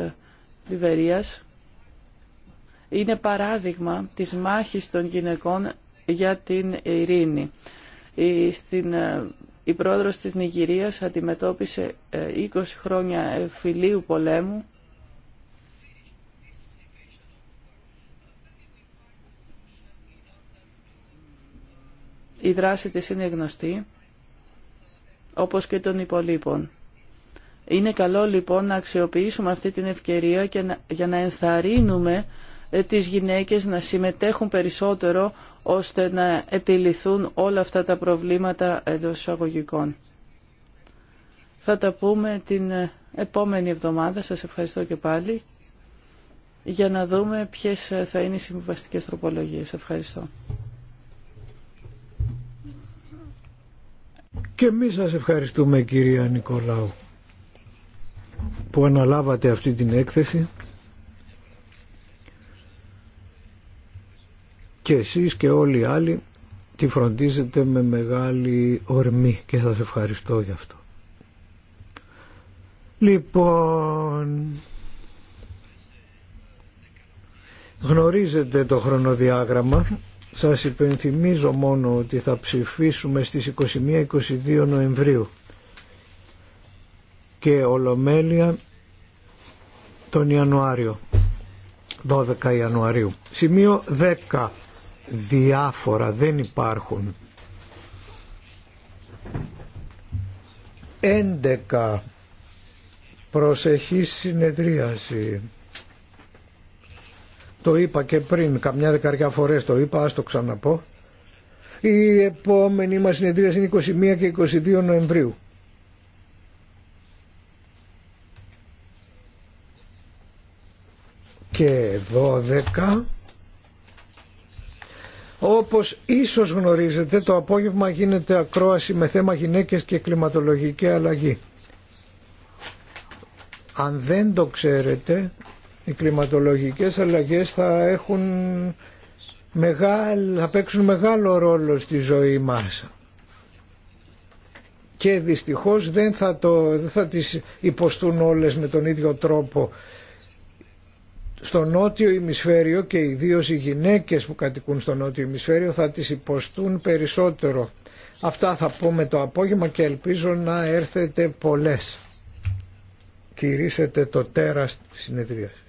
Λιβερίας. Είναι παράδειγμα της μάχης των γυναικών για την ειρήνη. Η, στην, η πρόεδρος της Νιγηρίας αντιμετώπισε 20 χρόνια φιλίου πολέμου η δράση της είναι γνωστή, όπως και των υπολείπων. Είναι καλό λοιπόν να αξιοποιήσουμε αυτή την ευκαιρία και για να ενθαρρύνουμε ε, τις γυναίκες να συμμετέχουν περισσότερο ώστε να επιληθούν όλα αυτά τα προβλήματα εντό εισαγωγικών. Θα τα πούμε την ε, επόμενη εβδομάδα, σας ευχαριστώ και πάλι, για να δούμε ποιες ε, θα είναι οι συμβιβαστικές τροπολογίες. Ευχαριστώ. Και εμεί σας ευχαριστούμε κυρία Νικολάου που αναλάβατε αυτή την έκθεση και εσείς και όλοι οι άλλοι τη φροντίζετε με μεγάλη ορμή και σας ευχαριστώ γι' αυτό. Λοιπόν, γνωρίζετε το χρονοδιάγραμμα. Σας υπενθυμίζω μόνο ότι θα ψηφίσουμε στις 21-22 Νοεμβρίου και Ολομέλεια τον Ιανουάριο, 12 Ιανουαρίου. Σημείο 10. Διάφορα δεν υπάρχουν. 11. Προσεχή συνεδρίαση. Το είπα και πριν, καμιά δεκαριά φορές το είπα, ας το ξαναπώ. Η επόμενη μας συνεδρία είναι 21 και 22 Νοεμβρίου. Και 12. Όπως ίσως γνωρίζετε, το απόγευμα γίνεται ακρόαση με θέμα γυναίκες και κλιματολογική αλλαγή. Αν δεν το ξέρετε, οι κλιματολογικές αλλαγές θα έχουν μεγάλ, θα παίξουν μεγάλο ρόλο στη ζωή μας και δυστυχώς δεν θα, το, θα τις υποστούν όλες με τον ίδιο τρόπο στο νότιο ημισφαίριο και ιδίω οι γυναίκες που κατοικούν στο νότιο ημισφαίριο θα τις υποστούν περισσότερο. Αυτά θα με το απόγευμα και ελπίζω να έρθετε πολλές. Κυρίσετε το τέρας τη συνεδρίας.